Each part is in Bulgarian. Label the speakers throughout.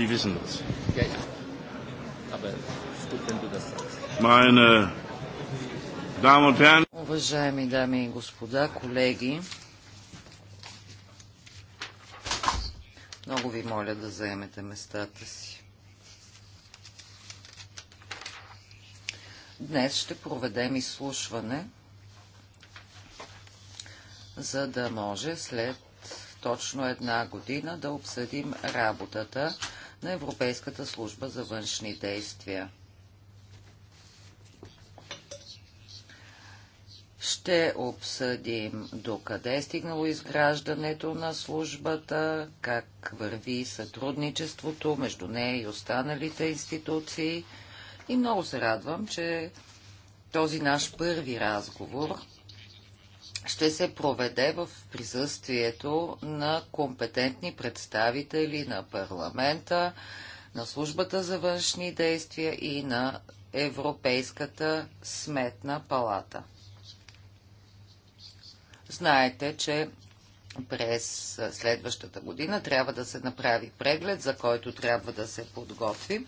Speaker 1: Die wissen das.
Speaker 2: Ja, ja.
Speaker 3: Aber es ist gut, wenn du das
Speaker 2: sagst.
Speaker 1: Meine Damen und Herren.
Speaker 2: Уважаеми дами и господа, колеги, много ви моля да заемете местата си. Днес ще проведем изслушване, за да може след точно една година да обсъдим работата на Европейската служба за външни действия. Ще обсъдим докъде е стигнало изграждането на службата, как върви сътрудничеството между нея и останалите институции. И много се радвам, че този наш първи разговор ще се проведе в присъствието на компетентни представители на парламента, на службата за външни действия и на Европейската сметна палата. Знаете, че през следващата година трябва да се направи преглед, за който трябва да се подготвим,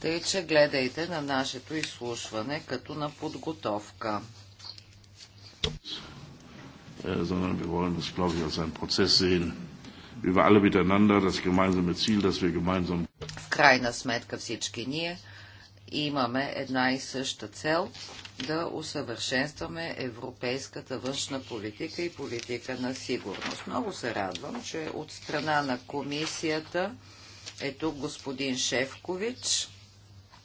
Speaker 2: тъй че гледайте на нашето изслушване като на подготовка.
Speaker 3: Äh, sondern wir wollen das, glaube ich, als einen Prozess sehen, wie wir alle miteinander das gemeinsame Ziel, das wir gemeinsam.
Speaker 2: В крайна сметка всички ние имаме една и съща цел да усъвършенстваме европейската външна политика и политика на сигурност. Много се радвам, че от страна на комисията е тук господин Шефкович,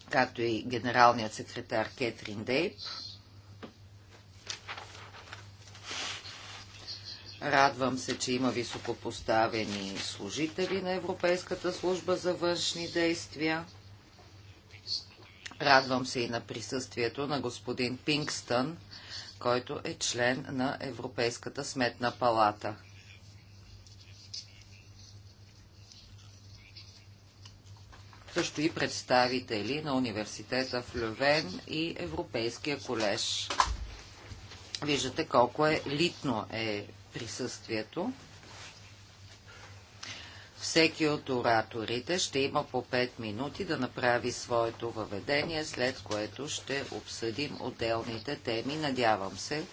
Speaker 2: както и генералният секретар Кетрин Дейп. Радвам се, че има високопоставени служители на Европейската служба за външни действия. Радвам се и на присъствието на господин Пингстън, който е член на Европейската сметна палата. Също и представители на университета в Лювен и Европейския колеж. Виждате колко е литно е присъствието. Всеки от ораторите ще има по 5 минути да направи своето въведение, след което ще обсъдим отделните теми. Надявам се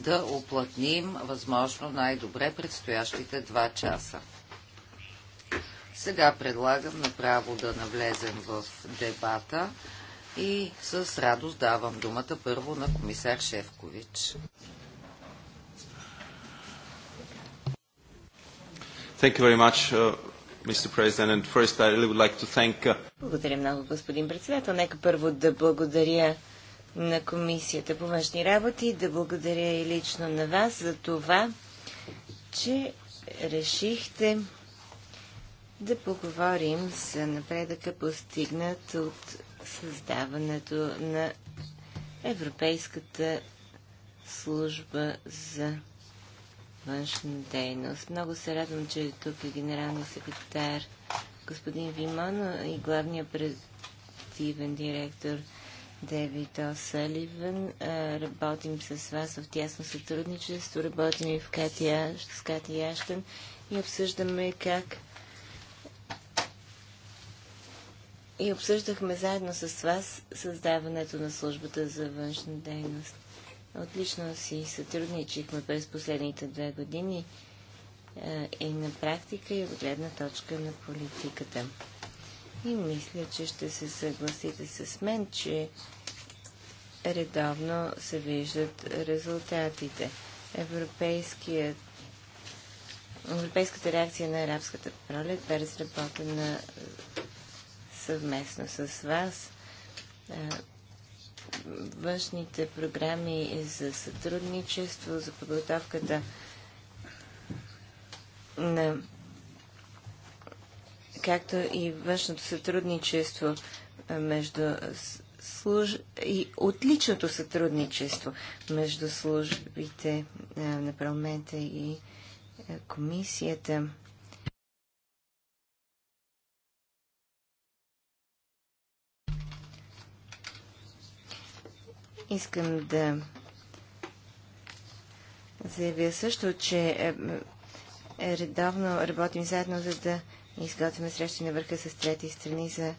Speaker 2: да оплътним възможно най-добре предстоящите 2 часа. Сега предлагам направо да навлезем в дебата и с радост давам думата първо на комисар Шевкович.
Speaker 3: Thank you very much, uh, Mr. President. And first, I really would like to thank... Uh,
Speaker 1: благодаря много, господин председател. Нека първо да благодаря на Комисията по външни работи, да благодаря и лично на вас за това, че решихте да поговорим за напредъка постигнат от създаването на Европейската служба за външна дейност. Много се радвам, че е тук е генералния секретар господин Вимон и главния оперативен директор Девид О'Саливан. Работим с вас в тясно сътрудничество, работим и в Кати, с Кати и обсъждаме как и обсъждахме заедно с вас създаването на службата за външна дейност. Отлично си сътрудничихме през последните две години е, и на практика, и от гледна точка на политиката. И мисля, че ще се съгласите с мен, че редовно се виждат резултатите. Европейският Европейската реакция на арабската пролет бе разработена е, съвместно с вас. Е, външните програми за сътрудничество, за подготовката на както и външното сътрудничество между служ... и отличното сътрудничество между службите на парламента и комисията. Искам да заявя също, че е, е, редовно работим заедно, за да изготвяме срещи на върха с трети страни за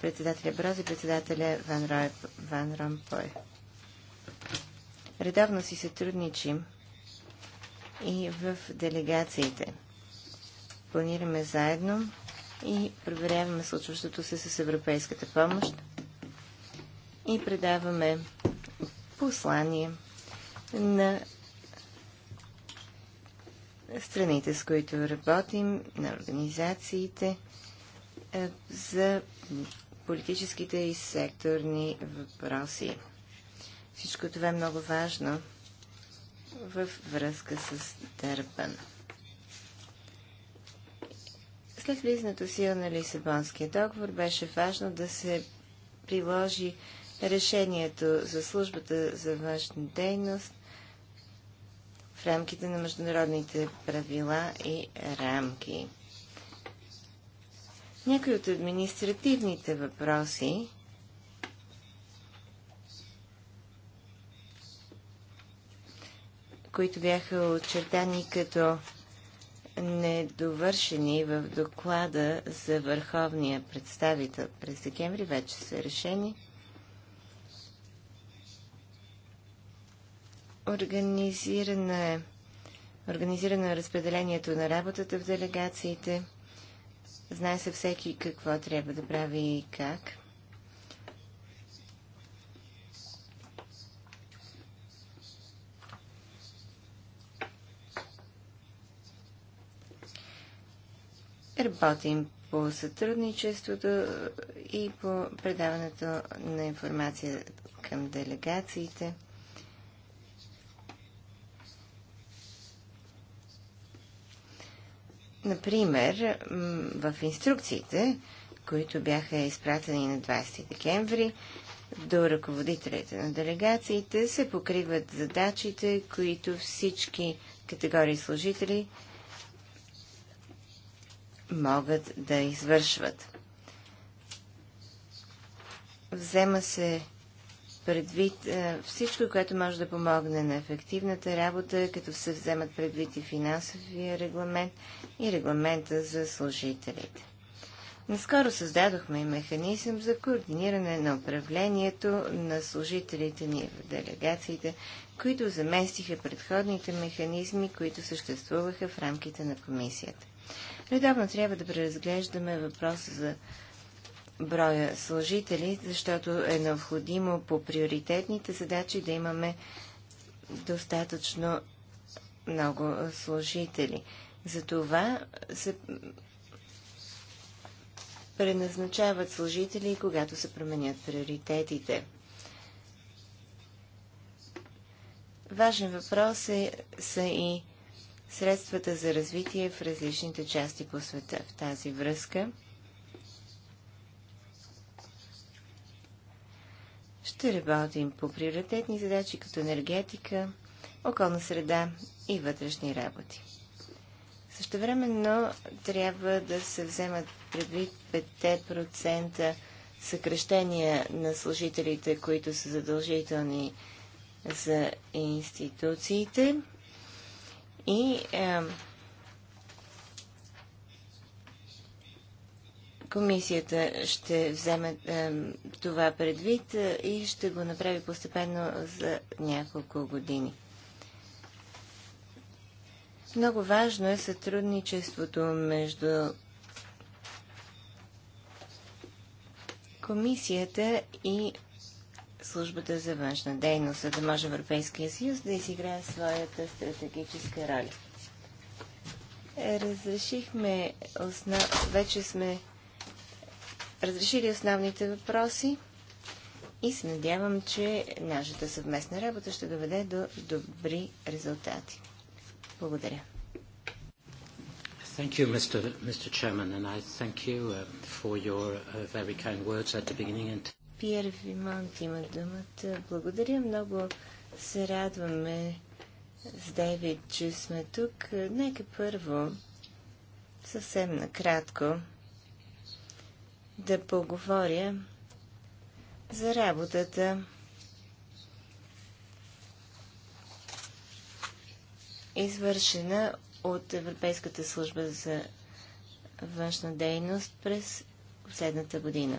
Speaker 1: председателя Броз и председателя Ван, Рой, Ван Ромпой. Редовно си сътрудничим и в делегациите. Планираме заедно и проверяваме случващото се с европейската помощ и предаваме послание на страните, с които работим, на организациите е, за политическите и секторни въпроси. Всичко това е много важно в връзка с Дърбан. След влизането сила на Лисабонския договор беше важно да се приложи решението за службата за външна дейност в рамките на международните правила и рамки. Някои от административните въпроси които бяха очертани като недовършени в доклада за върховния представител през декември, вече са решени. Организирана е Организирано е разпределението на работата в делегациите. Знае се всеки какво трябва да прави и как. Работим по сътрудничеството и по предаването на информация към делегациите. Например, в инструкциите, които бяха изпратени на 20 декември, до ръководителите на делегациите се покриват задачите, които всички категории служители могат да извършват. Взема се предвид е, всичко, което може да помогне на ефективната работа, като се вземат предвид и финансовия регламент и регламента за служителите. Наскоро създадохме и механизъм за координиране на управлението на служителите ни в делегациите, които заместиха предходните механизми, които съществуваха в рамките на комисията. Редовно трябва да преразглеждаме въпроса за броя служители, защото е необходимо по приоритетните задачи да имаме достатъчно много служители. Затова се преназначават служители, когато се променят приоритетите. Важен въпрос е, са и средствата за развитие в различните части по света. В тази връзка ще работим по приоритетни задачи като енергетика, околна среда и вътрешни работи. Същевременно трябва да се вземат предвид 5% съкрещения на служителите, които са задължителни за институциите и е, Комисията ще вземе е, това предвид е, и ще го направи постепенно за няколко години. Много важно е сътрудничеството между комисията и службата за външна дейност, за да може Европейския съюз да изиграе своята стратегическа роля. Разрешихме, основ... вече сме разрешили основните въпроси и се надявам, че нашата съвместна работа ще доведе до добри резултати. Благодаря.
Speaker 3: Thank you, Mr. Mr. Chairman, and I thank you uh, for your uh, very kind words at the beginning. And...
Speaker 1: Пьер Вимонт има думата. Благодаря много. Се радваме с Дейвид, че сме тук. Нека първо съвсем накратко да поговоря за работата извършена от Европейската служба за външна дейност през последната година.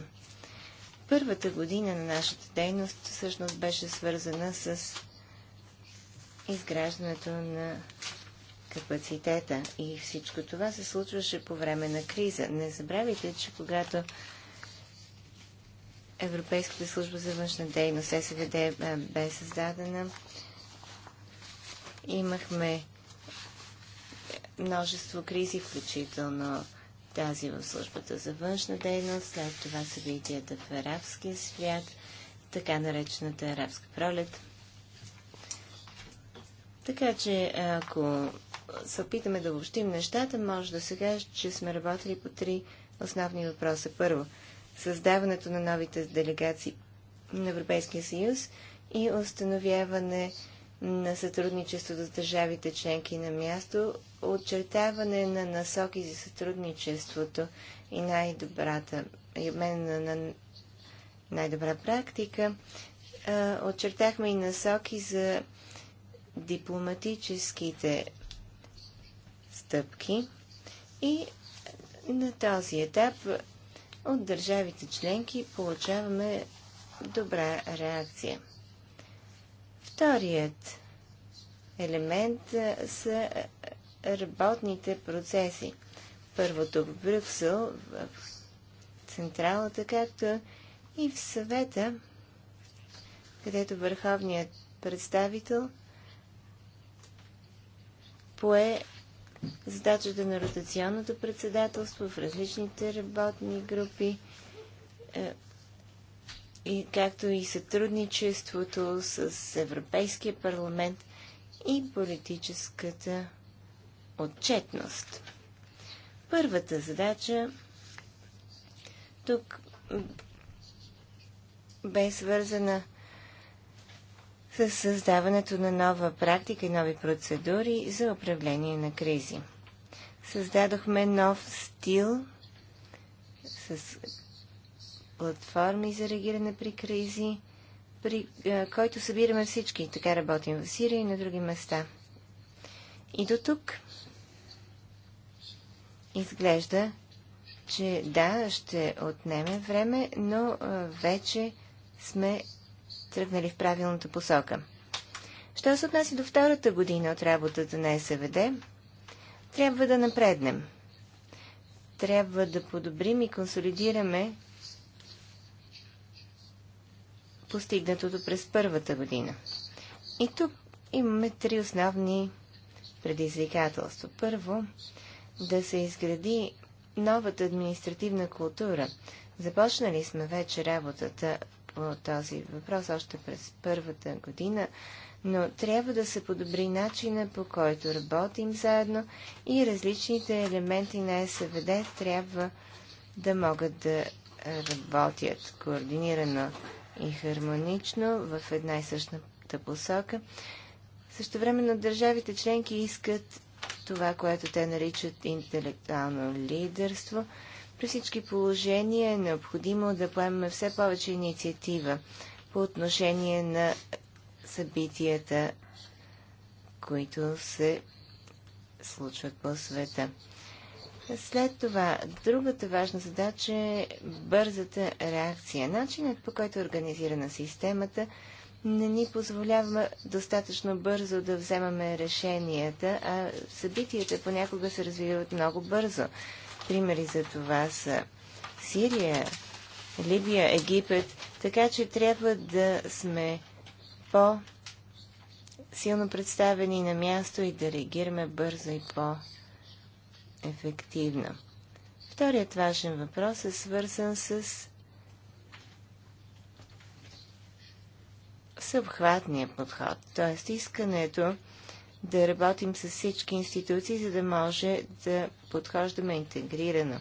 Speaker 1: Първата година на нашата дейност всъщност беше свързана с изграждането на капацитета. И всичко това се случваше по време на криза. Не забравяйте, че когато Европейската служба за външна дейност, СВД, е, бе създадена, имахме множество кризи, включително тази в службата за външна дейност, след това събитията в арабския свят, така наречената арабска пролет. Така че, ако се опитаме да обобщим нещата, може да се каже, че сме работили по три основни въпроса. Първо, създаването на новите делегации на Европейския съюз и установяване на сътрудничеството с държавите членки на място, очертаване на насоки за сътрудничеството и най-добрата и обмен на, на най-добра практика. Очертахме и насоки за дипломатическите стъпки и на този етап от държавите членки получаваме добра реакция. Вторият елемент са работните процеси. Първото в Брюксел, в Централата, както и в съвета, където върховният представител пое задачата на ротационното председателство в различните работни групи, е, и както и сътрудничеството с Европейския парламент и политическата отчетност. Първата задача тук бе свързана със създаването на нова практика и нови процедури за управление на кризи. Създадохме нов стил с платформи за реагиране при кризи, при който събираме всички. Така работим в Сирия и на други места. И до тук изглежда, че да, ще отнеме време, но вече сме тръгнали в правилната посока. Що се отнася до втората година от работата на СВД, трябва да напреднем. Трябва да подобрим и консолидираме постигнатото през първата година. И тук имаме три основни предизвикателства. Първо, да се изгради новата административна култура. Започнали сме вече работата по този въпрос още през първата година, но трябва да се подобри начина по който работим заедно и различните елементи на СВД трябва да могат да работят координирано и хармонично в една и същата посока. Също времено държавите членки искат това, което те наричат интелектуално лидерство – при всички положения е необходимо да поемем все повече инициатива по отношение на събитията, които се случват по света. След това, другата важна задача е бързата реакция. Начинът по който е организирана системата не ни позволява достатъчно бързо да вземаме решенията, а събитията понякога се развиват много бързо. Примери за това са Сирия, Либия, Египет, така че трябва да сме по- силно представени на място и да реагираме бързо и по-ефективно. Вторият важен въпрос е свързан с съвхватния подход, т.е. искането да работим с всички институции, за да може да подхождаме интегрирано.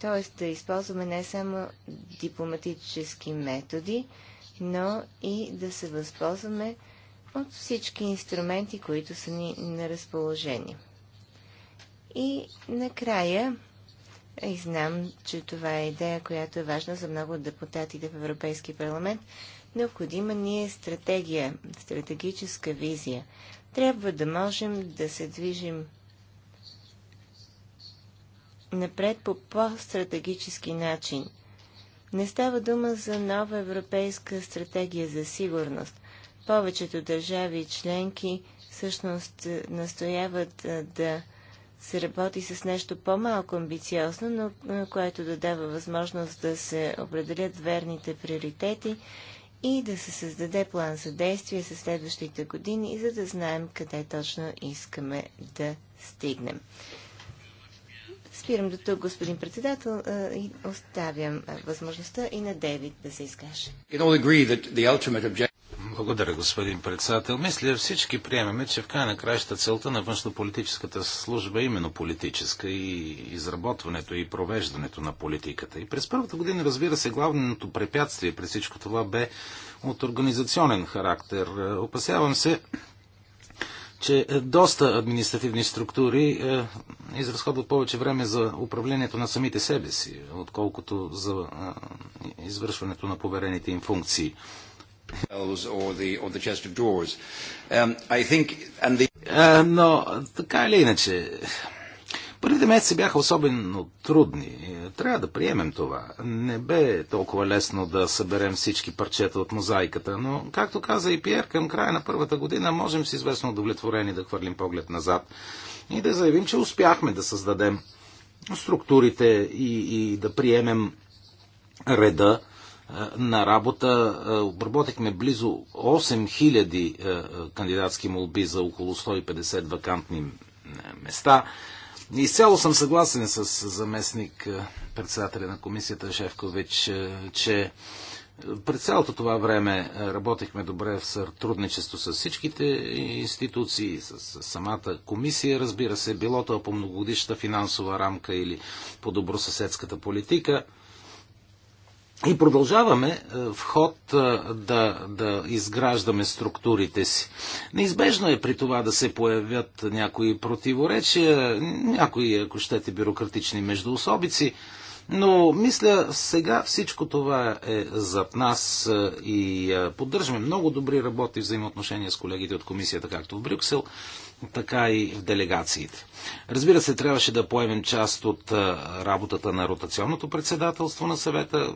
Speaker 1: Тоест да използваме не само дипломатически методи, но и да се възползваме от всички инструменти, които са ни на разположение. И накрая, и знам, че това е идея, която е важна за много от депутатите в Европейски парламент, необходима ни е стратегия, стратегическа визия. Трябва да можем да се движим напред по по-стратегически начин. Не става дума за нова европейска стратегия за сигурност. Повечето държави и членки всъщност е, настояват е, да се работи с нещо по-малко амбициозно, но е, което да дава възможност да се определят верните приоритети и да се създаде план за действие за следващите години, за да знаем къде точно искаме да стигнем. Спирам до тук, господин председател, и оставям възможността и на Девид да се изкаже.
Speaker 3: Благодаря, господин председател. Мисля, всички приемаме, че в край на краища целта на външнополитическата служба е именно политическа и изработването и провеждането на политиката. И през първата година, разбира се, главното препятствие през всичко това бе от организационен характер. Опасявам се, че доста административни структури е, изразходват повече време за управлението на самите себе си, отколкото за е, извършването на поверените им функции. Но така или иначе, първите месеци бяха особено трудни. Трябва да приемем това. Не бе толкова лесно да съберем всички парчета от мозайката, но, както каза и Пьер, към края на първата година можем с известно удовлетворени да хвърлим поглед назад и да заявим, че успяхме да създадем структурите и, и да приемем реда, на работа. Обработихме близо 8000 кандидатски молби за около 150 вакантни места. Изцяло съм съгласен с заместник председателя на комисията Шевкович, че през цялото това време работихме добре в сътрудничество с всичките институции, с самата комисия, разбира се, било то по многогодишната финансова рамка или по добросъседската политика – и продължаваме е, в ход е, да, да изграждаме структурите си. Неизбежно е при това да се появят някои противоречия, някои, ако щете, бюрократични междуособици. Но мисля, сега всичко това е зад нас е, и е, поддържаме много добри работи взаимоотношения с колегите от комисията, както в Брюксел, така и в делегациите. Разбира се, трябваше да поемем част от е, работата на ротационното председателство на съвета.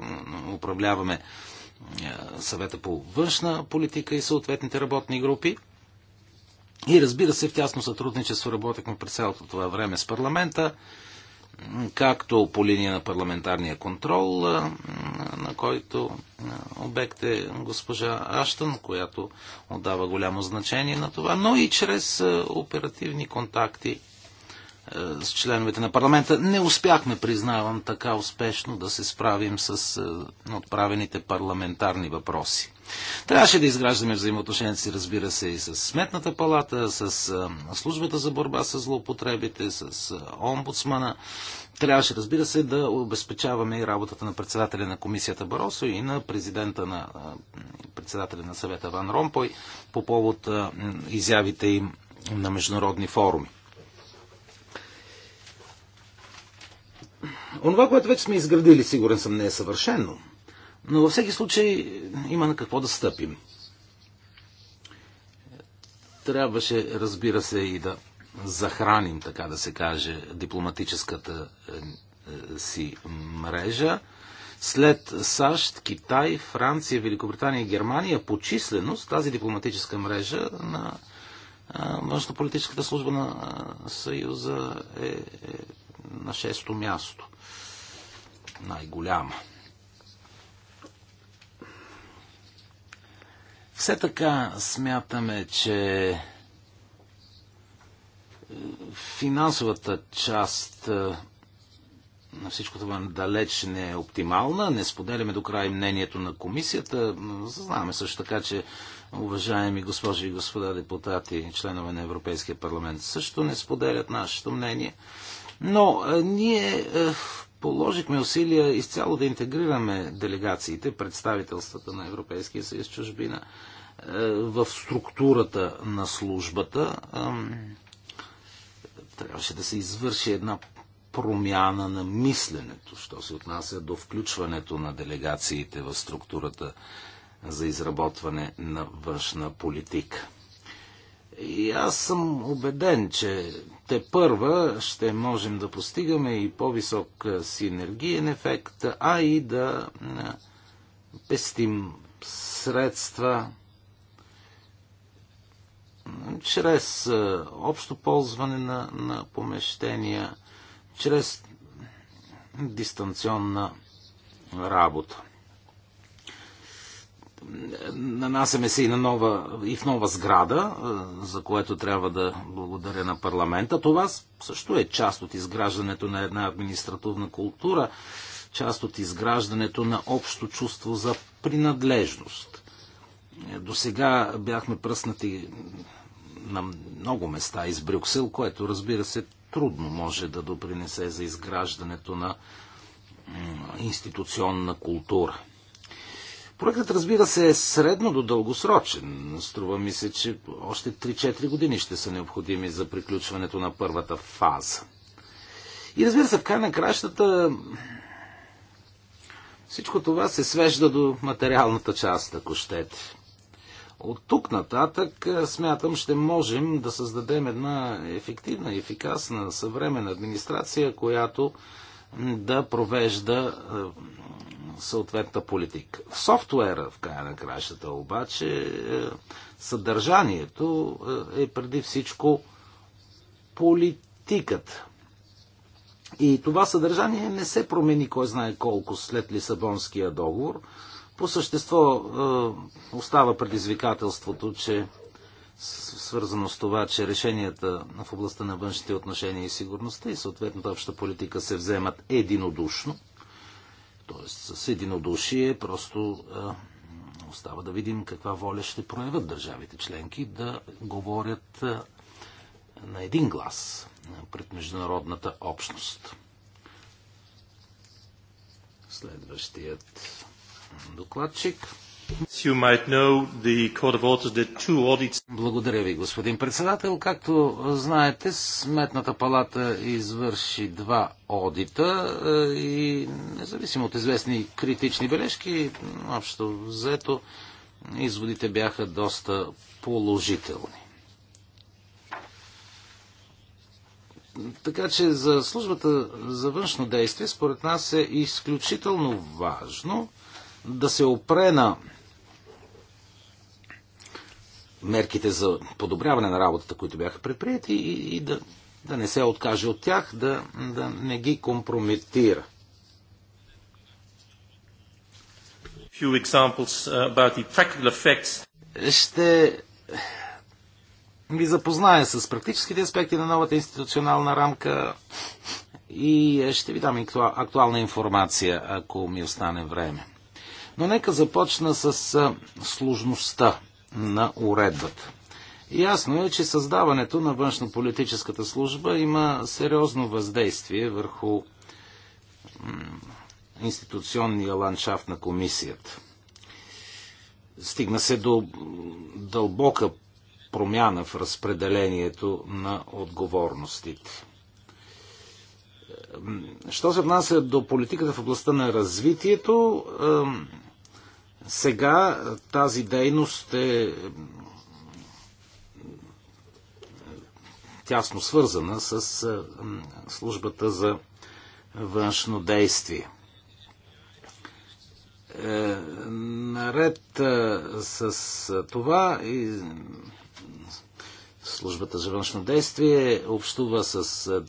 Speaker 3: Управляваме съвета по външна политика и съответните работни групи. И разбира се, в тясно сътрудничество работехме през цялото това време с парламента както по линия на парламентарния контрол, на който обект е госпожа Аштън, която отдава голямо значение на това, но и чрез оперативни контакти с членовете на парламента. Не успяхме, признавам, така успешно да се справим с отправените парламентарни въпроси. Трябваше да изграждаме взаимоотношенията си, разбира се, и с Сметната палата, с службата за борба с злоупотребите, с омбудсмана. Трябваше, разбира се, да обезпечаваме и работата на председателя на комисията Баросо и на президента на председателя на съвета Ван Ромпой по повод изявите им на международни форуми. Онова, което вече сме изградили, сигурен съм, не е съвършено – но във всеки случай има на какво да стъпим. Трябваше, разбира се, и да захраним, така да се каже, дипломатическата е, е, си мрежа. След САЩ, Китай, Франция, Великобритания и Германия по численост тази дипломатическа мрежа на е, външнополитическата служба на Съюза е, е на шесто място. Най-голяма. Все така смятаме, че е, финансовата част е, на всичко това далеч не е оптимална. Не споделяме до край мнението на комисията. знаме също така, че уважаеми госпожи и господа депутати, членове на Европейския парламент, също не споделят нашето мнение. Но а, е, ние а, положихме усилия изцяло да интегрираме делегациите, представителствата на Европейския съюз чужбина е, в структурата на службата. Трябваше да се извърши една промяна на мисленето, що се отнася до включването на делегациите в структурата за изработване на външна политика. И аз съм убеден, че те първа ще можем да постигаме и по-висок синергиен ефект, а и да пестим средства чрез общо ползване на, на помещения, чрез дистанционна работа. Нанасяме се и, на нова, и в нова сграда, за което трябва да благодаря на парламента. Това също е част от изграждането на една административна култура, част от изграждането на общо чувство за принадлежност. До сега бяхме пръснати на много места из Брюксел, което разбира се трудно може да допринесе за изграждането на институционна култура. Проектът, разбира се, е средно до дългосрочен. Струва ми се, че още 3-4 години ще са необходими за приключването на първата фаза. И разбира се, в край на кращата всичко това се свежда до материалната част, ако щете. От тук нататък смятам ще можем да създадем една ефективна, ефикасна, съвременна администрация, която да провежда съответната политика. В софтуера, в края на кращата обаче, съдържанието е преди всичко политиката. И това съдържание не се промени, кой знае колко, след Лисабонския договор – по същество е, остава предизвикателството, че свързано с това, че решенията в областта на външните отношения и сигурността и съответната обща политика се вземат единодушно, т.е. с единодушие, просто е, остава да видим каква воля ще проявят държавите членки да говорят е, на един глас пред международната общност. Следващият докладчик. Благодаря ви, господин председател. Както знаете, Сметната палата извърши два одита е, и независимо от известни критични бележки, общо взето, изводите бяха доста положителни. Така че за службата за външно действие, според нас е изключително важно да се опре на мерките за подобряване на работата, които бяха предприяти и, и да, да не се откаже от тях, да, да не ги компрометира. Uh, ще ви запозная с практическите аспекти на новата институционална рамка и ще ви дам актуална информация, ако ми остане време. Но нека започна с сложността на уредбата. Ясно е, че създаването на външно-политическата служба има сериозно въздействие върху институционния ландшафт на комисията. Стигна се до дълбока промяна в разпределението на отговорностите. Що се внася до политиката в областта на развитието, сега е, тази дейност е, е тясно свързана с е, службата за външно действие. наред с това и службата за външно действие общува с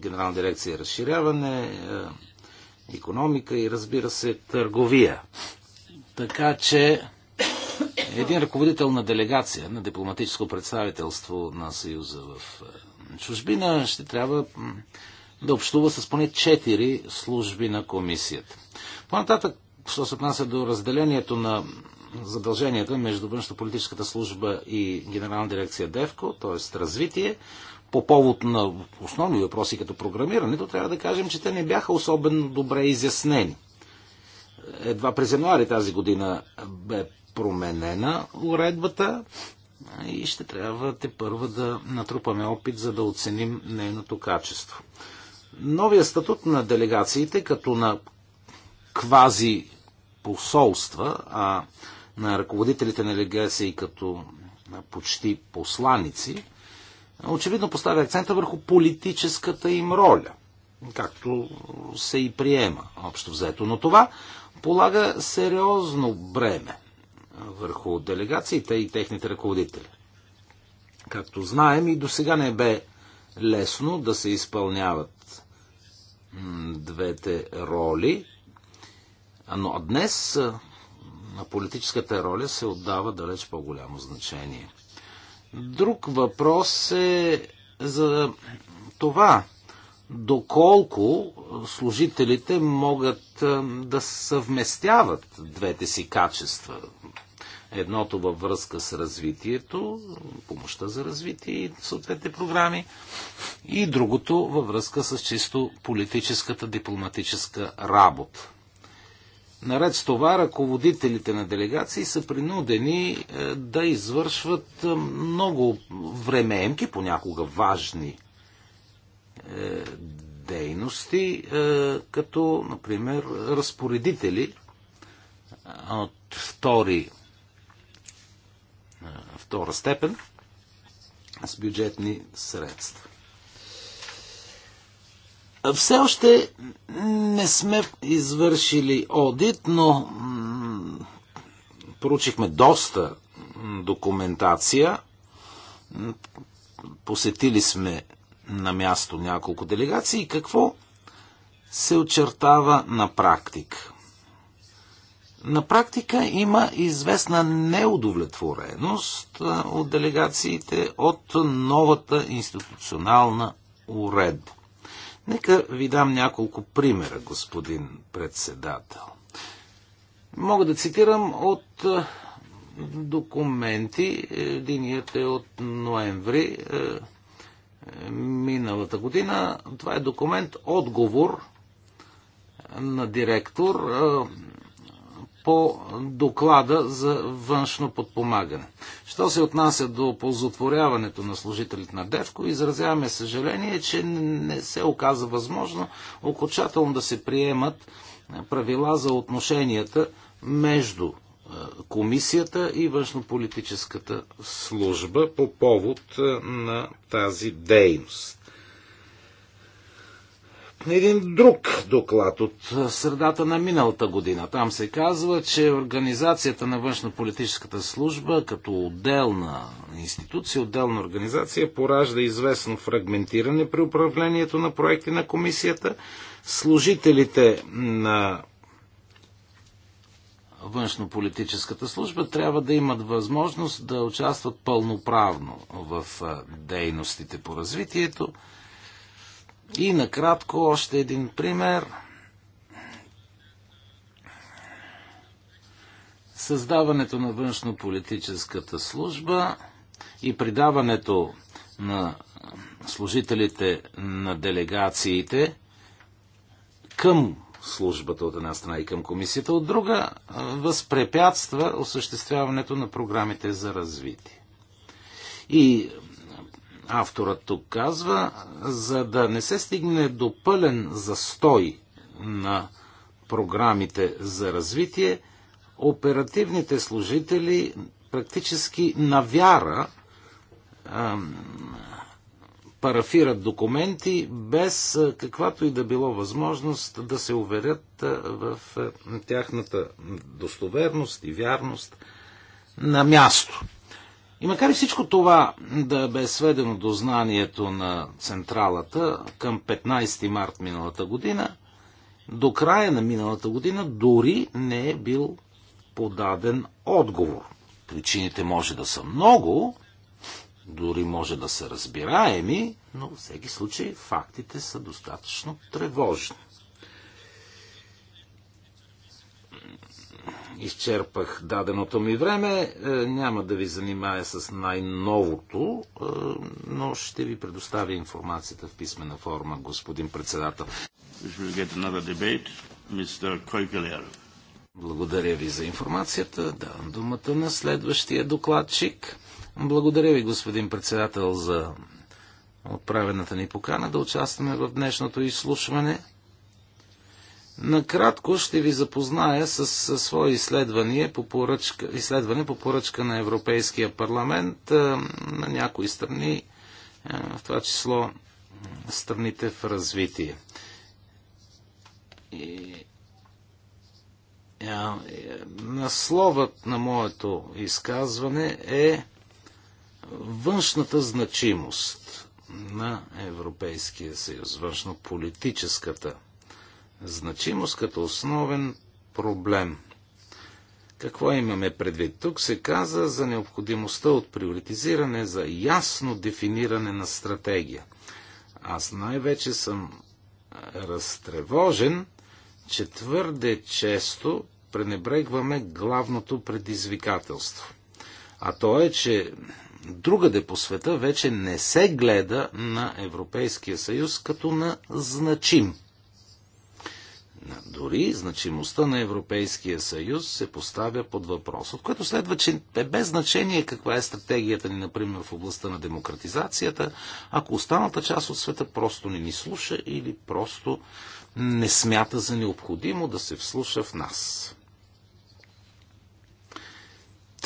Speaker 3: Генерална дирекция разширяване, економика и разбира се търговия. Така че един ръководител на делегация на дипломатическо представителство на Съюза в е, чужбина ще трябва да общува с поне 4 служби на комисията. По-нататък, що се отнася до разделението на задълженията между външно-политическата служба и генерална дирекция ДЕВКО, т.е. развитие, по повод на основни въпроси като програмирането, трябва да кажем, че те не бяха особено добре изяснени едва през януари тази година бе променена уредбата и ще трябва те първа да натрупаме опит, за да оценим нейното качество. Новия статут на делегациите като на квази посолства, а на ръководителите на делегации като почти посланици, очевидно поставя акцента върху политическата им роля, както се и приема общо взето. Но това полага сериозно бреме върху делегациите и техните ръководители. Както знаем, и до сега не бе лесно да се изпълняват двете роли, но днес на политическата роля се отдава далеч по-голямо значение. Друг въпрос е за това доколко служителите могат да съвместяват двете си качества. Едното във връзка с развитието, помощта за развитие и съответните програми, и другото във връзка с чисто политическата дипломатическа работа. Наред с това, ръководителите на делегации са принудени е, да извършват много времеемки, понякога важни е, дейности, е, като, например, разпоредители от втори, е, втора степен с бюджетни средства. Все още не сме извършили одит, но поручихме доста документация. Посетили сме на място няколко делегации. Какво се очертава на практика? На практика има известна неудовлетвореност от делегациите от новата институционална уредба. Нека ви дам няколко примера, господин председател. Мога да цитирам от документи. Единият е от ноември миналата година. Това е документ отговор на директор е, по доклада за външно подпомагане. Що се отнася до ползотворяването на служителите на Девко, изразяваме съжаление, че не се оказа възможно окончателно да се приемат правила за отношенията между комисията и външнополитическата служба по повод на тази дейност. Един друг доклад от средата на миналата година. Там се казва, че организацията на външнополитическата служба като отделна институция, отделна организация поражда известно фрагментиране при управлението на проекти на комисията. Служителите на външнополитическата служба трябва да имат възможност да участват пълноправно в дейностите по развитието. И накратко още един пример. Създаването на външнополитическата служба и придаването на служителите на делегациите към службата от една страна и към комисията, от друга възпрепятства осъществяването на програмите за развитие. И авторът тук казва, за да не се стигне до пълен застой на програмите за развитие, оперативните служители практически навяра парафират документи без каквато и да било възможност да се уверят в тяхната достоверност и вярност на място. И макар и всичко това да бе сведено до знанието на централата към 15 март миналата година, до края на миналата година дори не е бил подаден отговор. Причините може да са много, дори може да са разбираеми, но в всеки случай фактите са достатъчно тревожни. изчерпах даденото ми време. Е, няма да ви занимая с най-новото, е, но ще ви предоставя информацията в писмена форма, господин председател. Благодаря ви за информацията. Давам думата на следващия докладчик. Благодаря ви, господин председател, за отправената ни покана да участваме в днешното изслушване. Накратко ще ви запозная с, с свое изследване по, поръчка, изследване по поръчка на Европейския парламент на някои страни, в това число страните в развитие. И, а, е, на моето изказване е външната значимост на Европейския съюз, външно-политическата значимост като основен проблем. Какво имаме предвид? Тук се каза за необходимостта от приоритизиране, за ясно дефиниране на стратегия. Аз най-вече съм разтревожен, че твърде често пренебрегваме главното предизвикателство. А то е, че другаде по света вече не се гледа на Европейския съюз като на значим. Дори значимостта на Европейския съюз се поставя под въпрос, от което следва, че е без значение каква е стратегията ни, например, в областта на демократизацията, ако останалата част от света просто не ни слуша или просто не смята за необходимо да се вслуша в нас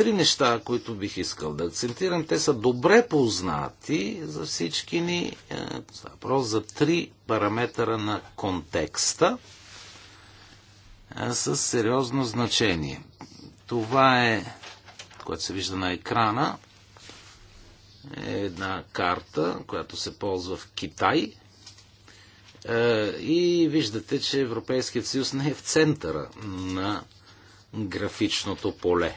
Speaker 3: три неща, които бих искал да акцентирам. Те са добре познати за всички ни. Е, въпрос за три параметъра на контекста е, с сериозно значение. Това е, което се вижда на екрана, е една карта, която се ползва в Китай. Е, и виждате, че Европейският съюз не е в центъра на графичното поле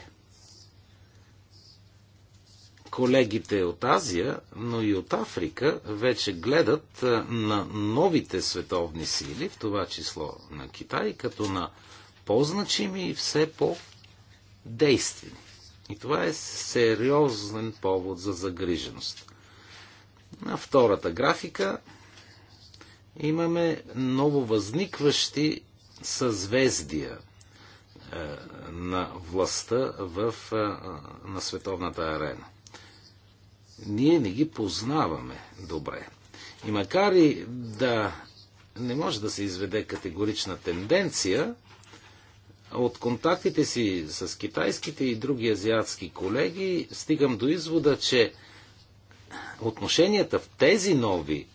Speaker 3: колегите от Азия, но и от Африка вече гледат на новите световни сили, в това число на Китай, като на по-значими и все по-действени. И това е сериозен повод за загриженост. На втората графика имаме нововъзникващи съзвездия е, на властта в, е, на световната арена ние не ги познаваме добре. И макар и да не може да се изведе категорична тенденция, от контактите си с китайските и други азиатски колеги стигам до извода, че отношенията в тези нови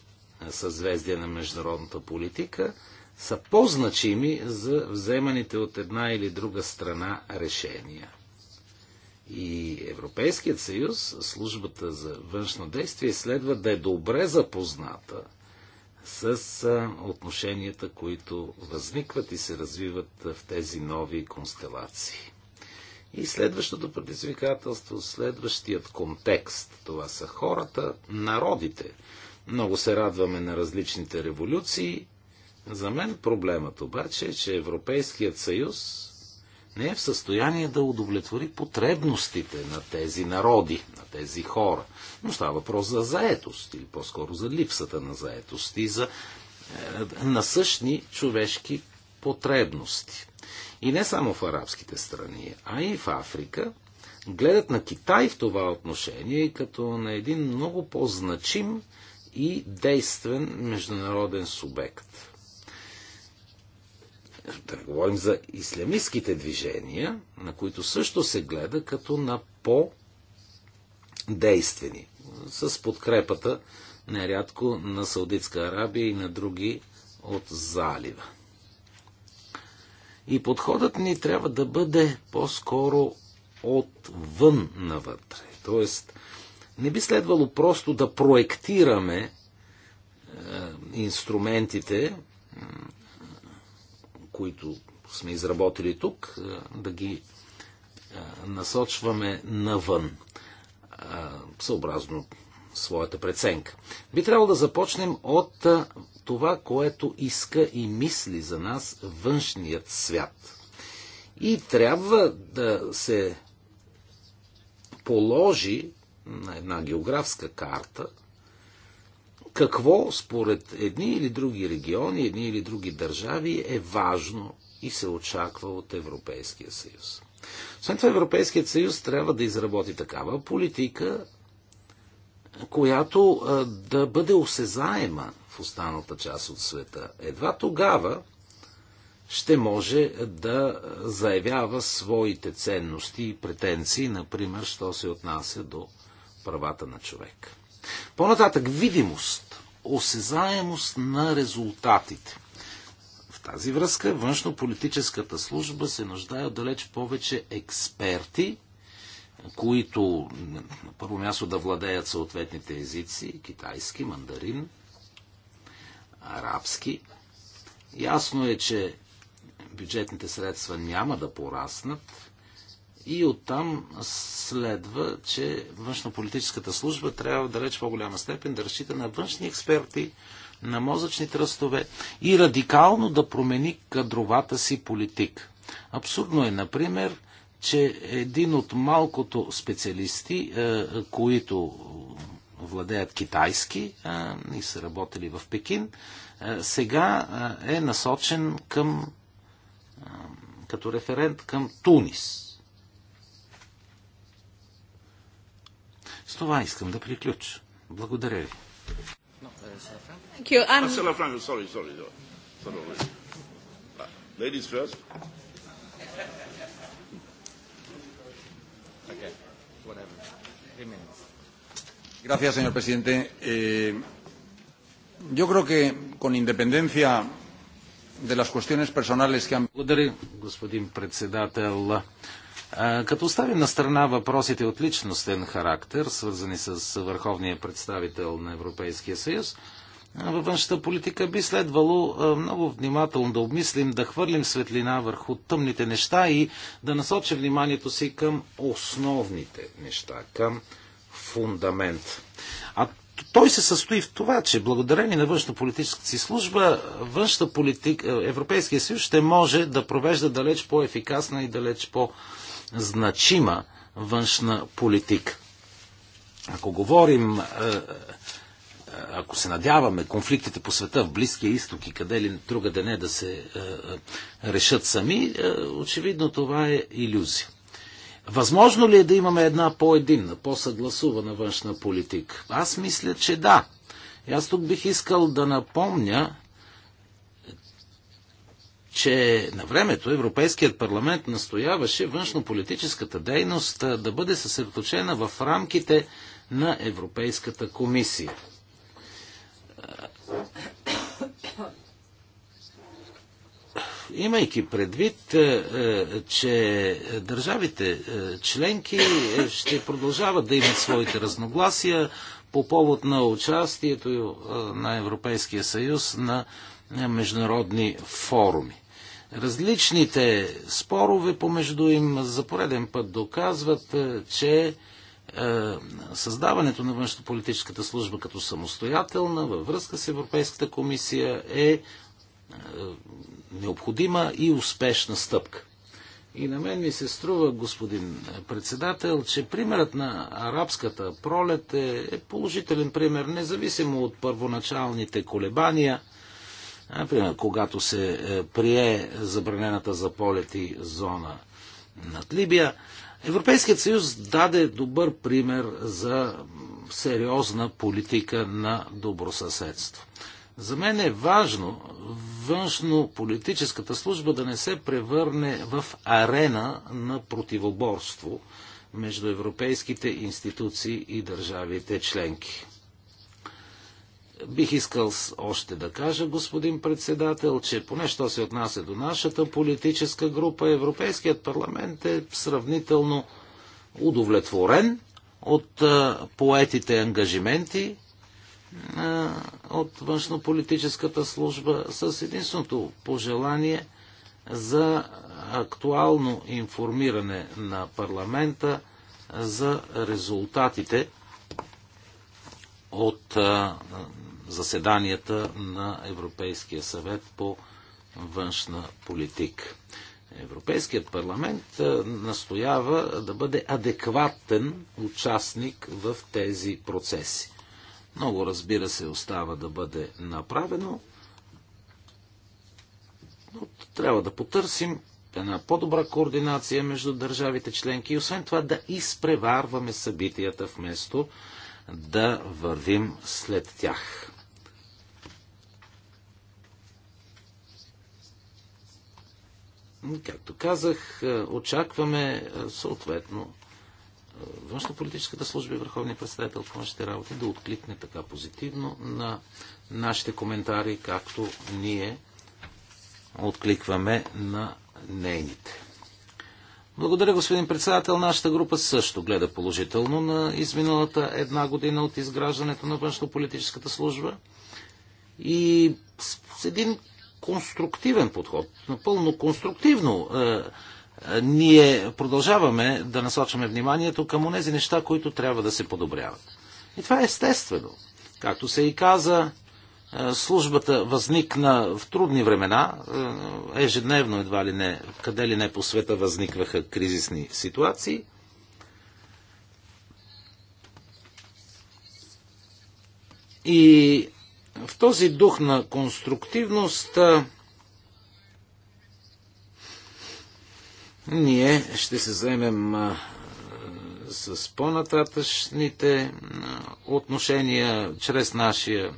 Speaker 3: съзвездия на международната политика са по-значими за вземаните от една или друга страна решения. И Европейският съюз, службата за външно действие, следва да е добре запозната с отношенията, които възникват и се развиват в тези нови констелации. И следващото предизвикателство, следващият контекст, това са хората, народите. Много се радваме на различните революции. За мен проблемът обаче е, че Европейският съюз не е в състояние да удовлетвори потребностите на тези народи, на тези хора. Но става въпрос за заетост, или по-скоро за липсата на заетост и за е, насъщни човешки потребности. И не само в арабските страни, а и в Африка гледат на Китай в това отношение като на един много по-значим и действен международен субект. Да не говорим за ислямистските движения, на които също се гледа като на по-действени, с подкрепата нерядко на Саудитска Арабия и на други от залива. И подходът ни трябва да бъде по-скоро отвън навътре. Тоест, не би следвало просто да проектираме е, инструментите които сме изработили тук, да ги насочваме навън, съобразно своята преценка. Би трябвало да започнем от това, което иска и мисли за нас външният свят. И трябва да се положи на една географска карта – какво според едни или други региони, едни или други държави е важно и се очаква от Европейския съюз. Освен това Европейският съюз трябва да изработи такава политика, която да бъде осезаема в останалата част от света. Едва тогава ще може да заявява своите ценности и претенции, например, що се отнася до правата на човека. По-нататък видимост, осезаемост на резултатите. В тази връзка външно политическата служба се нуждае от далеч повече експерти, които на първо място да владеят съответните езици, китайски, мандарин, арабски. Ясно е, че бюджетните средства няма да пораснат, и оттам следва, че външнополитическата служба трябва в далеч по-голяма степен да разчита на външни експерти, на мозъчни тръстове и радикално да промени кадровата си политик. Абсурдно е, например, че един от малкото специалисти, е, които владеят китайски е, и са работили в Пекин, е, сега е насочен към като референт към Тунис. С това искам да приключа. Благодаря ви. Ladies first. Okay, whatever. Three minutes. Gracias, señor presidente. Eh, yo creo que con independencia de las cuestiones personales que han... Благодаря, господин председател. Като оставим на страна въпросите от личностен характер, свързани с върховния представител на Европейския съюз, във външната политика би следвало много внимателно да обмислим, да хвърлим светлина върху тъмните неща и да насочим вниманието си към основните неща, към фундамент. А той се състои в това, че благодарение на политическа си служба, външна политика, Европейския съюз ще може да провежда далеч по-ефикасна и далеч по-ефикасна значима външна политика. Ако говорим, е, е, ако се надяваме конфликтите по света в Близкия изток и къде ли другаде не да се е, решат сами, очевидно това е иллюзия. Възможно ли е да имаме една по-единна, по-съгласувана външна политика? Аз мисля, че да. И аз тук бих искал да напомня че на времето Европейският парламент настояваше външнополитическата дейност да бъде съсредоточена в рамките на Европейската комисия. Имайки предвид, че държавите членки ще продължават да имат своите разногласия по повод на участието на Европейския съюз на международни форуми. Различните спорове помежду им за пореден път доказват, е, че е, създаването на външнополитическата служба като самостоятелна във връзка с Европейската комисия е, е необходима и успешна стъпка. И на мен ми се струва, господин председател, че примерът на арабската пролет е, положителен пример, независимо от първоначалните колебания – Например, когато се е, прие забранената за полети зона над Либия, Европейският съюз даде добър пример за сериозна политика на добросъседство. За мен е важно външно-политическата служба да не се превърне в арена на противоборство между европейските институции и държавите членки. Бих искал още да кажа, господин председател, че поне що се отнася до нашата политическа група, Европейският парламент е сравнително удовлетворен от поетите ангажименти от външнополитическата служба с единственото пожелание за актуално информиране на парламента за резултатите от заседанията на Европейския съвет по външна политика. Европейският парламент е, настоява да бъде адекватен участник в тези процеси. Много, разбира се, остава да бъде направено, но трябва да потърсим една по-добра координация между държавите членки и освен това да изпреварваме събитията вместо да вървим след тях. Както казах, е, очакваме е, съответно е, външнополитическата служба и Върховния представител по нашите работи да откликне така позитивно на нашите коментари, както ние откликваме на нейните. Благодаря, господин председател. Нашата група също гледа положително на изминалата една година от изграждането на външнополитическата служба. И с един конструктивен подход, напълно конструктивно. Е, е, ние продължаваме да насочваме вниманието към онези неща, които трябва да се подобряват. И това е естествено. Както се и каза, е, службата възникна в трудни времена, ежедневно едва ли не, къде ли не по света възникваха кризисни ситуации. И в този дух на конструктивност ние ще се заемем с по-нататъчните отношения чрез нашия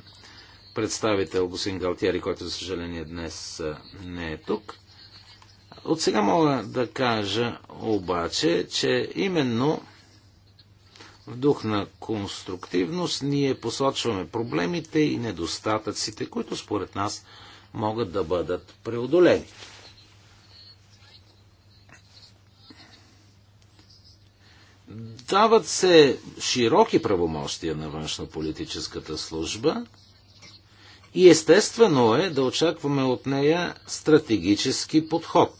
Speaker 3: представител господин Галтиери, който за съжаление днес не е тук. От сега мога да кажа обаче, че именно в дух на конструктивност ние посочваме проблемите и недостатъците, които според нас могат да бъдат преодолени. Дават се широки правомощия на външнополитическата служба и естествено е да очакваме от нея стратегически подход.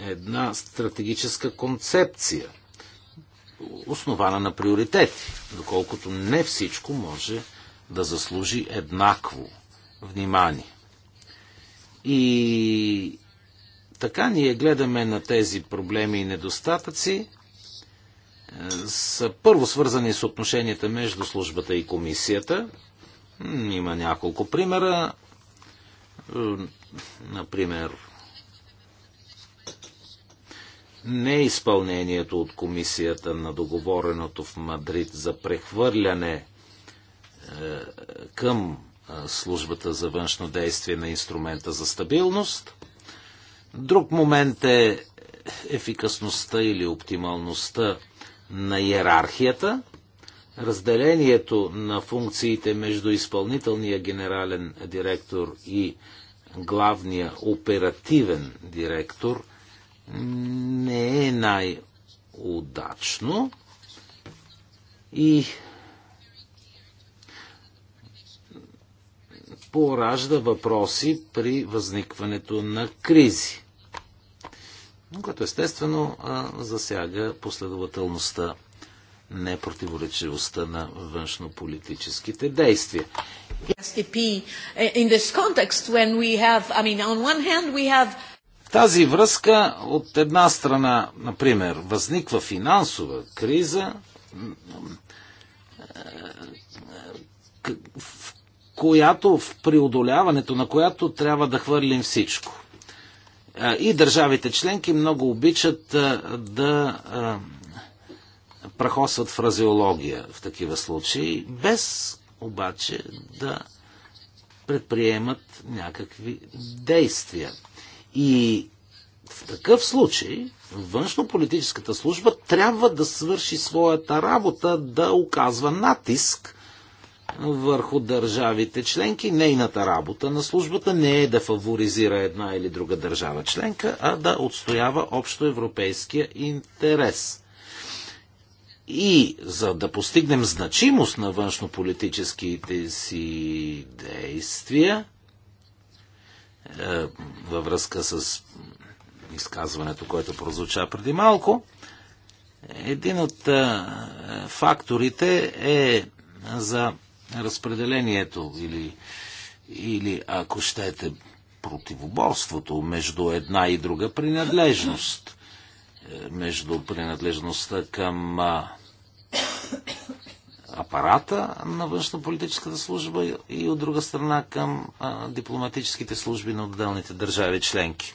Speaker 3: Една стратегическа концепция – основана на приоритети, доколкото не всичко може да заслужи еднакво внимание. И така ние гледаме на тези проблеми и недостатъци е, са първо свързани с отношенията между службата и комисията. Има няколко примера. Е, например, неизпълнението от комисията на договореното в Мадрид за прехвърляне е, към е, службата за външно действие на инструмента за стабилност. Друг момент е ефикасността или оптималността на иерархията, разделението на функциите между изпълнителния генерален директор и главния оперативен директор – не е най-удачно и поражда въпроси при възникването на кризи, което естествено засяга последователността, непротиворечивостта на външнополитическите действия.
Speaker 2: in this context when we have, I mean, on one hand we have
Speaker 3: в тази връзка, от една страна, например, възниква финансова криза, е, в която в преодоляването на която трябва да хвърлим всичко. Е, и държавите членки много обичат е, да прахосват фразеология в такива случаи, без обаче да предприемат някакви действия. И в такъв случай външнополитическата служба трябва да свърши своята работа да оказва натиск върху държавите членки. Нейната работа на службата не е да фаворизира една или друга държава членка, а да отстоява общо европейския интерес. И за да постигнем значимост на външнополитическите си действия, е, във връзка с изказването, което прозвуча преди малко. Един от е, факторите е за разпределението или, или ако щете, противоборството между една и друга принадлежност. Е, между принадлежността към апарата на външнополитическата служба и от друга страна към дипломатическите служби на отделните държави членки.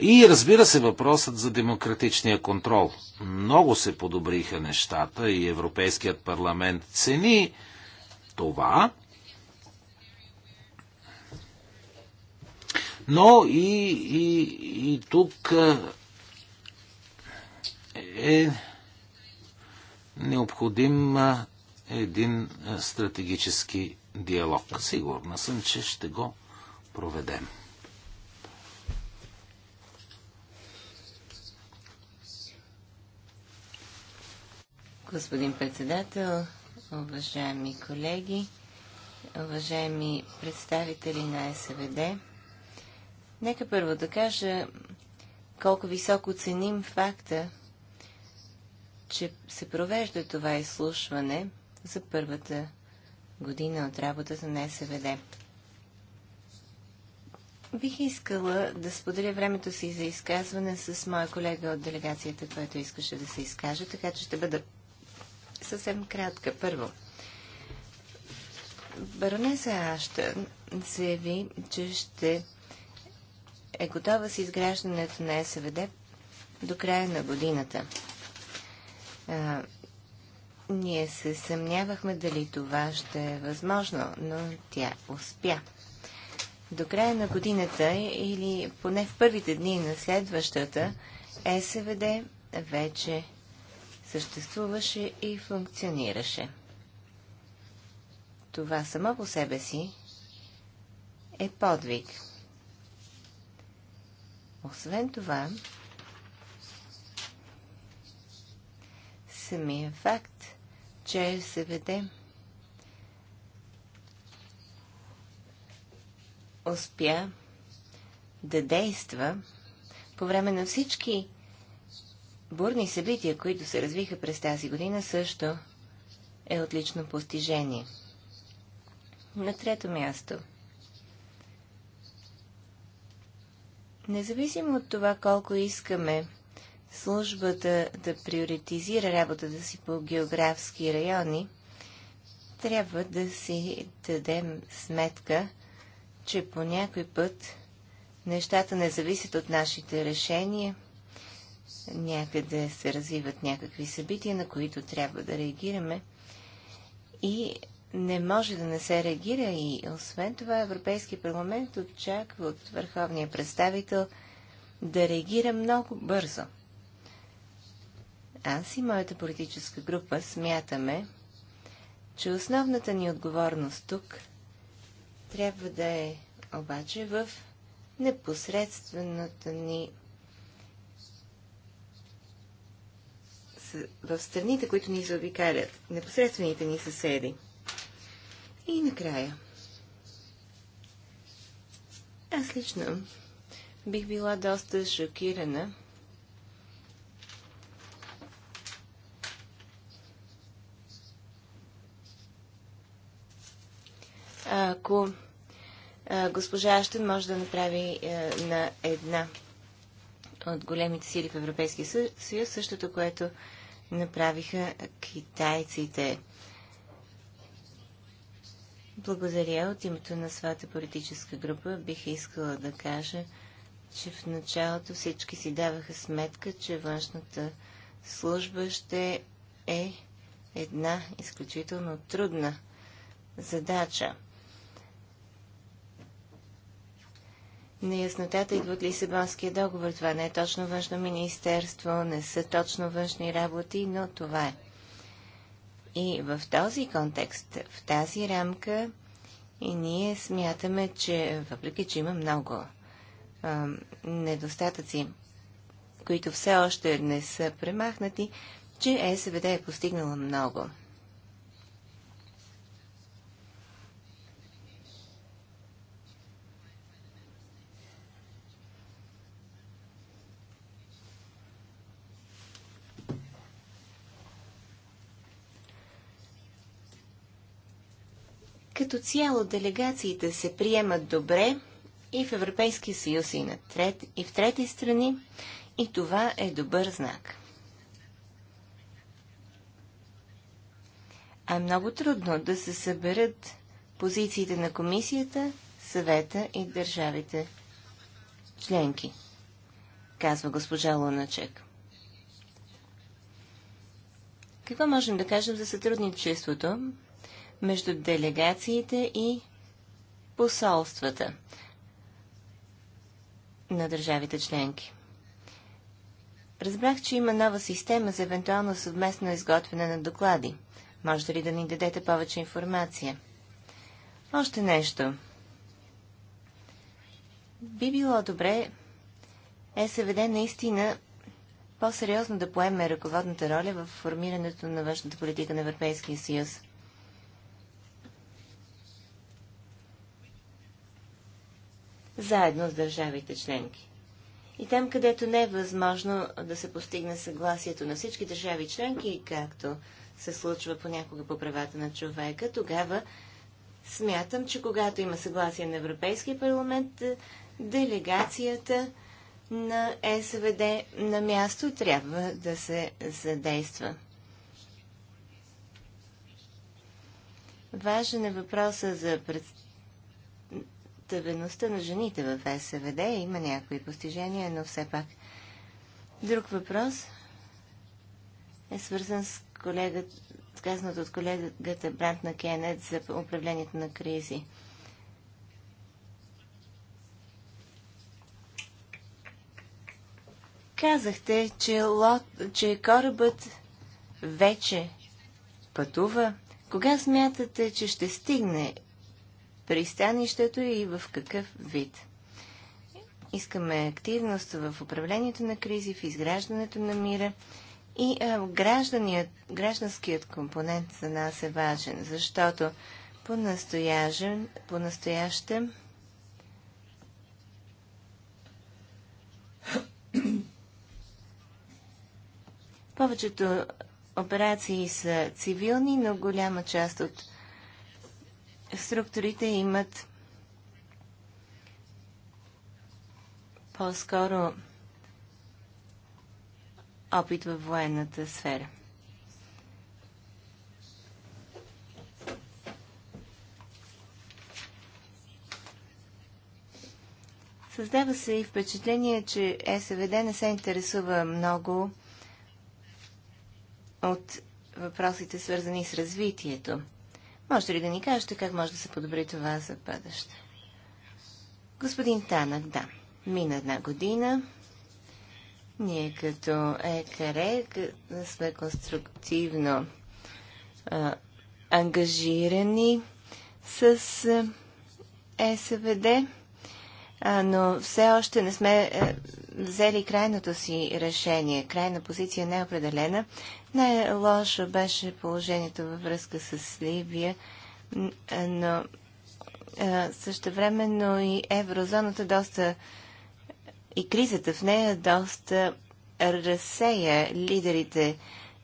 Speaker 3: И разбира се въпросът за демократичния контрол. Много се подобриха нещата и Европейският парламент цени това, но и, и, и тук е необходим един стратегически диалог. Сигурна съм, че ще го проведем.
Speaker 1: Господин председател, уважаеми колеги, уважаеми представители на СВД, нека първо да кажа колко високо ценим факта, че се провежда това изслушване за първата година от работата на СВД. Бих искала да споделя времето си за изказване с моя колега от делегацията, който искаше да се изкаже, така че ще бъда съвсем кратка. Първо, баронеса Аштън заяви, че ще е готова с изграждането на СВД до края на годината. А, ние се съмнявахме дали това ще е възможно, но тя успя. До края на годината или поне в първите дни на следващата, СВД вече съществуваше и функционираше. Това само по себе си е подвиг. Освен това, самия факт, че СВД успя да действа по време на всички бурни събития, които се развиха през тази година, също е отлично постижение. На трето място. Независимо от това колко искаме службата да приоритизира работата си по географски райони, трябва да си дадем сметка, че по някой път нещата не зависят от нашите решения. Някъде се развиват някакви събития, на които трябва да реагираме. И не може да не се реагира и освен това Европейски парламент очаква от върховния представител да реагира много бързо – аз и моята политическа група смятаме, че основната ни отговорност тук трябва да е обаче в непосредствената ни в страните, които ни заобикалят, непосредствените ни съседи. И накрая. Аз лично бих била доста шокирана, ако госпожа Аштен може да направи е, на една от големите сили в Европейския съюз същото, което направиха китайците. Благодаря. От името на своята политическа група бих искала да кажа, че в началото всички си даваха сметка, че външната служба ще е една изключително трудна задача. неяснотата идва от Лисабонския договор. Това не е точно външно министерство, не са точно външни работи, но това е. И в този контекст, в тази рамка, и ние смятаме, че въпреки, че има много а, недостатъци, които все още не са премахнати, че ЕСВД е постигнала много. Като цяло делегациите се приемат добре и в Европейския съюз, и, на трет, и в трети страни, и това е добър знак. А е много трудно да се съберат позициите на комисията, съвета и държавите членки, казва госпожа Луначек. Какво можем да кажем за сътрудничеството между делегациите и посолствата на държавите членки. Разбрах, че има нова система за евентуално съвместно изготвяне на доклади. Може ли да ни дадете повече информация? Още нещо. Би било добре СВД наистина по-сериозно да поеме ръководната роля в формирането на външната политика на Европейския съюз. заедно с държавите членки. И там, където не е възможно да се постигне съгласието на всички държави членки, както се случва понякога по правата на човека, тогава смятам, че когато има съгласие на Европейския парламент, делегацията на СВД на място трябва да се задейства. Важен е въпроса за представителството представеността на жените в СВД. Има някои постижения, но все пак. Друг въпрос е свързан с колегата, казаното от колегата Брант на Кенет за управлението на кризи. Казахте, че, лот, че корабът вече пътува. Кога смятате, че ще стигне пристанището и в какъв вид. Искаме активност в управлението на кризи, в изграждането на мира. И гражданският компонент за нас е важен, защото по настояще повечето операции са цивилни, но голяма част от структурите имат по-скоро опит във военната сфера. Създава се и впечатление, че СВД не се интересува много от въпросите, свързани с развитието. Може ли да ни кажете как може да се подобри това за бъдеще? Господин Танък, да. Мина една година. Ние като екарек сме конструктивно а, ангажирани с а, СВД но все още не сме е, взели крайното си решение. Крайна позиция не е определена. Най-лошо беше положението във връзка с Ливия, е, но е, времено и еврозоната доста и кризата в нея доста разсея лидерите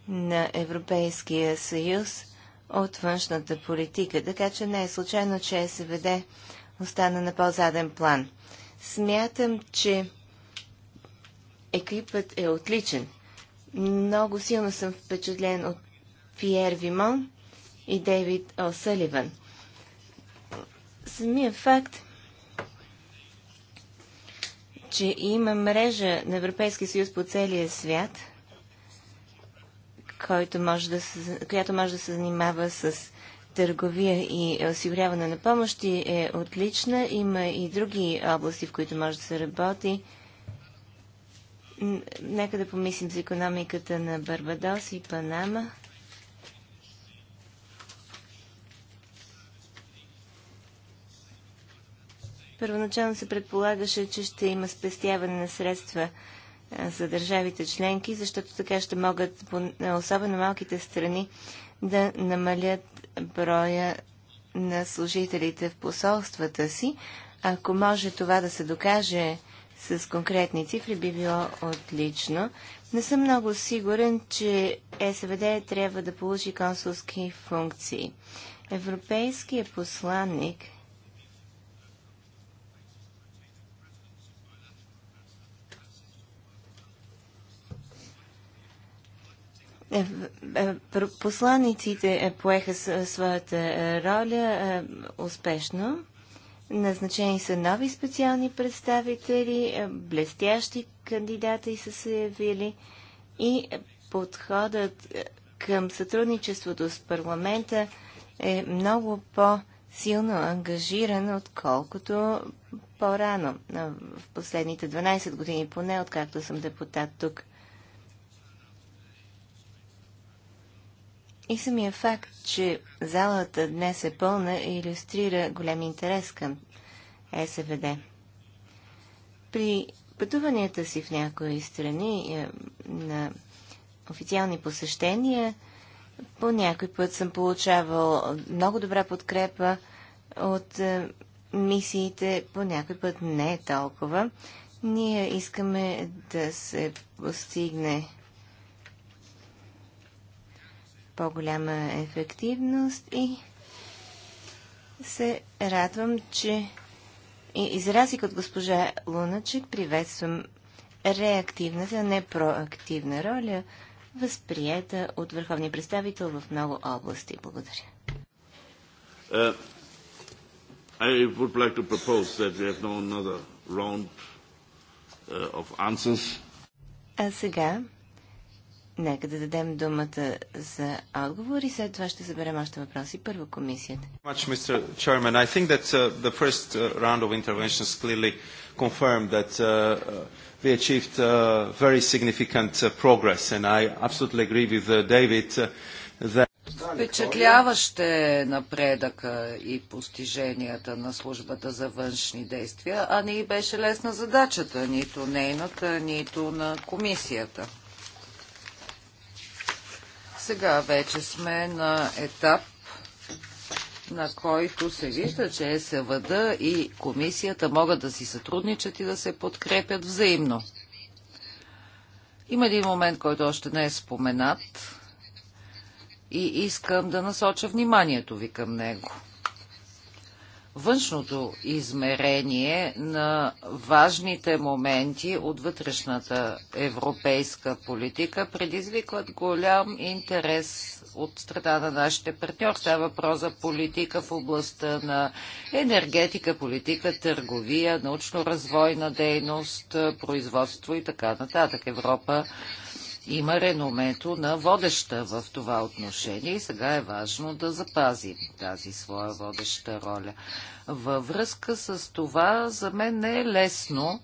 Speaker 1: на Европейския съюз от външната политика, така че не е случайно, че СВД остана на по-заден план. Смятам, че екипът е отличен. Много силно съм впечатлен от Пьер Вимон и Дейвид О'Саливан. Самия факт, че има мрежа на Европейския съюз по целия свят, който може да се, която може да се занимава с търговия и осигуряване на помощи е отлична. Има и други области, в които може да се работи. Нека да помислим за економиката на Барбадос и Панама. Първоначално се предполагаше, че ще има спестяване на средства за държавите членки, защото така ще могат, особено малките страни, да намалят броя на служителите в посолствата си. Ако може това да се докаже с конкретни цифри, би било отлично. Не съм много сигурен, че СВД трябва да получи консулски функции. Европейският посланник – Е, е, посланиците е, поеха своята роля успешно. Назначени са нови специални представители, блестящи кандидати са се явили и подходът към сътрудничеството с парламента е много по-силно ангажиран, отколкото по-рано, в последните 12 години поне, откакто съм депутат тук. И самия факт, че залата днес е пълна, иллюстрира голям интерес към СВД. При пътуванията си в някои страни е, на официални посещения, по някой път съм получавал много добра подкрепа от е, мисиите, по някой път не е толкова. Ние искаме да се постигне по-голяма ефективност и се радвам, че изразих от госпожа Луначек, приветствам реактивната, не проактивна роля, възприета от върховния представител в много области. Благодаря.
Speaker 2: Uh, I would like to propose that we have another round uh, of answers.
Speaker 1: А сега Нека да дадем думата за отговор и след това ще заберем още въпроси. Първо комисията.
Speaker 3: We achieved uh, very significant uh, progress, and I absolutely agree with uh, David uh,
Speaker 2: that. Е напредъка и постиженията на службата за външни действия, а не и беше лесна задачата, нито нейната, нито на комисията. Сега вече сме на етап, на който се вижда, че СВД и комисията могат да си сътрудничат и да се подкрепят взаимно. Има един момент, който още не е споменат и искам да насоча вниманието ви към него – външното измерение на важните моменти от вътрешната европейска политика предизвикват голям интерес от страна на нашите партньори. Става въпрос за политика в областта на енергетика, политика, търговия, научно-развойна дейност, производство и така нататък. Европа има реномето на водеща в това отношение и сега е важно да запази тази своя водеща роля. Във връзка с това за мен не е лесно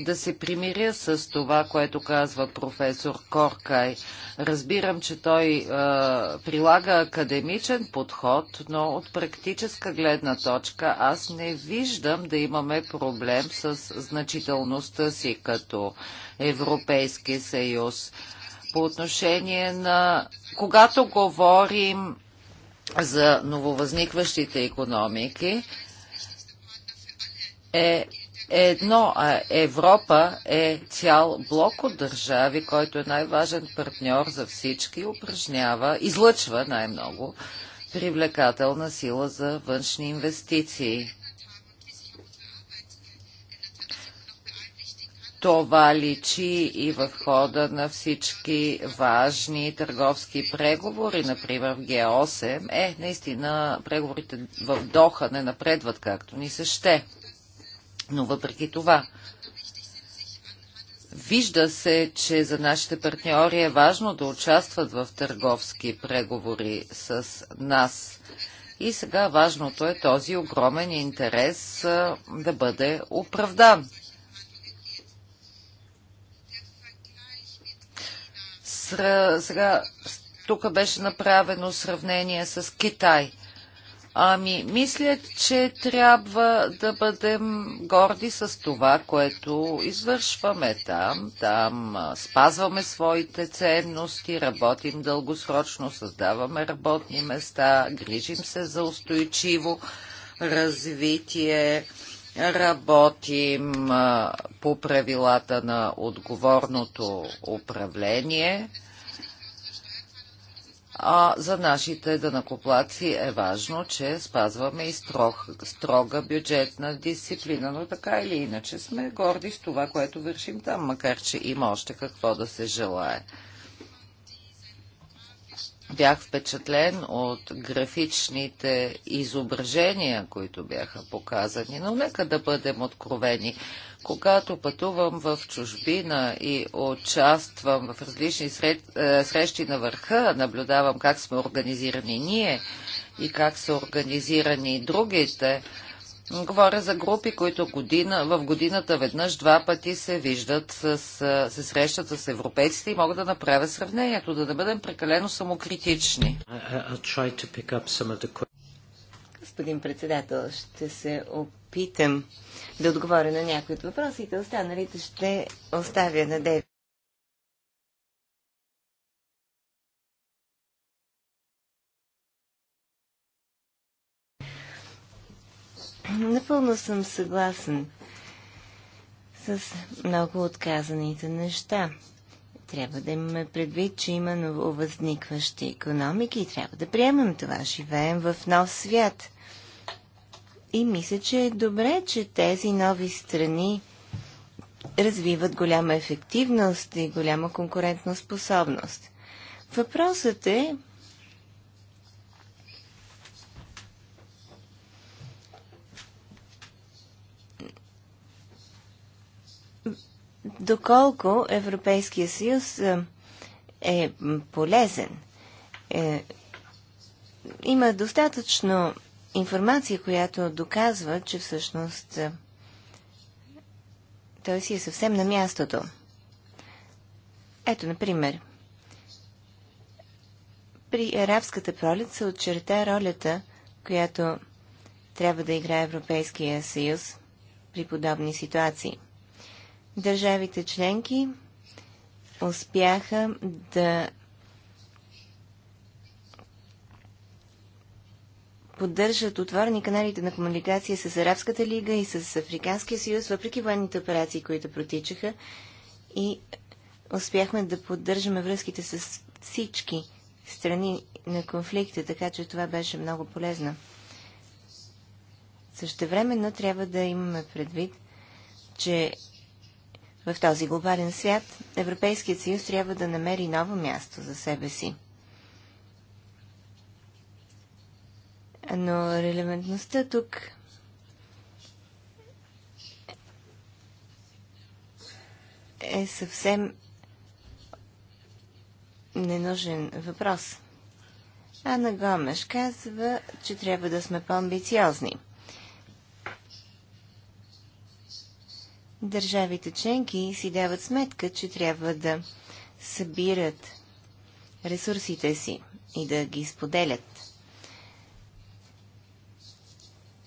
Speaker 2: да се примиря с това, което казва професор Коркай. Разбирам, че той е, прилага академичен подход, но от практическа гледна точка аз не виждам да имаме проблем с значителността си като Европейски съюз. По отношение на... Когато говорим за нововъзникващите економики, е едно, Европа е цял блок от държави, който е най-важен партньор за всички упражнява, излъчва най-много привлекателна сила за външни инвестиции. Това личи и в хода на всички важни търговски преговори, например в Г8. Е, наистина, преговорите в Доха не напредват както ни се ще но въпреки това Вижда се, че за нашите партньори е важно да участват в търговски преговори с нас. И сега важното е този огромен интерес да бъде оправдан. Сра... Сега тук беше направено сравнение с Китай – Ами, мисля, че трябва да бъдем горди с това, което извършваме там. Там спазваме своите ценности, работим дългосрочно, създаваме работни места, грижим се за устойчиво развитие, работим по правилата на отговорното управление – а за нашите данакоплаци е важно, че спазваме и строг, строга бюджетна дисциплина, но така или иначе сме горди с това, което вършим там, макар че има още какво да се желае. Бях впечатлен от графичните изображения, които бяха показани, но нека да бъдем откровени. Когато пътувам в чужбина и участвам в различни сред, е, срещи на върха, наблюдавам как сме организирани ние и как са организирани другите. Говоря за групи, които година, в годината веднъж два пъти се виждат, с, е, се срещат с европейците и могат да направят сравнението, да не бъдем прекалено самокритични.
Speaker 1: Господин председател, ще се опитам да отговоря на някои от въпросите, останалите ще оставя на Деви. Напълно съм съгласен с много отказаните неща. Трябва да имаме предвид, че има нововъзникващи економики и трябва да приемем това. Живеем в нов свят. И мисля, че е добре, че тези нови страни развиват голяма ефективност и голяма конкурентна способност. Въпросът е доколко Европейския съюз е, е полезен. Е, има достатъчно информация, която доказва, че всъщност е, той си е съвсем на мястото. Ето, например, при арабската пролет се очерта ролята, която трябва да играе Европейския съюз при подобни ситуации. Държавите членки успяха да поддържат отворени каналите на комуникация с Арабската лига и с Африканския съюз, въпреки военните операции, които протичаха. И успяхме да поддържаме връзките с всички страни на конфликта, така че това беше много полезно. Същевременно трябва да имаме предвид, че в този глобален свят Европейският съюз трябва да намери ново място за себе си. Но релевантността тук е съвсем ненужен въпрос. Ана Гомеш казва, че трябва да сме по-амбициозни. Държавите членки си дават сметка, че трябва да събират ресурсите си и да ги споделят.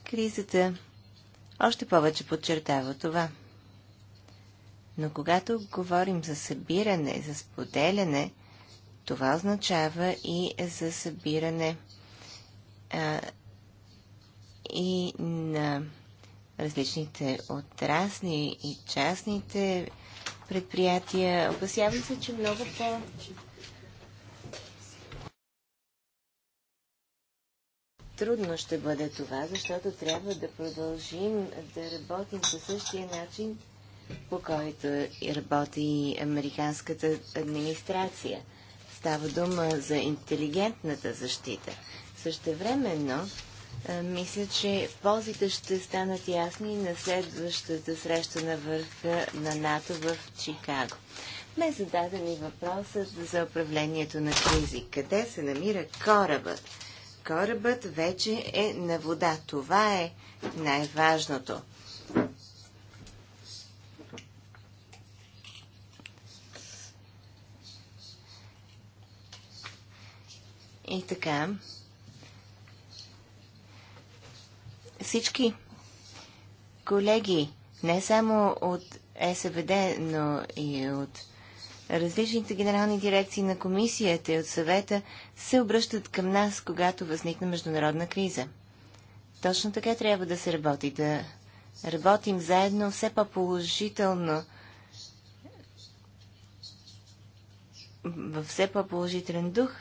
Speaker 1: Кризата още повече подчертава това. Но когато говорим за събиране, за споделяне, това означава и за събиране а, и на различните отрасли и частните предприятия. Опасявам се, че много по- Трудно ще бъде това, защото трябва да продължим да работим по същия начин, по който работи американската администрация. Става дума за интелигентната защита. Същевременно, мисля, че ползите ще станат ясни на следващата среща на върха на НАТО в Чикаго. Ме зададе ми въпросът за управлението на кризи. Къде се намира корабът? корабът вече е на вода. Това е най-важното. И така. Всички колеги, не само от СВД, но и от различните генерални дирекции на комисията и от съвета се обръщат към нас, когато възникне международна криза. Точно така трябва да се работи, да работим заедно все по-положително, във все по-положителен дух.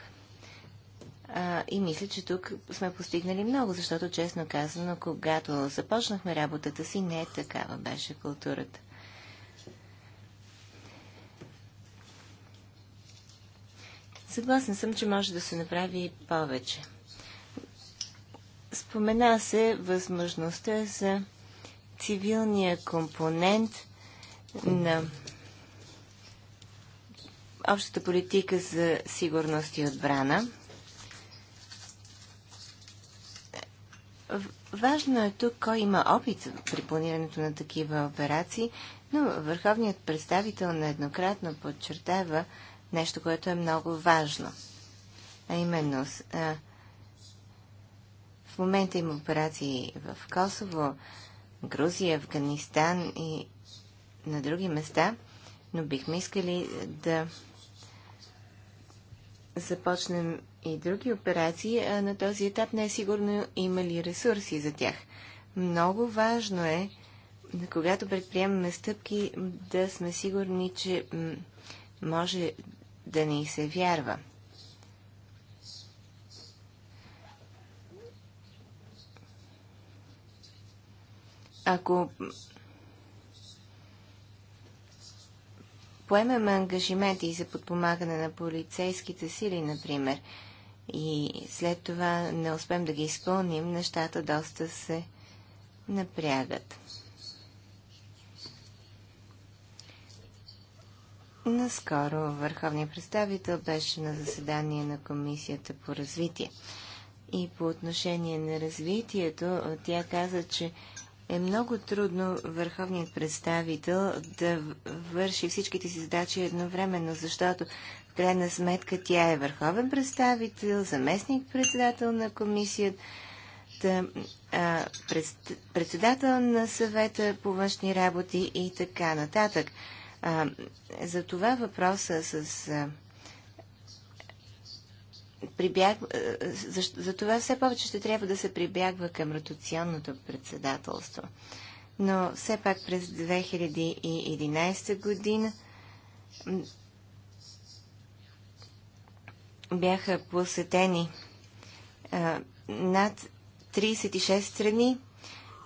Speaker 1: А, и мисля, че тук сме постигнали много, защото честно казано, когато започнахме работата си, не е такава беше културата. Съгласна съм, че може да се направи повече. Спомена се възможността за цивилния компонент на общата политика за сигурност и отбрана. Важно е тук кой има опит при планирането на такива операции, но върховният представител нееднократно подчертава нещо, което е много важно. А именно, в момента има операции в Косово, Грузия, Афганистан и на други места, но бихме искали да започнем и други операции, а на този етап не е сигурно има ли ресурси за тях. Много важно е, когато предприемаме стъпки, да сме сигурни, че може да ни се вярва. Ако поемем ангажименти за подпомагане на полицейските сили, например, и след това не успеем да ги изпълним, нещата доста се напрягат. Наскоро върховният представител беше на заседание на Комисията по развитие. И по отношение на развитието, тя каза, че е много трудно върховният представител да върши всичките си задачи едновременно, защото в крайна сметка тя е върховен представител, заместник председател на комисията, председател на съвета по външни работи и така нататък. А, за това въпроса с. А, прибяг... за, за това все повече ще трябва да се прибягва към ротационното председателство. Но все пак през 2011 година бяха посетени а, над 36 страни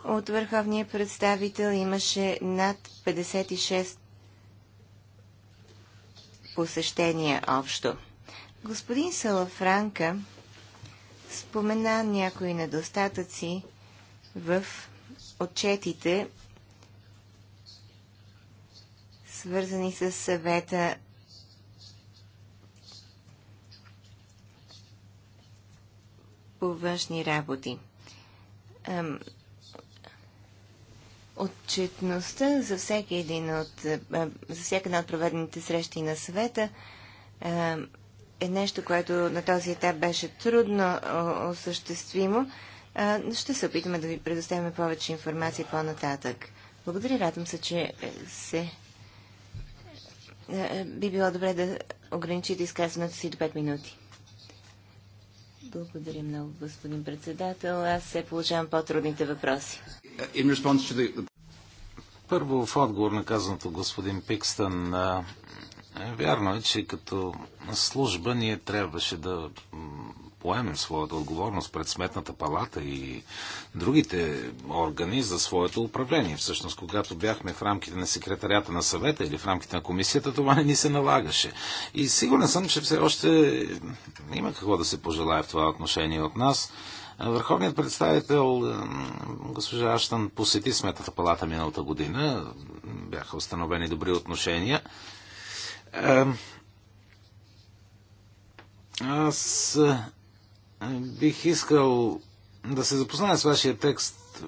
Speaker 1: от върховния представител. Имаше над 56 посещения общо. Господин Салафранка спомена някои недостатъци в отчетите, свързани с съвета по външни работи отчетността за, всеки един от, е, е, за всяка една от проведените срещи на съвета е, е нещо, което на този етап беше трудно осъществимо. Ще се опитаме да ви предоставим повече информация по-нататък. Благодаря, радвам се, че се... Би било добре да ограничите изказването си до 5 минути. Благодаря много, господин председател. Аз се получавам по-трудните въпроси. The...
Speaker 3: Първо, в отговор на казаното господин Пикстън, е вярно е, че като служба ние трябваше да поемем своята отговорност пред Сметната палата и другите органи за своето управление. Всъщност, когато бяхме в рамките на секретарията на съвета или в рамките на комисията, това не ни се налагаше. И сигурен съм, че все още има какво да се пожелая в това отношение от нас. Върховният представител госпожа Аштан посети сметата палата миналата година. Бяха установени добри отношения. Аз е, бих искал да се запозная с вашия текст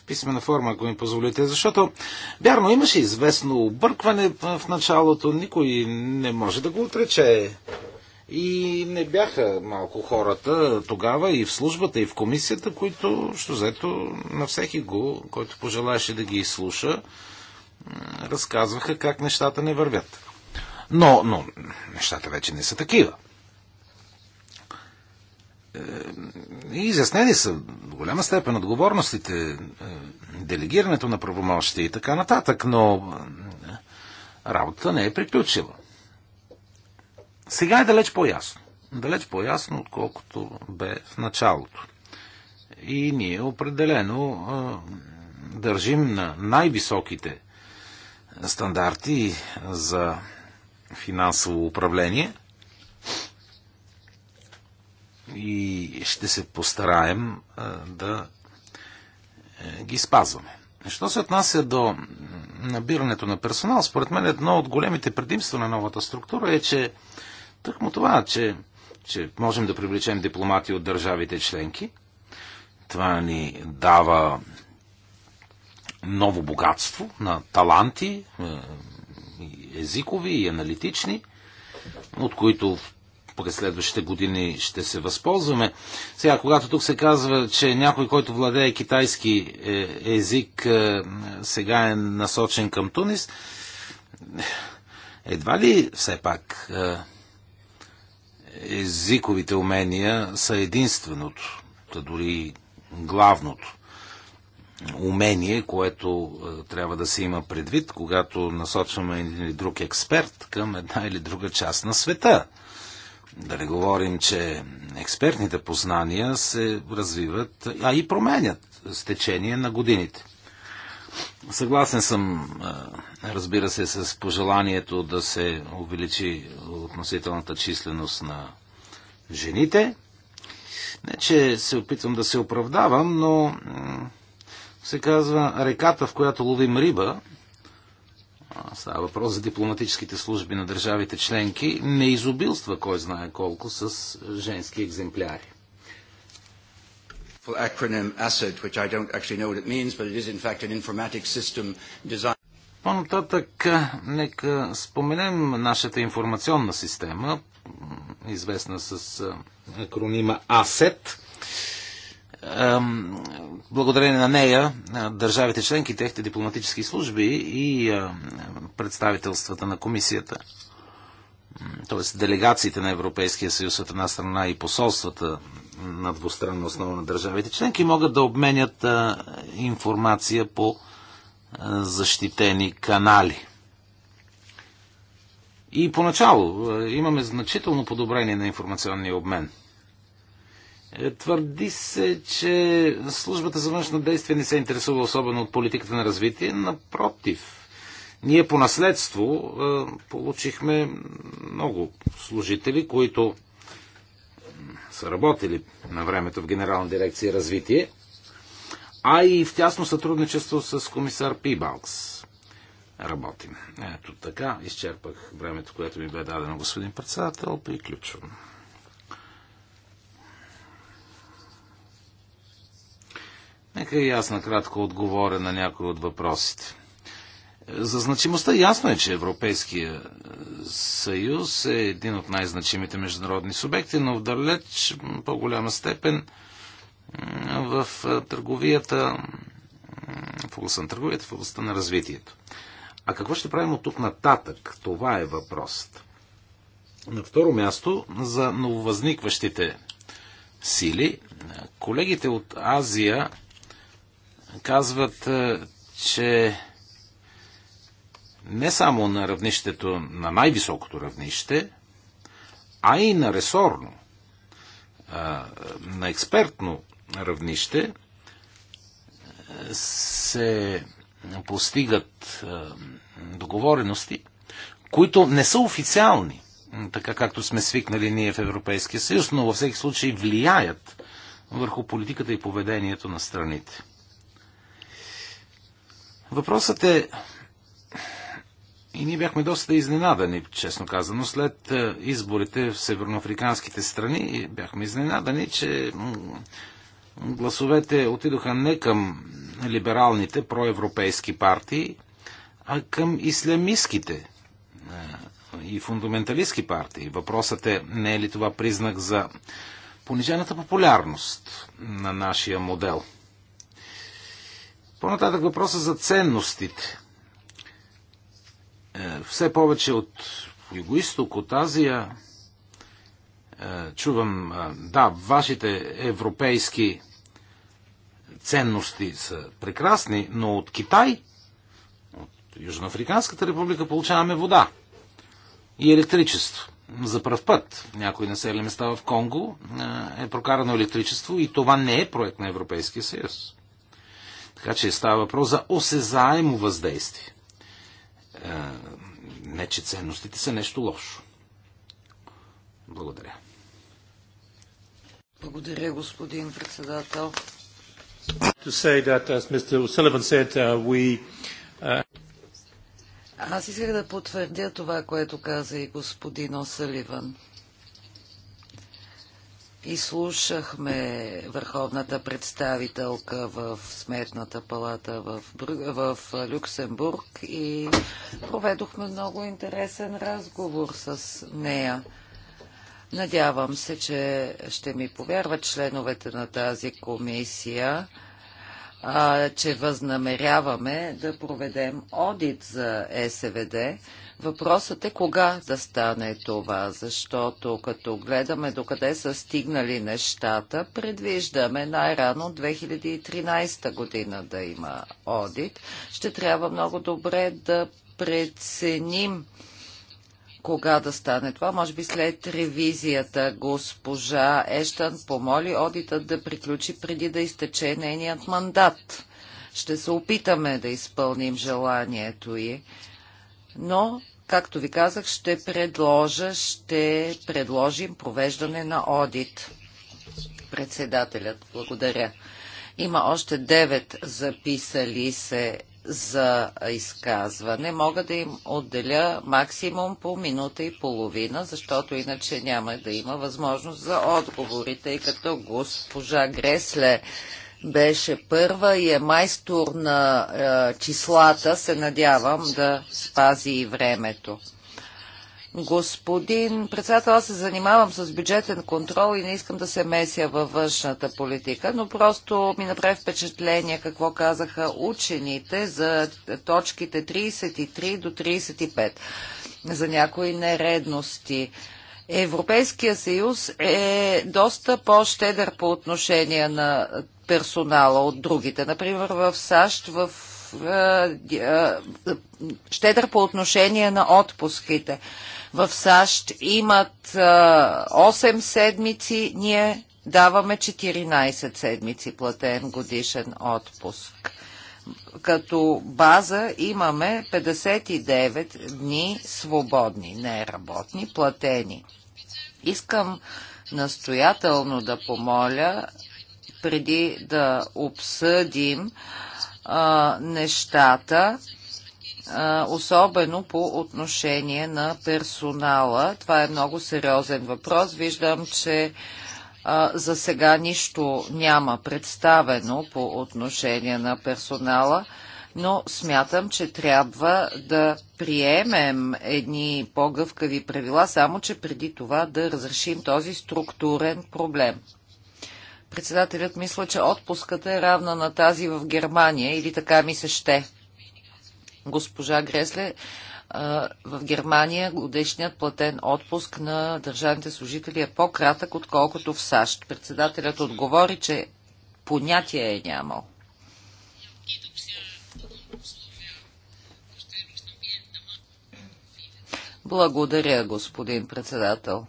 Speaker 3: в писмена форма, ако ми позволите, защото, вярно, имаше известно объркване в началото, никой не може да го отрече. И не бяха малко хората тогава и в службата, и в комисията, които, що взето, на всеки го, който пожелаеше да ги изслуша, разказваха как нещата не вървят. Но, но нещата вече не са такива. И е, изяснени са в голяма степен отговорностите, е, делегирането на правомощите и така нататък, но работата не е приключила. Сега е далеч по-ясно. Далеч по-ясно, отколкото бе в началото. И ние определено държим на най-високите стандарти за финансово управление и ще се постараем да е, ги спазваме. Що се отнася до набирането на персонал, според мен едно от големите предимства на новата структура е, че Тъкмо това, че, че можем да привлечем дипломати от държавите членки, това ни дава ново богатство на таланти, е, езикови и аналитични, от които през следващите години ще се възползваме. Сега, когато тук се казва, че някой, който владее китайски е, език, е, сега е насочен към Тунис, едва ли все пак езиковите умения са единственото, да дори главното умение, което е, трябва да се има предвид, когато насочваме един или друг експерт към една или друга част на света. Да не говорим, че експертните познания се развиват, а и променят с течение на годините. Съгласен съм, разбира се, с пожеланието да се увеличи относителната численост на жените. Не, че се опитвам да се оправдавам, но се казва реката, в която ловим риба, става въпрос за дипломатическите служби на държавите членки, не изобилства кой знае колко с женски екземпляри wonderful acronym ACID, e which I don't actually know what it means, but it is in fact an informatic system designed по-нататък нека споменем нашата информационна система, известна с е, акронима ASET. Благодарение на нея държавите членки, техните дипломатически служби и представителствата на комисията, т.е. делегациите на Европейския съюз от една страна и посолствата на двустранна основа на държавите членки могат да обменят информация по защитени канали. И поначало имаме значително подобрение на информационния обмен. Е, твърди се, че службата за външно действие не се интересува особено от политиката на развитие. Напротив, ние по наследство получихме много служители, които са работили на времето в Генерална дирекция развитие, а и в тясно сътрудничество с комисар Пибалкс работим. Ето така, изчерпах времето, което ми бе дадено, господин председател, приключвам. Нека и аз накратко отговоря на някои от въпросите. За значимостта ясно е, че Европейския е, съюз е един от най-значимите международни субекти, но в далеч по-голяма степен в е, търговията, в областта на търговията, в областта на развитието. А какво ще правим от тук нататък? Това е въпросът. На второ място, за нововъзникващите сили, е, колегите от Азия казват, че не само на равнището, на най-високото равнище, а и на ресорно, на експертно равнище се постигат договорености, които не са официални, така както сме свикнали ние в Европейския съюз, но във всеки случай влияят върху политиката и поведението на страните. Въпросът е и ние бяхме доста изненадани, честно казано, след е, изборите в северноафриканските страни. Бяхме изненадани, че гласовете отидоха не към либералните проевропейски партии, а към ислямистските е, и фундаменталистски партии. Въпросът е, не е ли това признак за понижената популярност на нашия модел? По-нататък въпроса за ценностите. Е, все повече от Юго-Исток, от Азия, е, чувам, е, да, вашите европейски ценности са прекрасни, но от Китай, от Южноафриканската република получаваме вода и електричество. За първ път в някои населени места в Конго е прокарано електричество и това не е проект на Европейския съюз. Така че става въпрос за осезаемо въздействие. Е, не че ценностите са нещо лошо. Благодаря.
Speaker 2: Благодаря, господин председател.
Speaker 3: Uh,
Speaker 2: Аз исках да потвърдя това, което каза и господин О'Саливан. Изслушахме върховната представителка в Сметната палата в, в Люксембург и проведохме много интересен разговор с нея. Надявам се, че ще ми повярват членовете на тази комисия, а, че възнамеряваме да проведем одит за СВД Въпросът е кога да стане това, защото като гледаме докъде са стигнали нещата, предвиждаме най-рано 2013 година да има одит. Ще трябва много добре да преценим кога да стане това. Може би след ревизията госпожа Ещан помоли одитът да приключи преди да изтече нейният мандат. Ще се опитаме да изпълним желанието й но, както ви казах, ще предложа, ще предложим провеждане на одит. Председателят, благодаря. Има още девет записали се за изказване. Мога да им отделя максимум по минута и половина, защото иначе няма да има възможност за отговори, тъй като госпожа Гресле беше първа и е майстор на е, числата. Се надявам да спази и времето. Господин председател, аз се занимавам с бюджетен контрол и не искам да се меся във външната политика, но просто ми направи впечатление какво казаха учените за точките 33 до 35, за някои нередности. Европейския съюз е доста по-щедър по отношение на персонала от другите. Например, в САЩ в е, е, е, щедър по отношение на отпуските. В САЩ имат 8 седмици, ние даваме 14 седмици платен годишен отпуск. Като база имаме 59 дни свободни, неработни, платени. Искам настоятелно да помоля преди да обсъдим а, нещата, а, особено по отношение на персонала. Това е много сериозен въпрос. Виждам, че а, за сега нищо няма представено по отношение на персонала но смятам, че трябва да приемем едни по-гъвкави правила, само че преди това да разрешим този структурен проблем. Председателят мисля, че отпуската е равна на тази в Германия или така ми се ще. Госпожа Гресле, в Германия годишният платен отпуск на държавните служители е по-кратък, отколкото в САЩ. Председателят отговори, че понятие е нямал. Благодаря, господин председател.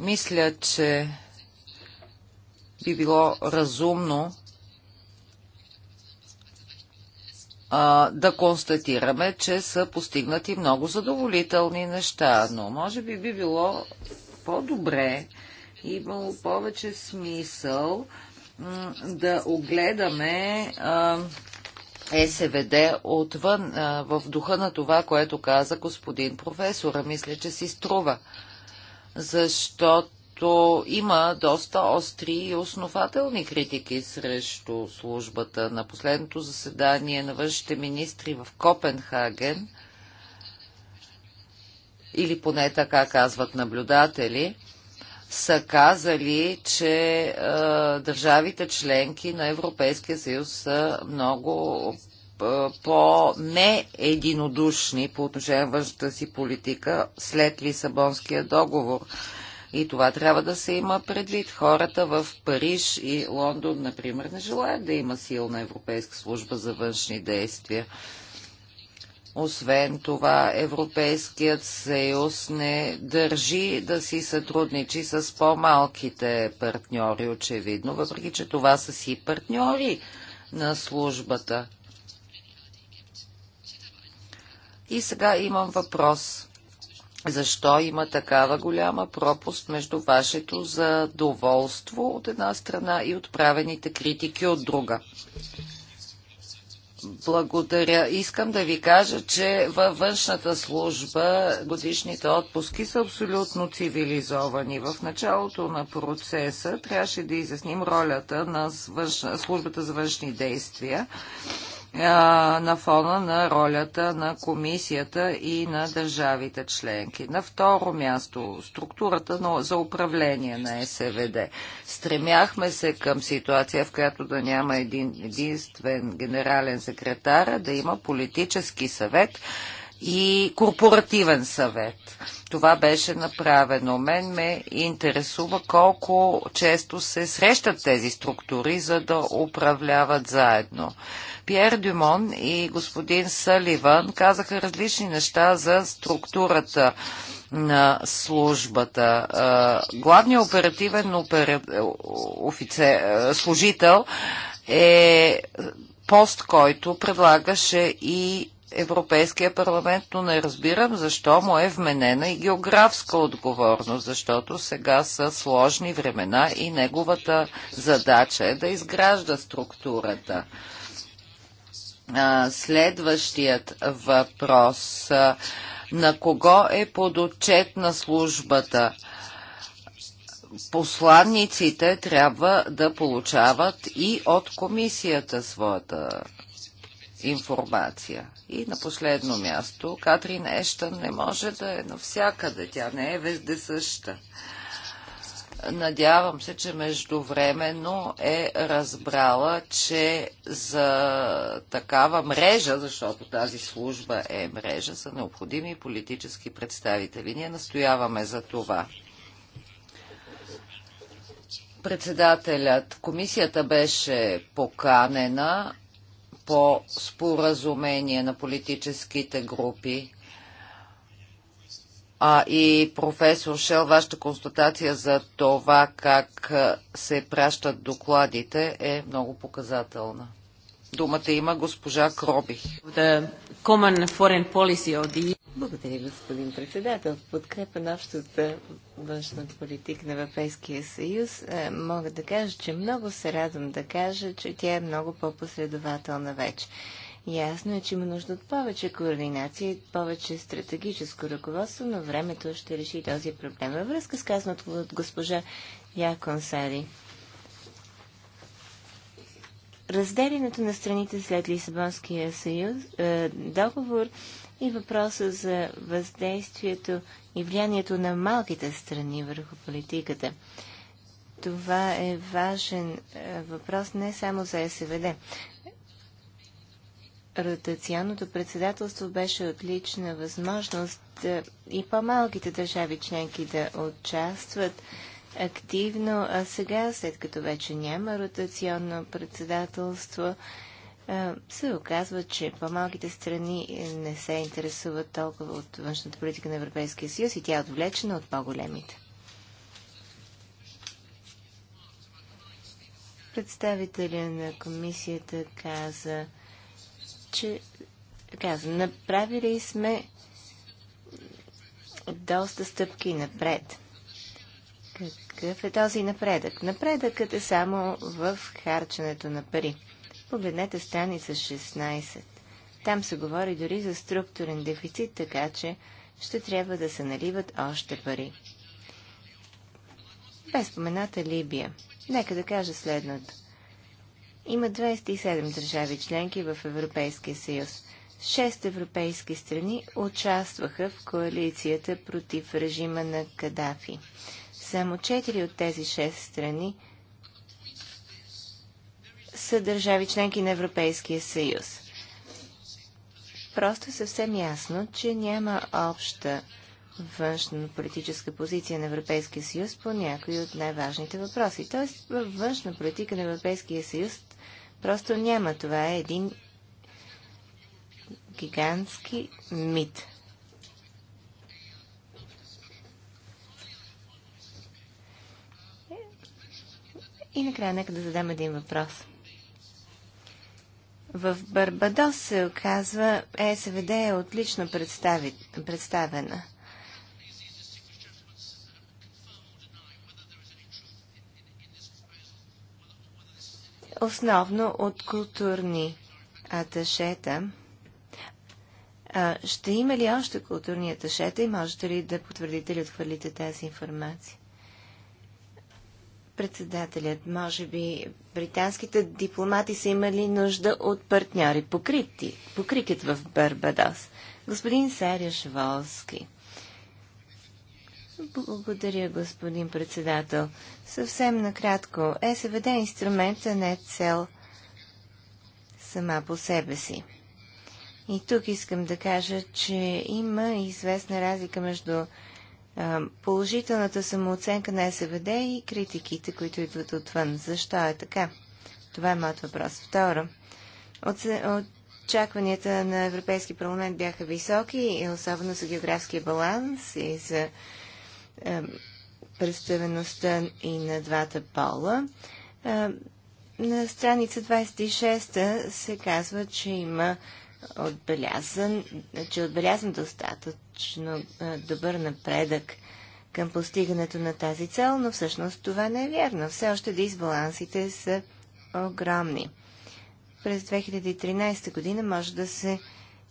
Speaker 2: Мисля, че би било разумно а, да констатираме, че са постигнати много задоволителни неща, но може би би било по-добре, и имало повече смисъл да огледаме а, СВД отвън, а, в духа на това, което каза господин професора. Мисля, че си струва защото има доста остри и основателни критики срещу службата. На последното заседание на външните министри в Копенхаген, или поне така казват наблюдатели, са казали, че е, държавите членки на Европейския съюз са много по-неединодушни по отношение на външната си политика след Лисабонския договор. И това трябва да се има предвид. Хората в Париж и Лондон, например, не желаят да има силна Европейска служба за външни действия. Освен това, Европейският съюз не държи да си сътрудничи с по-малките партньори, очевидно, въпреки че това са си партньори на службата. И сега имам въпрос. Защо има такава голяма пропуст между вашето задоволство от една страна и отправените критики от друга? Благодаря. Искам да ви кажа, че във външната служба годишните отпуски са абсолютно цивилизовани. В началото на процеса трябваше да изясним ролята на външна, службата за външни действия на фона на ролята на комисията и на държавите членки. На второ място, структурата за управление на СВД. Стремяхме се към ситуация, в която да няма един единствен генерален секретар, да има политически съвет и корпоративен съвет. Това беше направено. Мен ме интересува колко често се срещат тези структури, за да управляват заедно. Пьер Дюмон и господин Саливан казаха различни неща за структурата на службата. Главният оперативен опера... офицер... служител е пост, който предлагаше и Европейския парламент, но не разбирам защо му е вменена и географска отговорност, защото сега са сложни времена и неговата задача е да изгражда структурата следващият въпрос. На кого е подотчет на службата? Посланниците трябва да получават и от комисията своята информация. И на последно място, Катрин Ештън не може да е навсякъде, тя не е вездесъща. съща Надявам се, че междувременно е разбрала, че за такава мрежа, защото тази служба е мрежа, са необходими политически представители. Ние настояваме за това. Председателят, комисията беше поканена по споразумение на политическите групи а и професор Шел, вашата констатация за това как се пращат докладите е много показателна. Думата има госпожа Кроби.
Speaker 1: Благодаря, господин председател. В подкрепа на общата външна политика на Европейския съюз е, мога да кажа, че много се радвам да кажа, че тя е много по-последователна вече. Ясно е, че има нужда от повече координация и повече стратегическо ръководство, но времето ще реши този проблем. Във връзка с казаното от госпожа Якон Сари. Разделянето на страните след Лисабонския съюз, е, договор и въпроса за въздействието и влиянието на малките страни върху политиката. Това е важен е, въпрос не само за СВД ротационното председателство беше отлична възможност е, и по-малките държави членки да участват активно, а сега, след като вече няма ротационно председателство, е, се оказва, че по-малките страни не се интересуват толкова от външната политика на Европейския съюз и тя е отвлечена от по-големите. Представителя на комисията каза, че каза. Направили сме доста стъпки напред. Какъв е този напредък? Напредъкът е само в харченето на пари. Погледнете страница 16. Там се говори дори за структурен дефицит, така че ще трябва да се наливат още пари. Без спомената Либия. Нека да кажа следното. Има 27 държави членки в Европейския съюз. Шест европейски страни участваха в коалицията против режима на Кадафи. Само четири от тези шест страни са държави членки на Европейския съюз. Просто съвсем ясно, че няма обща външно-политическа позиция на Европейския съюз по някои от най-важните въпроси. Тоест, във външна политика на Европейския съюз просто няма. Това е един гигантски мит. И накрая нека да задам един въпрос. В Барбадос се оказва ЕСВД е отлично представена. основно от културни аташета. А, ще има ли още културни аташета и можете ли да потвърдите или отхвърлите тази информация? Председателят, може би британските дипломати са имали нужда от партньори, покрити, покрикът в Барбадос. Господин Саряш Волски. Благодаря, господин председател. Съвсем накратко. СВД е инструмент, а не цел сама по себе си. И тук искам да кажа, че има известна разлика между положителната самооценка на СВД и критиките, които идват отвън. Защо е така? Това е моят въпрос. Второ, Очакванията на Европейски парламент бяха високи, особено за географския баланс и за представеността и на двата пола. на страница 26 се казва, че има отбелязан, че е отбелязан достатъчно е, добър напредък към постигането на тази цел, но всъщност това не е вярно. Все още дисбалансите са огромни. През 2013 година може да се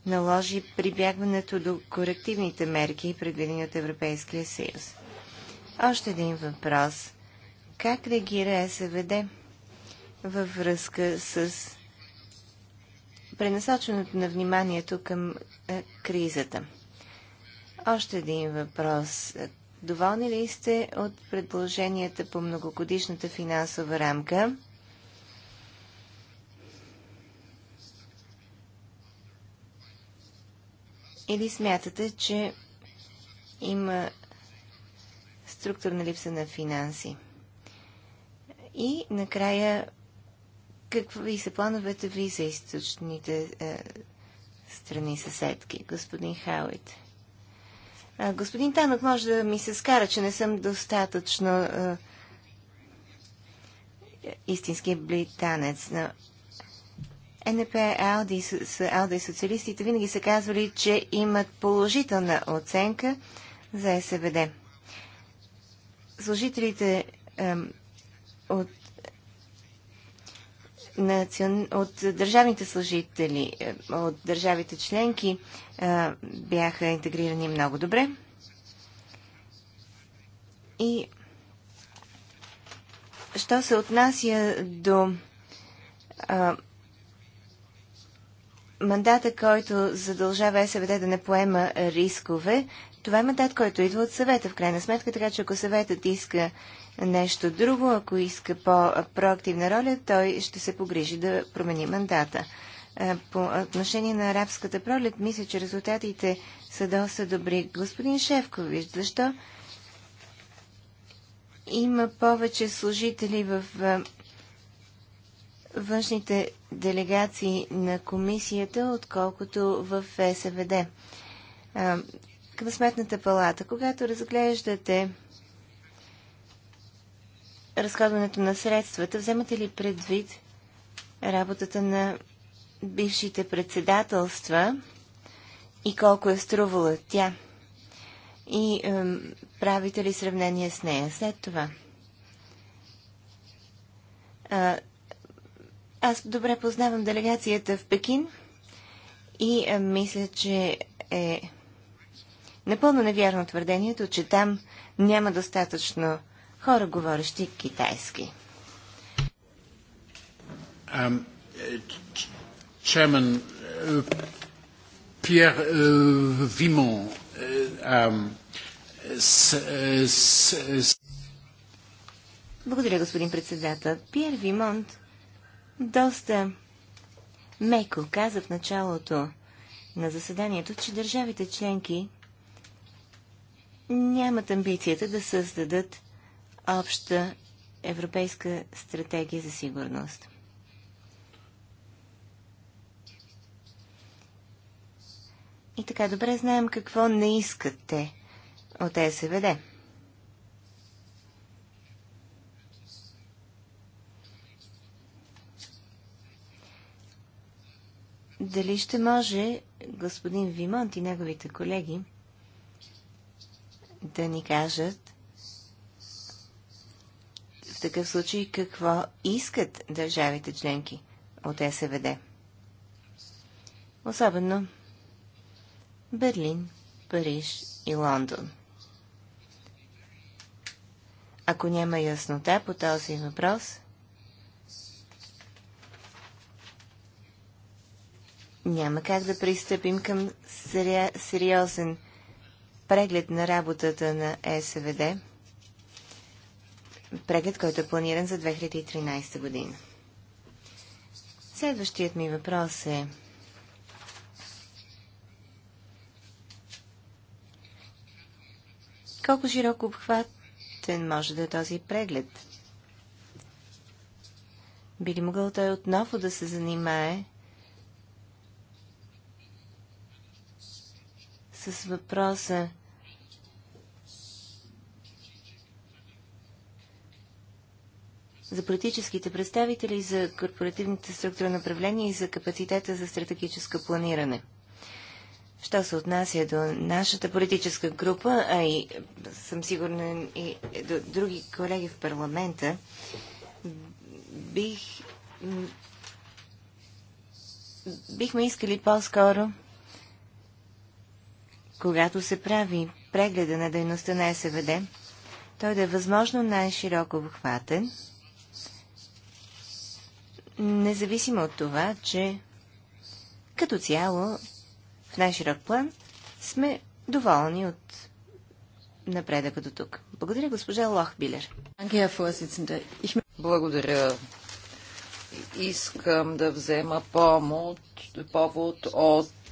Speaker 1: наложи прибягването до корективните мерки, предвидени от Европейския съюз. Още един въпрос. Как реагира СВД във връзка с пренасоченото на вниманието към е, кризата? Още един въпрос. Доволни ли сте от предложенията по многогодишната финансова рамка? Или смятате, че има структурна липса на финанси? И накрая, какви са плановете ви за източните е, страни съседки, господин Хауит? господин Танок може да ми се скара, че не съм достатъчно е, истински британец, но НП, Алди, Алда и социалистите винаги са казвали, че имат положителна оценка за СВД. Служителите е, от, национ... от държавните служители, от държавите членки е, бяха интегрирани много добре. И що се отнася до е, мандата, който задължава СВД да не поема рискове, това е мандат, който идва от съвета в крайна сметка, така че ако съветът иска нещо друго, ако иска по-проактивна роля, той ще се погрижи да промени мандата. Е, по отношение на арабската пролет, мисля, че резултатите са доста добри. Господин Шевкович, защо има повече служители в е, външните делегации на комисията, отколкото в СВД. Към сметната палата, когато разглеждате разходването на средствата, вземате ли предвид работата на бившите председателства и колко е струвала тя? И е, правите ли сравнение с нея след това? Аз добре познавам делегацията в Пекин и а, е, мисля, че е напълно невярно твърдението, че там няма достатъчно хора, говорещи китайски. Чемен Пьер Вимон Благодаря, господин председател. Пьер Вимонт доста меко каза в началото на заседанието, че държавите членки нямат амбицията да създадат обща европейска стратегия за сигурност. И така добре знаем какво не искат те от СВД. Дали ще може господин Вимонт и неговите колеги да ни кажат в такъв случай какво искат държавите членки от СВД? Особено Берлин, Париж и Лондон. Ако няма яснота по този въпрос, няма как да пристъпим към сериозен преглед на работата на СВД, преглед, който е планиран за 2013 година. Следващият ми въпрос е колко широко обхватен може да е този преглед? Би ли могъл той отново да се занимае с въпроса за политическите представители, за корпоративната структура на и за капацитета за стратегическо планиране. Що се отнася до нашата политическа група, а и съм сигурна и до други колеги в парламента, бих, бихме искали по-скоро когато се прави прегледа на дейността на СВД, той да е възможно най-широко обхватен, независимо от това, че като цяло в най-широк план сме доволни от напредъка до тук. Благодаря, госпожа Лохбилер. Благодаря. Искам да взема
Speaker 2: помощ, повод от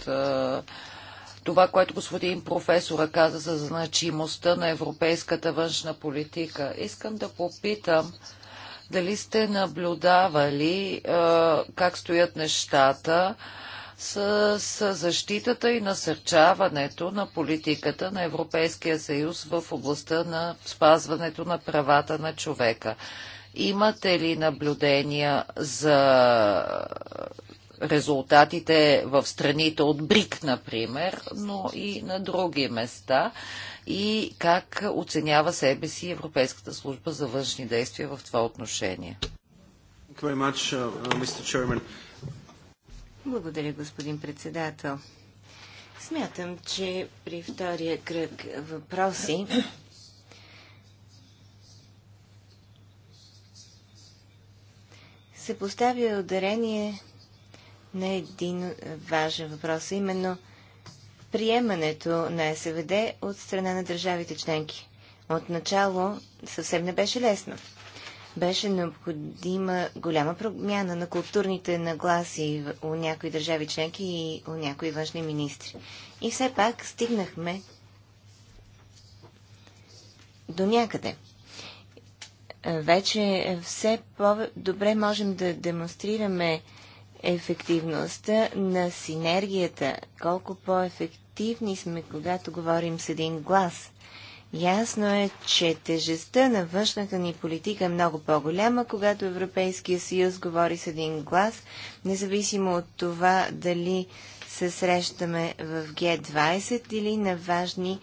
Speaker 2: това, което господин професора каза за значимостта на европейската външна политика. Искам да попитам дали сте наблюдавали как стоят нещата с, с защитата и насърчаването на политиката на Европейския съюз в областта на спазването на правата на човека. Имате ли наблюдения за резултатите в страните от БРИК, например, но и на други места и как оценява себе си Европейската служба за външни действия в това отношение. Uh, uh,
Speaker 1: Благодаря, господин председател. Смятам, че при втория кръг въпроси се поставя ударение на един е, важен въпрос, именно приемането на СВД от страна на държавите членки. Отначало съвсем не беше лесно. Беше необходима голяма промяна на културните нагласи у някои държави членки и у някои външни министри. И все пак стигнахме до някъде. Вече все по-добре можем да демонстрираме ефективността на синергията, колко по-ефективни сме, когато говорим с един глас. Ясно е, че тежестта на външната ни политика е много по-голяма, когато Европейския съюз говори с един глас, независимо от това дали се срещаме в Г-20 или на важни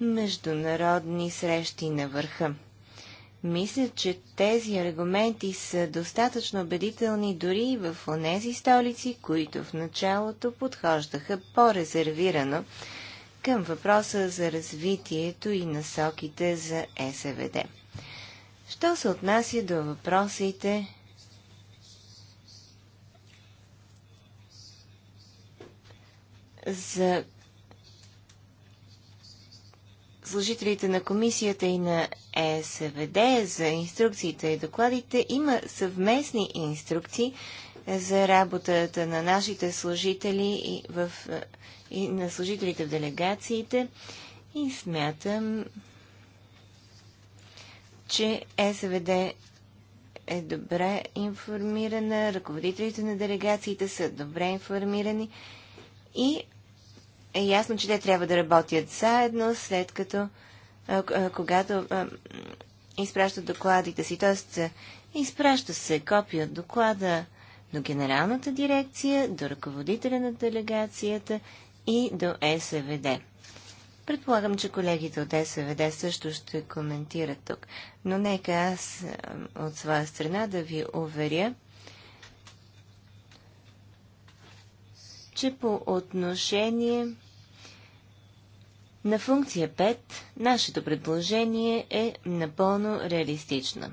Speaker 1: международни срещи на върха. Мисля, че тези аргументи са достатъчно убедителни дори и в онези столици, които в началото подхождаха по-резервирано към въпроса за развитието и насоките за СВД. Що се отнася до въпросите за служителите на комисията и на ЕСВД за инструкциите и докладите. Има съвместни инструкции е, за работата на нашите служители и, в, е, и на служителите в делегациите и смятам, че ЕСВД е добре информирана, ръководителите на делегациите са добре информирани и е ясно, че те трябва да работят заедно, след като когато изпращат докладите си, т.е. изпраща се копия от доклада до генералната дирекция, до ръководителя на делегацията и до СВД. Предполагам, че колегите от СВД също ще коментират тук, но нека аз от своя страна да ви уверя, че по отношение на функция 5 нашето предложение е напълно реалистично.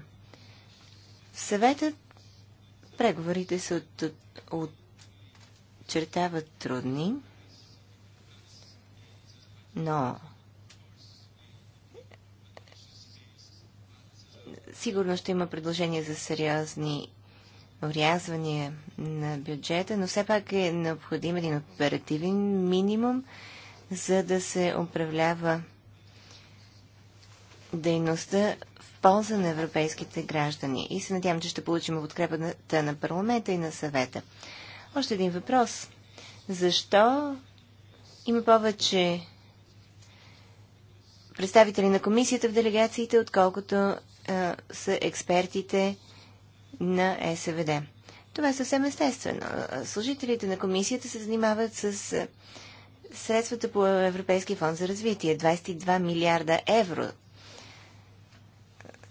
Speaker 1: В съветът преговорите се отчертават от, трудни, но сигурно ще има предложение за сериозни урязвания на бюджета, но все пак е необходим един оперативен минимум – за да се управлява дейността в полза на европейските граждани. И се надявам, че ще получим подкрепата на парламента и на съвета. Още един въпрос. Защо има повече представители на комисията в делегациите, отколкото е, са експертите на СВД? Това е съвсем естествено. Служителите на комисията се занимават с средствата по Европейския фонд за развитие. 22 милиарда евро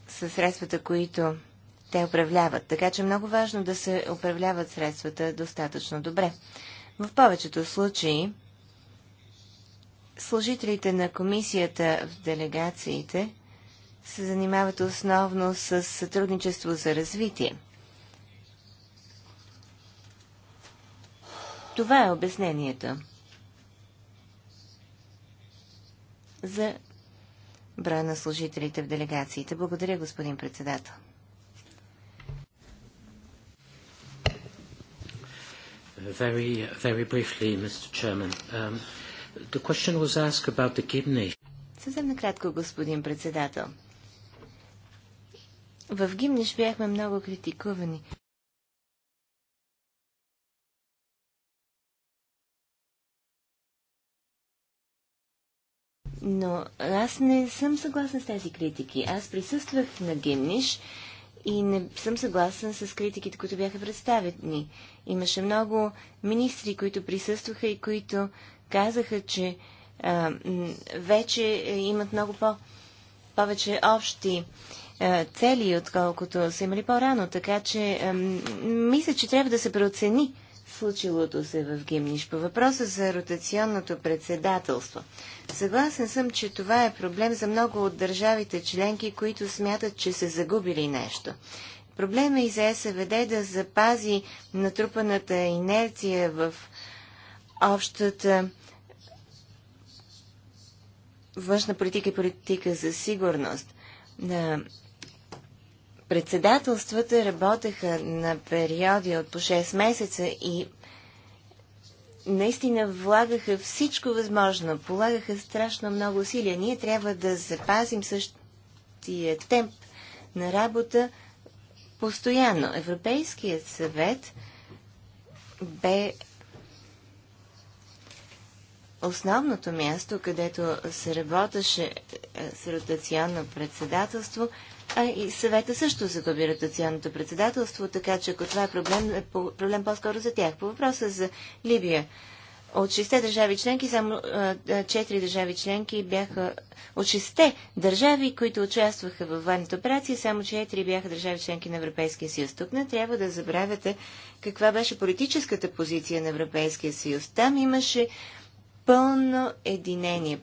Speaker 1: са средствата, които те управляват. Така че е много важно да се управляват средствата достатъчно добре. В повечето случаи служителите на комисията в делегациите се занимават основно с сътрудничество за развитие. Това е обяснението. за броя на служителите в делегациите. Благодаря, господин председател.
Speaker 2: Very, very briefly, Mr. Chairman. Um, the question was asked about the Gimni.
Speaker 1: Съвсем накратко, господин председател. В Гимниш бяхме много критикувани. Но аз не съм съгласна с тези критики. Аз присъствах на Гимниш и не съм съгласен с критиките, които бяха представени. Имаше много министри, които присъстваха и които казаха, че а, вече имат много по- повече общи цели, отколкото са имали по-рано. Така че а, мисля, че трябва да се преоцени случилото се в Гимниш. По въпроса за ротационното председателство. Съгласен съм, че това е проблем за много от държавите членки, които смятат, че са загубили нещо. Проблема е и за СВД да запази натрупаната инерция в общата външна политика и политика за сигурност. Председателствата работеха на периоди от по 6 месеца и наистина влагаха всичко възможно, полагаха страшно много усилия. Ние трябва да запазим същия темп на работа постоянно. Европейският съвет бе основното място, където се работеше е, с ротационно председателство – а и съвета също загуби ротационното председателство, така че ако това е проблем, е проблем по-скоро за тях. По въпроса за Либия. От 6 държави членки, само 4 държави членки бяха... От 6 държави, които участваха в военната операция, само 4 бяха държави членки на Европейския съюз. Тук не трябва да забравяте каква беше политическата позиция на Европейския съюз. Там имаше пълно единение.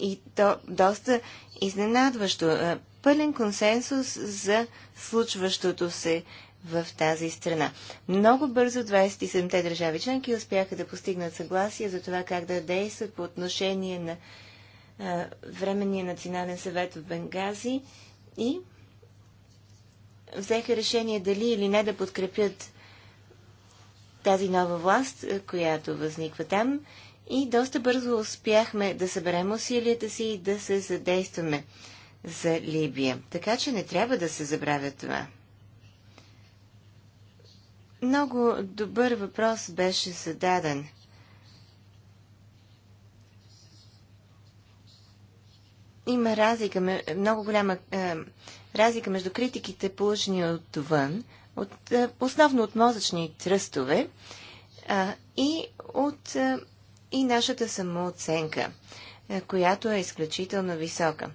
Speaker 1: И то доста изненадващо пълен консенсус за случващото се в тази страна. Много бързо 27-те държави членки успяха да постигнат съгласие за това как да действат по отношение на а, Временния национален съвет в Бенгази и взеха решение дали или не да подкрепят тази нова власт, която възниква там. И доста бързо успяхме да съберем усилията си и да се задействаме за Либия. Така че не трябва да се забравя това. Много добър въпрос беше зададен. Има разлика, много голяма е, разлика между критиките, положени отвън, от, е, основно от мозъчни тръстове, е, и от е, и нашата самооценка, е, която е изключително висока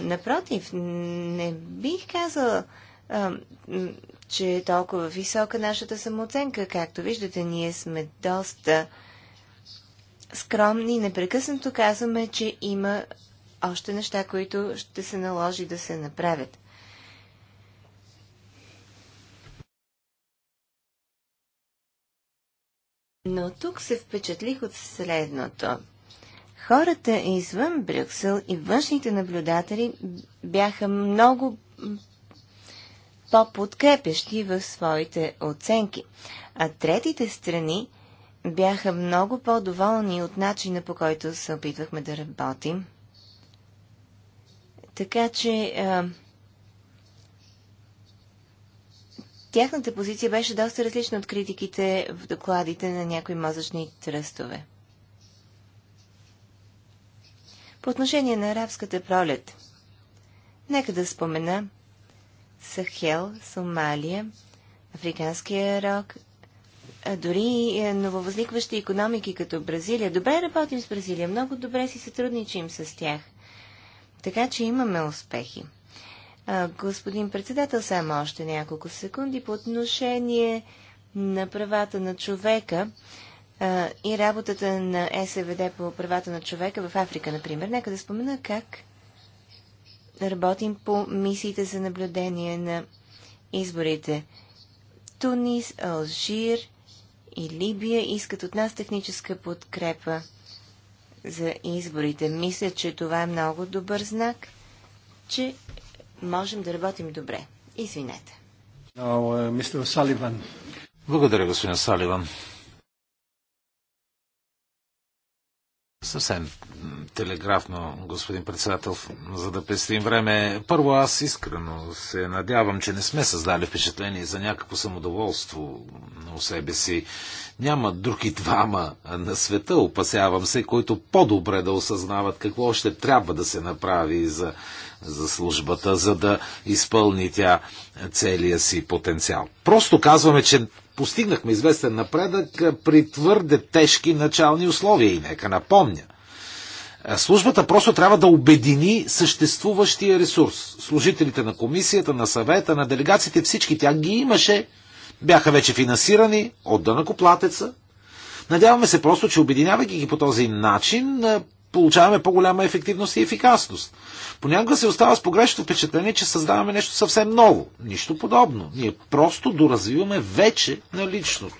Speaker 1: напротив, не бих казала, че е толкова висока нашата самооценка. Както виждате, ние сме доста скромни непрекъснато казваме, че има още неща, които ще се наложи да се направят. Но тук се впечатлих от следното – Хората извън Брюксел и външните наблюдатели бяха много по-подкрепящи в своите оценки, а третите страни бяха много по-доволни от начина по който се опитвахме да работим. Така че а, тяхната позиция беше доста различна от критиките в докладите на някои мозъчни тръстове. По отношение на арабската пролет, нека да спомена Сахел, Сомалия, Африканския рок, а дори е, нововъзникващи економики като Бразилия. Добре работим с Бразилия, много добре си сътрудничим с тях. Така че имаме успехи. А, господин председател, само още няколко секунди по отношение на правата на човека и работата на СВД по правата на човека в Африка, например. Нека да спомена как работим по мисиите за наблюдение на изборите. Тунис, Алжир и Либия искат от нас техническа подкрепа за изборите. Мисля, че това е много добър знак, че можем да работим добре. Извинете.
Speaker 3: Uh, Благодаря, господин Саливан. Съвсем телеграфно, господин председател, за да пестим време. Първо, аз искрено се надявам, че не сме създали впечатление за някакво самодоволство у себе си. Няма други двама на света, опасявам се, които по-добре да осъзнават какво още трябва да се направи за, за службата, за да изпълни тя целия си потенциал. Просто казваме, че постигнахме известен напредък при твърде тежки начални условия и нека напомня. Службата просто трябва да обедини съществуващия ресурс. Служителите на комисията, на съвета, на делегациите, всички тя ги имаше, бяха вече финансирани от дънакоплатеца. Надяваме се просто, че обединявайки ги по този начин, получаваме по-голяма ефективност и ефикасност. Понякога се остава с погрешното впечатление, че създаваме нещо съвсем ново. Нищо подобно. Ние просто доразвиваме вече наличното.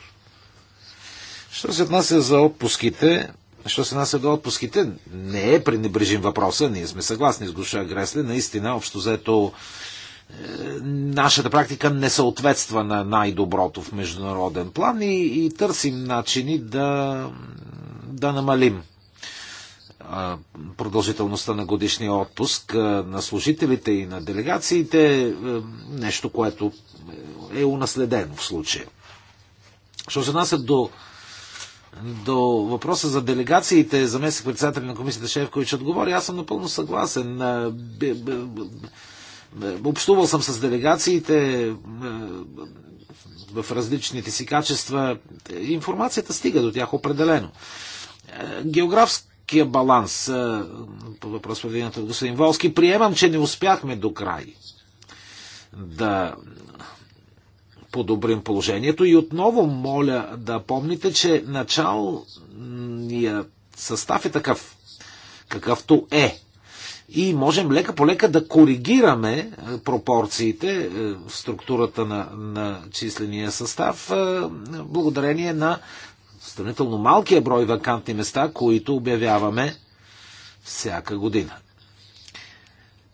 Speaker 3: Що се отнася за отпуските, що се отнася до отпуските, не е пренебрежим въпроса, ние сме съгласни с Гоша Гресле, наистина, общо взето, е, нашата практика не съответства на най-доброто в международен план и, и търсим начини да, да намалим продължителността на годишния отпуск на служителите и на делегациите, е, нещо, което е, е унаследено в случая. Що се нася до, до въпроса за делегациите, заместник председател на комисията Шефкович отговори, аз съм напълно съгласен. Общувал съм с делегациите е, в различните си качества. Информацията стига до тях определено. Географски търговския баланс по въпрос повдигнат от господин Волски. Приемам, че не успяхме до край да подобрим положението и отново моля да помните, че началният състав е такъв, какъвто е. И можем лека по лека да коригираме пропорциите в структурата на, на числения състав благодарение на сравнително малкия брой вакантни места, които обявяваме всяка година.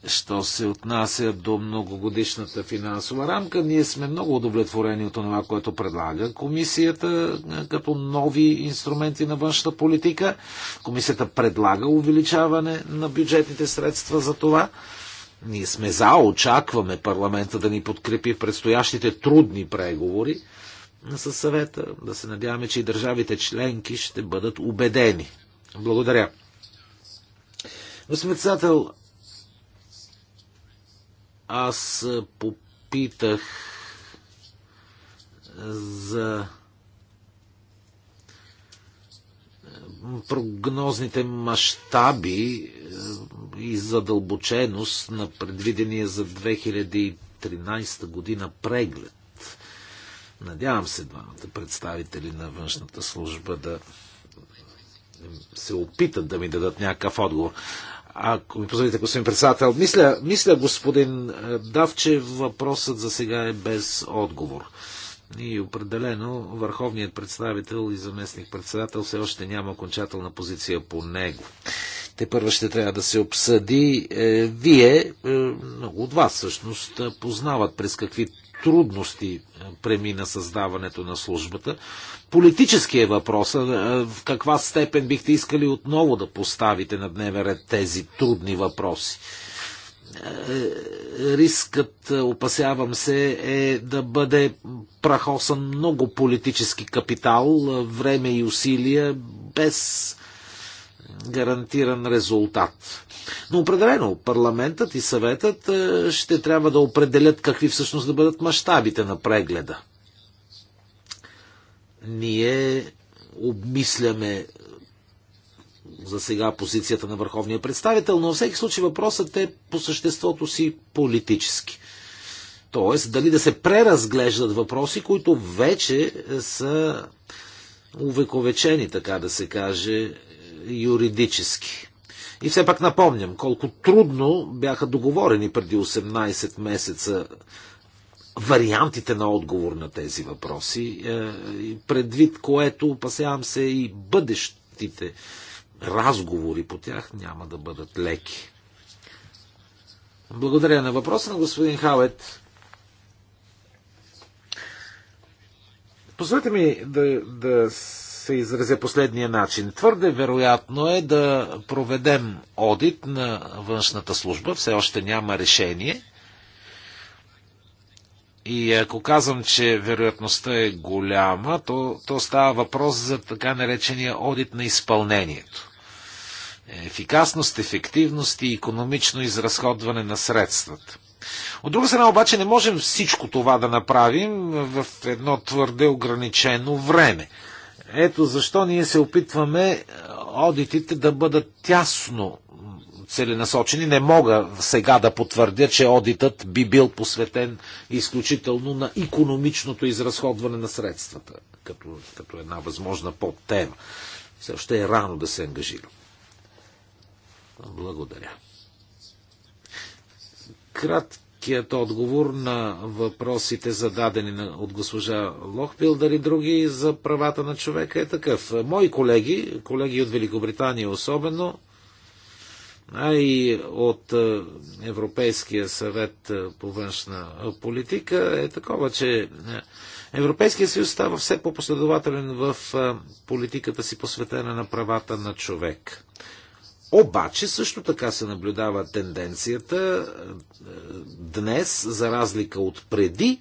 Speaker 3: Що се отнася до многогодишната финансова рамка, ние сме много удовлетворени от това, което предлага комисията е, като нови инструменти на външната политика. Комисията предлага увеличаване на бюджетните средства за това. Ние сме за, очакваме парламента да ни подкрепи в предстоящите трудни преговори със съвета. Да се надяваме, че и държавите членки ще бъдат убедени. Благодаря. Господин председател, аз попитах за прогнозните мащаби и задълбоченост на предвидения за 2013 година преглед. Надявам се двамата представители на външната служба да се опитат да ми дадат някакъв отговор. Ако ми позволите, господин председател, мисля, мисля господин е, Дав, че въпросът за сега е без отговор. И определено върховният представител и заместник председател все още няма окончателна позиция по него. Те първо ще трябва да се обсъди. Е, вие, е, много от вас всъщност, познават през какви трудности е, премина създаването на службата. Политическия е, е в каква степен бихте искали отново да поставите на дневен ред тези трудни въпроси. Е, рискът, опасявам се, е да бъде прахосан много политически капитал, време и усилия без гарантиран резултат. Но определено парламентът и съветът е, ще трябва да определят какви всъщност да бъдат мащабите на прегледа. Ние обмисляме за сега позицията на върховния представител, но във всеки случай въпросът е по съществото си политически. Тоест, дали да се преразглеждат въпроси, които вече са увековечени, така да се каже, юридически. И все пак напомням, колко трудно бяха договорени преди 18 месеца вариантите на отговор на тези въпроси, е, предвид което, опасявам се, и бъдещите разговори по тях няма да бъдат леки. Благодаря на въпроса на господин Хавет. Позволете ми да, да се изразя последния начин. Твърде вероятно е да проведем одит на външната служба, все още няма решение. И ако казвам, че вероятността е голяма, то, то става въпрос за така наречения одит на изпълнението. Ефикасност, ефективност и економично изразходване на средствата. От друга страна обаче не можем всичко това да направим в едно твърде ограничено време. Ето защо ние се опитваме е, одитите да бъдат тясно целенасочени. Не мога сега да потвърдя, че одитът би бил посветен изключително на економичното изразходване на средствата, като, като една възможна подтема. Все още е рано да се ангажирам. Благодаря. Кратки краткият отговор на въпросите зададени от госпожа Лохпил, дали други за правата на човека е такъв. Мои колеги, колеги от Великобритания особено, а и от е, Европейския съвет е, по външна е, политика е такова, че Европейския съюз става все по-последователен в политиката си посветена на правата на човек. Обаче също така се наблюдава тенденцията е, днес, за разлика от преди, е,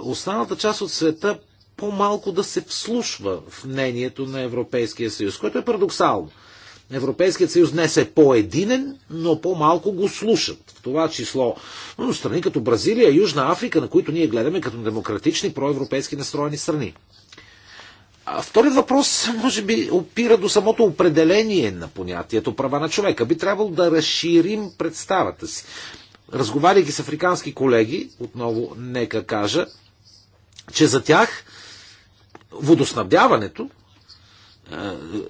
Speaker 3: останалата част от света по-малко да се вслушва в мнението на Европейския съюз, което е парадоксално. Европейският съюз днес е по-единен, но по-малко го слушат. В това число но страни като Бразилия, Южна Африка, на които ние гледаме като демократични проевропейски настроени страни. А вторият въпрос, може би, опира до самото определение на понятието права на човека. Би трябвало да разширим представата си. Разговаряйки с африкански колеги, отново нека кажа, че за тях водоснабдяването е,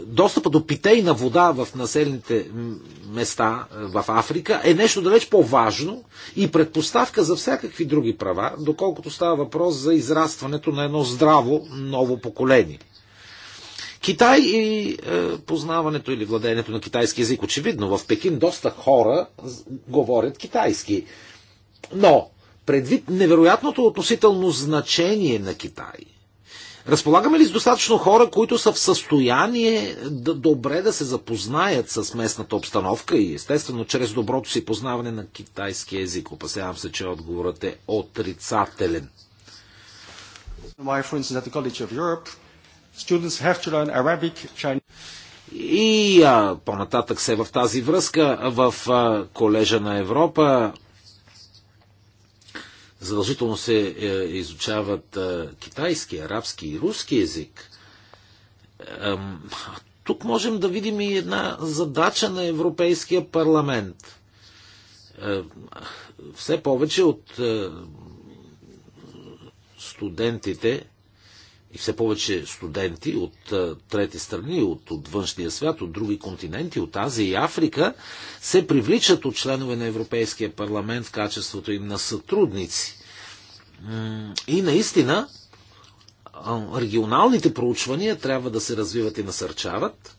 Speaker 3: достъпа до питейна вода в населените места е, в Африка е нещо далеч по-важно и предпоставка за всякакви други права, доколкото става въпрос за израстването на едно здраво ново поколение. Китай и е, познаването или владеенето на китайски язик. Очевидно, в Пекин доста хора говорят китайски. Но, предвид невероятното относително значение на Китай – Разполагаме ли с достатъчно хора, които са в състояние да добре да се запознаят с местната обстановка и естествено чрез доброто си познаване на китайски език? Опасявам се, че отговорът е отрицателен. И по-нататък се е в тази връзка в а, Колежа на Европа задължително се е, изучават е, китайски, арабски и руски язик. Тук можем да видим и една задача на Европейския парламент. Все повече от е, студентите и все повече студенти от трети страни, от, от външния свят, от други континенти, от Азия и Африка, се привличат от членове на Европейския парламент в качеството им на сътрудници. И наистина регионалните проучвания трябва да се развиват и насърчават.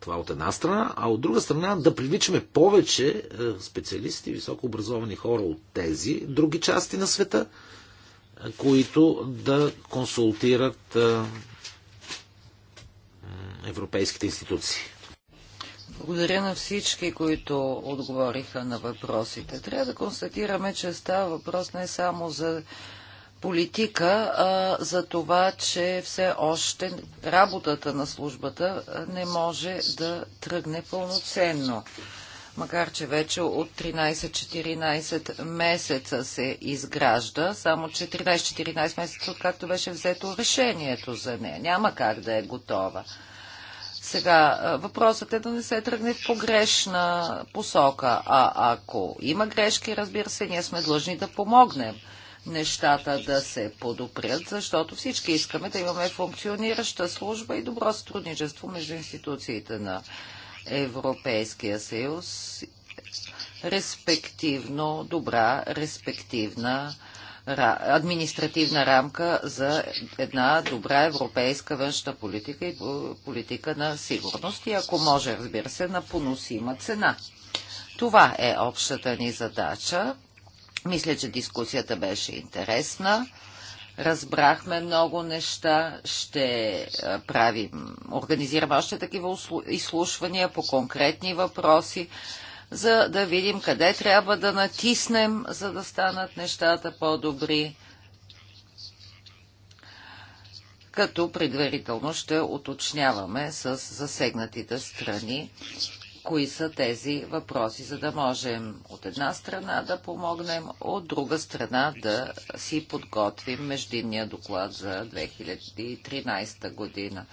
Speaker 3: Това от една страна, а от друга страна да привличаме повече специалисти, високообразовани хора от тези други части на света – които да консултират европейските институции.
Speaker 2: Благодаря на всички, които отговориха на въпросите. Трябва да констатираме, че става въпрос не само за политика, а за това, че все още работата на службата не може да тръгне пълноценно макар че вече от 13-14 месеца се изгражда, само че 13-14 месеца откакто беше взето решението за нея. Няма как да е готова. Сега, въпросът е да не се тръгне в погрешна посока, а ако има грешки, разбира се, ние сме длъжни да помогнем нещата да се подобрят, защото всички искаме да имаме функционираща служба и добро сътрудничество между институциите на Европейския съюз, респективно добра, респективна административна рамка за една добра европейска външна политика и политика на сигурност и ако може, разбира се, на поносима цена. Това е общата ни задача. Мисля, че дискусията беше интересна разбрахме много неща, ще правим, организираме още такива изслушвания по конкретни въпроси, за да видим къде трябва да натиснем, за да станат нещата по-добри. Като предварително ще уточняваме с засегнатите страни кои са тези въпроси, за да можем от една страна да помогнем, от друга страна да си подготвим междинния доклад за 2013 година.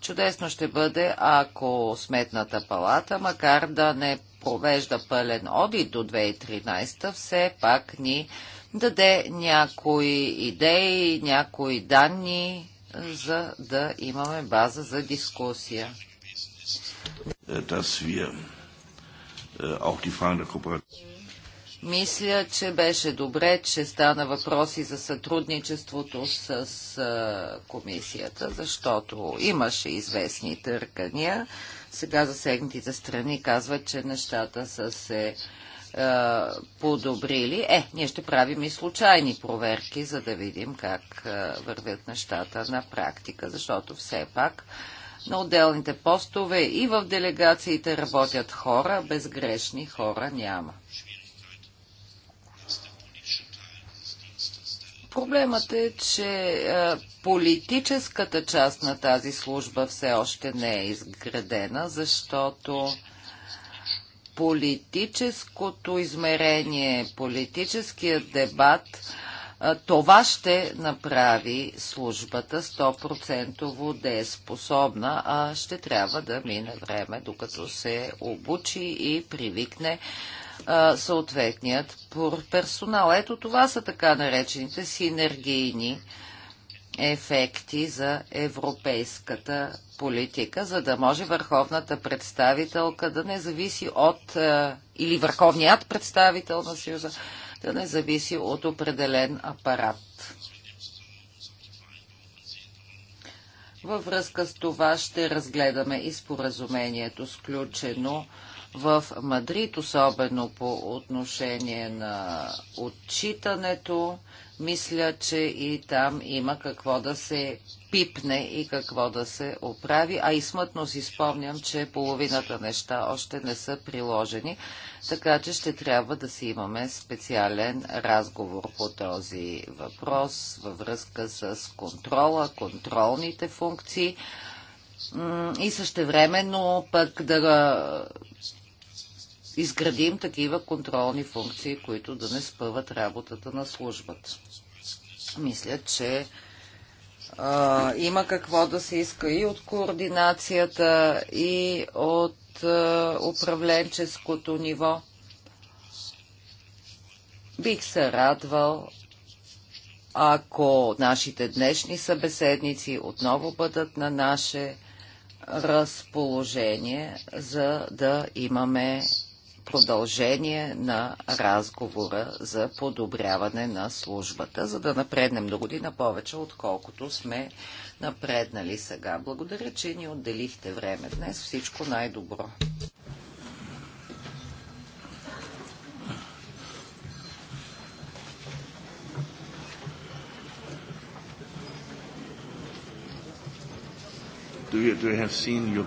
Speaker 2: Чудесно ще бъде, ако Сметната палата, макар да не провежда пълен одит до 2013, все пак ни даде някои идеи, някои данни, за да имаме база за дискусия. Äh,
Speaker 3: äh,
Speaker 2: Мисля, че беше добре, че стана въпроси за сътрудничеството с комисията, защото имаше известни търкания. Сега засегнатите страни казват, че нещата са се подобрили. Е, ние ще правим и случайни проверки, за да видим как вървят нещата на практика, защото все пак на отделните постове и в делегациите работят хора, безгрешни хора няма. Проблемът е, че е, политическата част на тази служба все още не е изградена, защото политическото измерение, политическият дебат това ще направи службата 100% дееспособна, а ще трябва да мине време, докато се обучи и привикне съответният персонал. Ето това са така наречените синергийни ефекти за европейската политика, за да може върховната представителка да не зависи от или върховният представител на Съюза да не зависи от определен апарат. Във връзка с това ще разгледаме и споразумението, сключено в Мадрид, особено по отношение на отчитането. Мисля, че и там има какво да се пипне и какво да се оправи, а и смътно си спомням, че половината неща още не са приложени, така че ще трябва да си имаме специален разговор по този въпрос във връзка с контрола, контролните функции и също времено пък да изградим такива контролни функции, които да не спъват работата на службата. Мисля, че а, има какво да се иска и от координацията, и от а, управленческото ниво. Бих се радвал, ако нашите днешни събеседници отново бъдат на наше разположение, за да имаме продължение на разговора за подобряване на службата, за да напреднем до година повече, отколкото сме напреднали сега. Благодаря, че ни отделихте време днес. Всичко най-добро.
Speaker 3: Do you, do you have seen your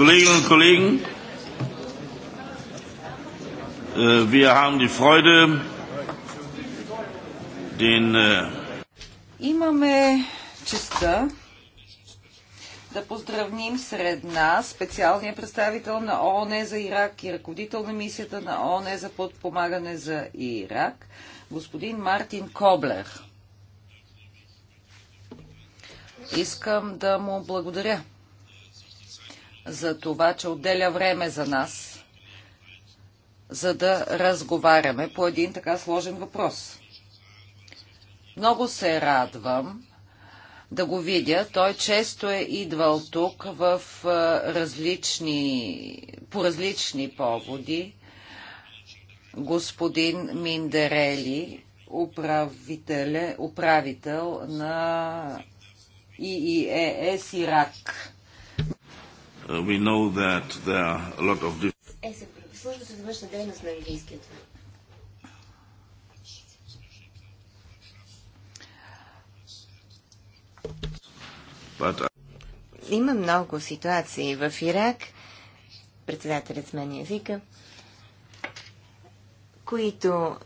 Speaker 2: Kolleginnen und Kollegen, äh, wir haben die Freude, den. Äh, Имаме честа да поздравним сред нас специалния представител на ООН за Ирак и ръководител на мисията на ООН за подпомагане за Ирак, господин Мартин Коблер. Искам да му благодаря за това, че отделя време за нас, за да разговаряме по един така сложен въпрос. Много се радвам да го видя. Той често е идвал тук в различни, по различни поводи. Господин Миндерели, управител на
Speaker 1: ИИЕС Ирак.
Speaker 2: Uh, we know that there are a lot of
Speaker 1: different... Е, But... Uh, Има много ситуации в Ирак, председателят мен езика, които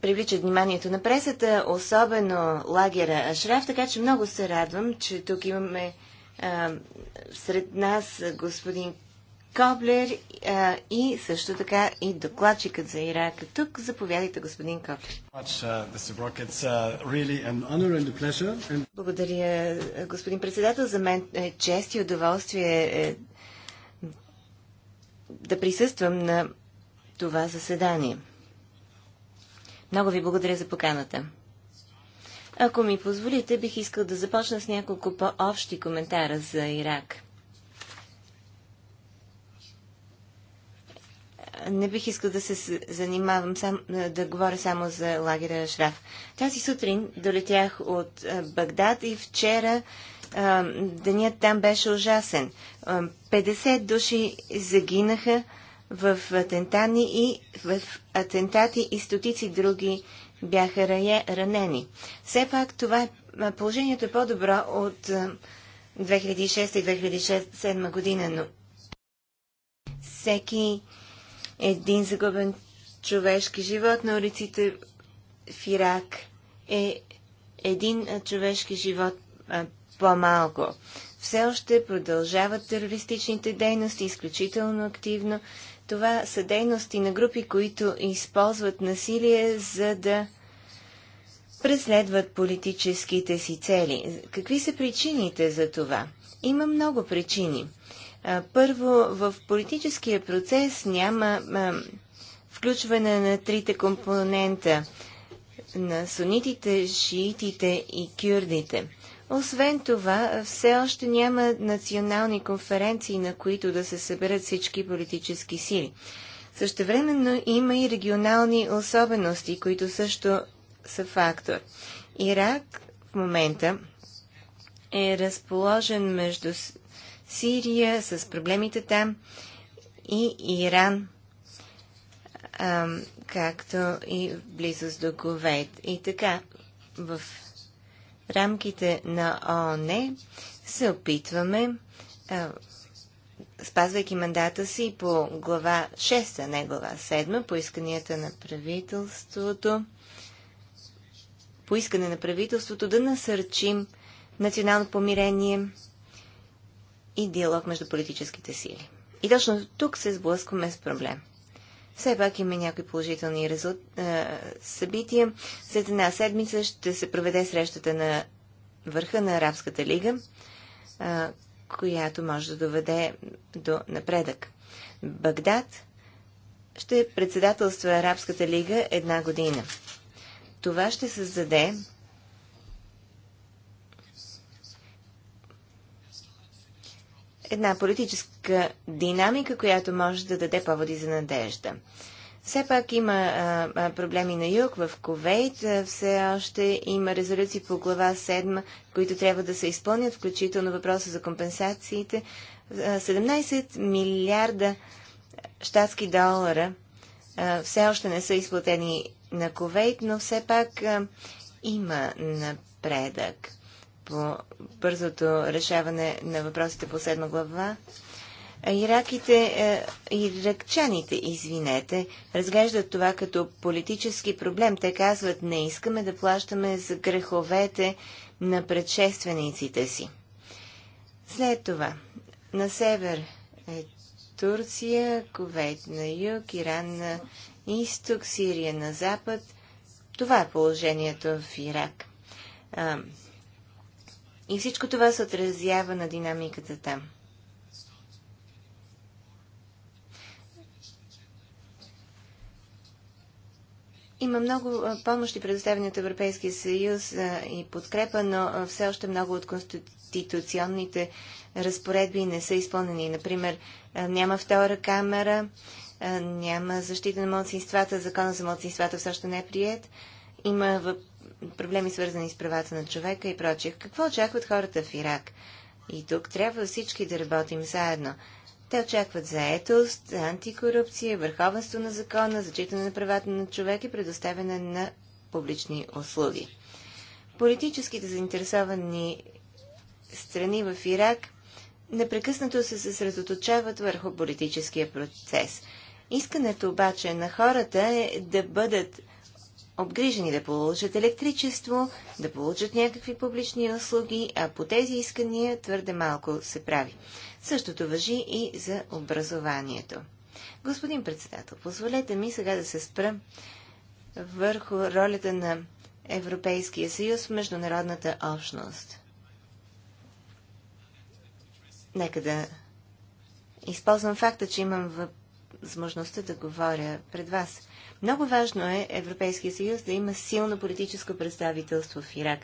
Speaker 1: привличат вниманието на пресата, особено лагера Ашраф, така че много се радвам, че тук имаме сред нас господин Коблер а, и също така и докладчикът за Ирак. Тук заповядайте, господин Коблер. Uh, uh, благодаря, господин председател. За мен е чест и удоволствие е да присъствам на това заседание. Много ви благодаря за поканата. Ако ми позволите, бих искал да започна с няколко по-общи коментара за Ирак. Не бих искал да се занимавам, сам, е, да говоря само за лагера Шраф. Тази сутрин долетях от е, Багдад и вчера е, денят там беше ужасен. 50 души загинаха в атентати и, в атентати и стотици други бяха ранени. Все пак това е, положението е по-добро от 2006 и 2007 година, но всеки един загубен човешки живот на улиците в Ирак е един човешки живот по-малко. Все още продължават терористичните дейности изключително активно. Това са дейности на групи, които използват насилие, за да преследват политическите си цели. Какви са причините за това? Има много причини. Първо, в политическия процес няма включване на трите компонента на сунитите, шиитите и кюрдите. Освен това, все още няма национални конференции, на които да се съберат всички политически сили. Същевременно има и регионални особености, които също са фактор. Ирак в момента е разположен между Сирия с проблемите там и Иран, както и близост до Ковейт. И така, в рамките на ООН се опитваме, спазвайки мандата си по глава 6, а не глава 7, по исканията на правителството, по искане на правителството да насърчим национално помирение и диалог между политическите сили. И точно тук се сблъскваме с проблем. Все пак има някои положителни резулт... Е, събития. След една седмица ще се проведе срещата на върха на Арабската лига, е, която може да доведе до напредък. Багдад ще председателства Арабската лига една година. Това ще създаде една политическа динамика, която може да даде поводи за надежда. Все пак има а, а, проблеми на юг, в Ковейт. все още има резолюции по глава 7, които трябва да се изпълнят, включително въпроса за компенсациите. 17 милиарда щатски долара все още не са изплатени на Ковейт, но все пак има напредък по бързото решаване на въпросите по седма глава. Ираките, е, иракчаните, извинете, разглеждат това като политически проблем. Те казват, не искаме да плащаме за греховете на предшествениците си. След това, на север е Турция, Ковейт на юг, Иран на изток, Сирия на запад. Това е положението в Ирак. И всичко това се отразява на динамиката там. Има много помощи, предоставени от Европейския съюз и подкрепа, но все още много от конституционните разпоредби не са изпълнени. Например, няма втора камера, няма защита на младсинствата, закона за младсинствата все още не е прият. Има въп проблеми свързани с правата на човека и прочие. Какво очакват хората в Ирак? И тук трябва всички да работим заедно. Те очакват заетост, антикорупция, върховенство на закона, зачитане на правата на човек и предоставяне на публични услуги. Политическите заинтересовани страни в Ирак непрекъснато се съсредоточават върху политическия процес. Искането обаче на хората е да бъдат обгрижени да получат електричество, да получат някакви публични услуги, а по тези искания твърде малко се прави. Същото въжи и за образованието. Господин председател, позволете ми сега да се спра върху ролята на Европейския съюз в международната общност. Нека да използвам факта, че имам въпрос възможността да говоря пред вас. Много важно е Европейския съюз да има силно политическо представителство в Ирак.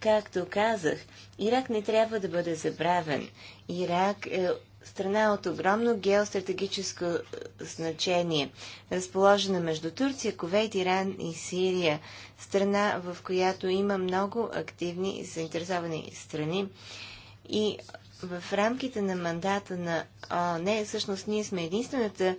Speaker 1: Както казах, Ирак не трябва да бъде забравен. Ирак е страна от огромно геостратегическо е, значение, разположена между Турция, Ковейт, Иран и Сирия, страна, в която има много активни заинтересовани страни и в рамките на мандата на ООН, всъщност ние сме единствената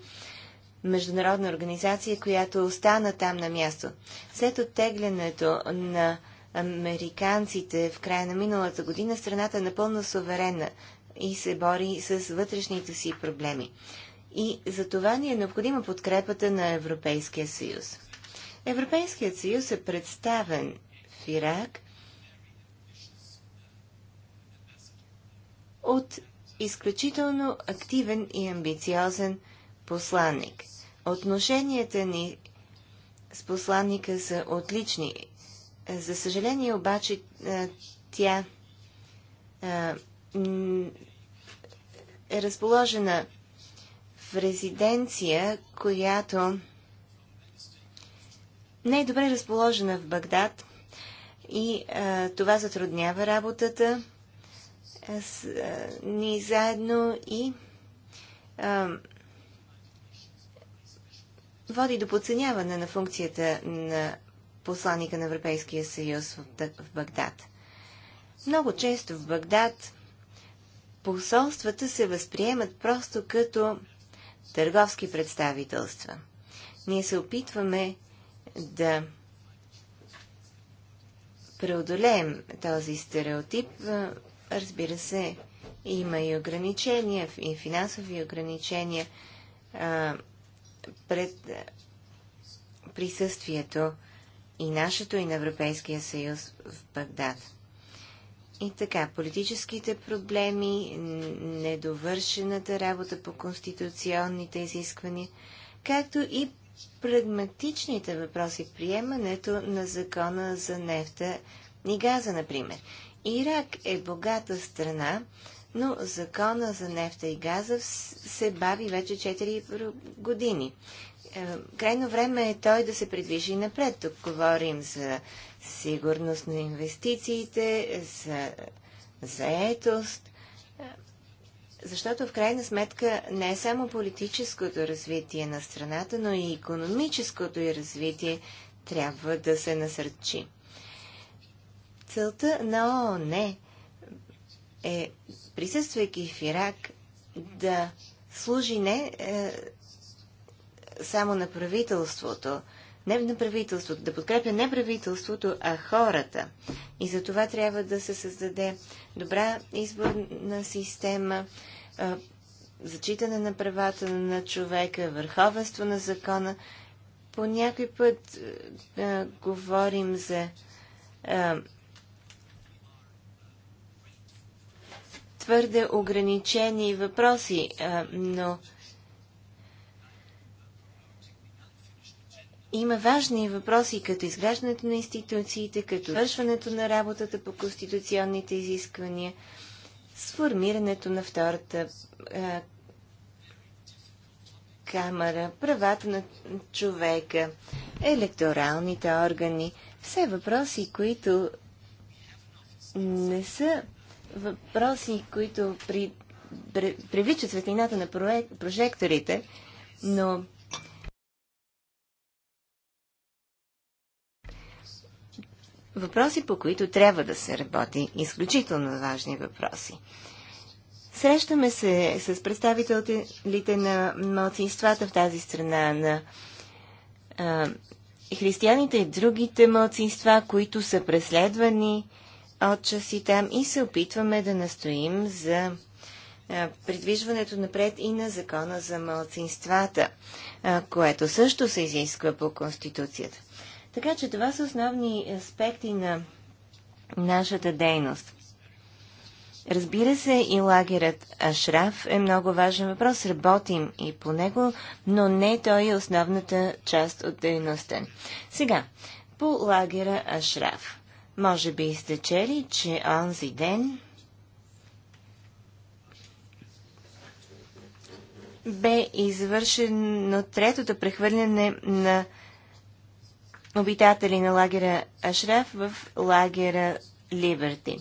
Speaker 1: международна организация, която остана там на място. След оттеглянето на американците в края на миналата година, страната е напълно суверенна и се бори с вътрешните си проблеми. И за това ни е необходима подкрепата на Европейския съюз. Европейският съюз е представен в Ирак от изключително активен и амбициозен посланник. Отношенията ни с посланника са отлични. За съжаление обаче е, тя е, е разположена в резиденция, която не е добре разположена в Багдад и а, е, това затруднява работата с, а, ни заедно и а, води до подценяване на функцията на посланника на Европейския съюз в, в Багдад. Много често в Багдад посолствата се възприемат просто като търговски представителства. Ние се опитваме да преодолеем този стереотип Разбира се, има и ограничения, и финансови ограничения а, пред присъствието и нашето, и на Европейския съюз в Багдад. И така, политическите проблеми, недовършената работа по конституционните изисквания, както и прагматичните въпроси приемането на закона за нефта и газа, например. Ирак е богата страна, но закона за нефта и газа се бави вече 4 години. Е, крайно време е той да се придвижи напред. Тук говорим за сигурност на инвестициите, за заетост, е, защото в крайна сметка не е само политическото развитие на страната, но и економическото и развитие трябва да се насърчи. Целта на ООН е, присъствайки в Ирак, да служи не е, само на правителството, не на правителството, да подкрепя не правителството, а хората. И за това трябва да се създаде добра изборна система, е, зачитане на правата на човека, върховенство на закона. По някой път е, е, говорим за е, твърде ограничени въпроси, но има важни въпроси, като изграждането на институциите, като вършването на работата по конституционните изисквания, сформирането на втората а, камера, правата на човека, електоралните органи. Все въпроси, които не са въпроси, които при, при, привличат светлината на проект, прожекторите, но въпроси, по които трябва да се работи, изключително важни въпроси. Срещаме се с представителите на младсинствата в тази страна, на а, християните и другите младсинства, които са преследвани, си там и се опитваме да настоим за придвижването напред и на закона за малцинствата, което също се изисква по Конституцията. Така че това са основни аспекти на нашата дейност. Разбира се, и лагерът Ашраф е много важен въпрос. Работим и по него, но не той е основната част от дейността. Сега, по лагера Ашраф. Може би сте чели, че онзи ден бе извършено третото прехвърляне на обитатели на лагера Ашраф в лагера Либерти.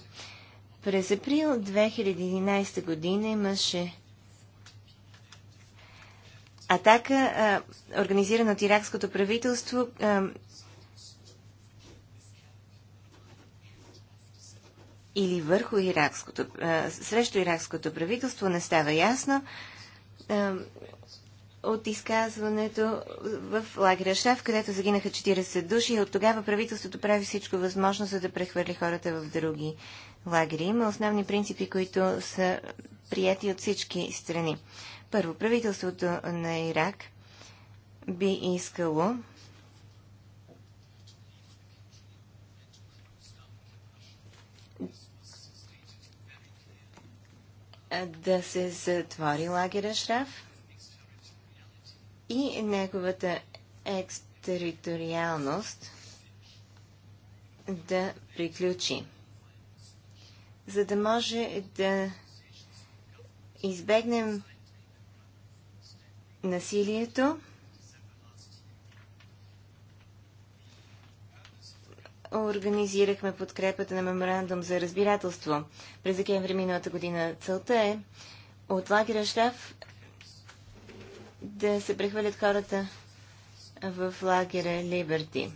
Speaker 1: През април 2011 година имаше атака, организирана от иракското правителство или върху иракското, а, срещу иракското правителство не става ясно а, от изказването в лагеря Шаф, където загинаха 40 души и от тогава правителството прави всичко възможно, за да прехвърли хората в други лагери. Има основни принципи, които са прияти от всички страни. Първо, правителството на Ирак би искало да се затвори лагера Шраф и неговата екстериториалност да приключи, за да може да избегнем насилието организирахме подкрепата на меморандум за разбирателство през декември миналата година. Целта е от лагера Штаф да се прехвърлят хората в лагера Либерти.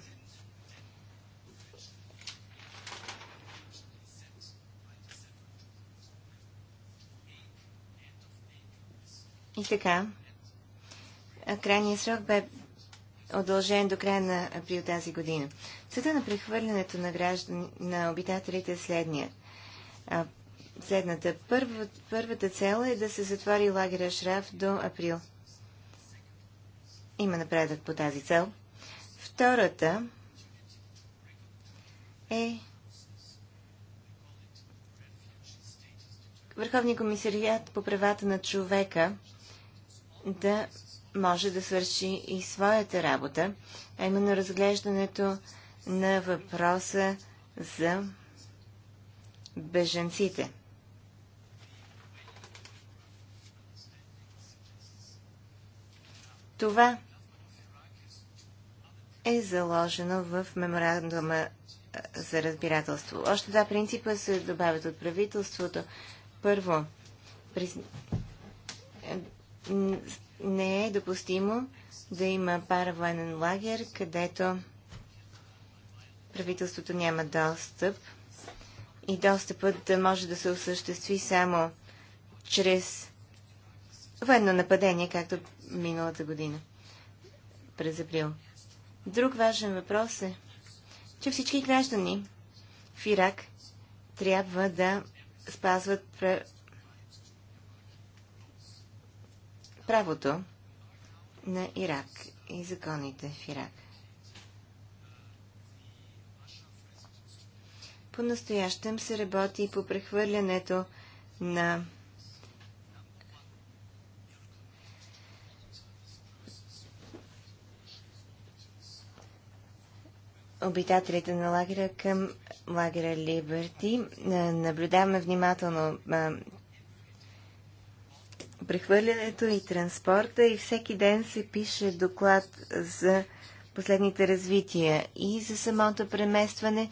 Speaker 1: И така, крайният срок бе удължен до края на април тази година. Цета на прехвърлянето на, граждан, на обитателите е следния. следната. Първа, първата цел е да се затвори лагера Шраф до април. Има напредък по тази цел. Втората е Върховния комисариат по правата на човека да може да свърши и своята работа, а именно разглеждането на въпроса за беженците. Това е заложено в меморандума за разбирателство. Още два принципа се добавят от правителството. Първо, не е допустимо да има паравоенен лагер, където правителството няма достъп и достъпът да може да се осъществи само чрез военно нападение, както миналата година, през април. Друг важен въпрос е, че всички граждани в Ирак трябва да спазват правото на Ирак и законите в Ирак. По-настоящем се работи и по прехвърлянето на обитателите на лагера към лагера Либерти. Наблюдаваме внимателно прехвърлянето и транспорта и всеки ден се пише доклад за последните развития и за самото преместване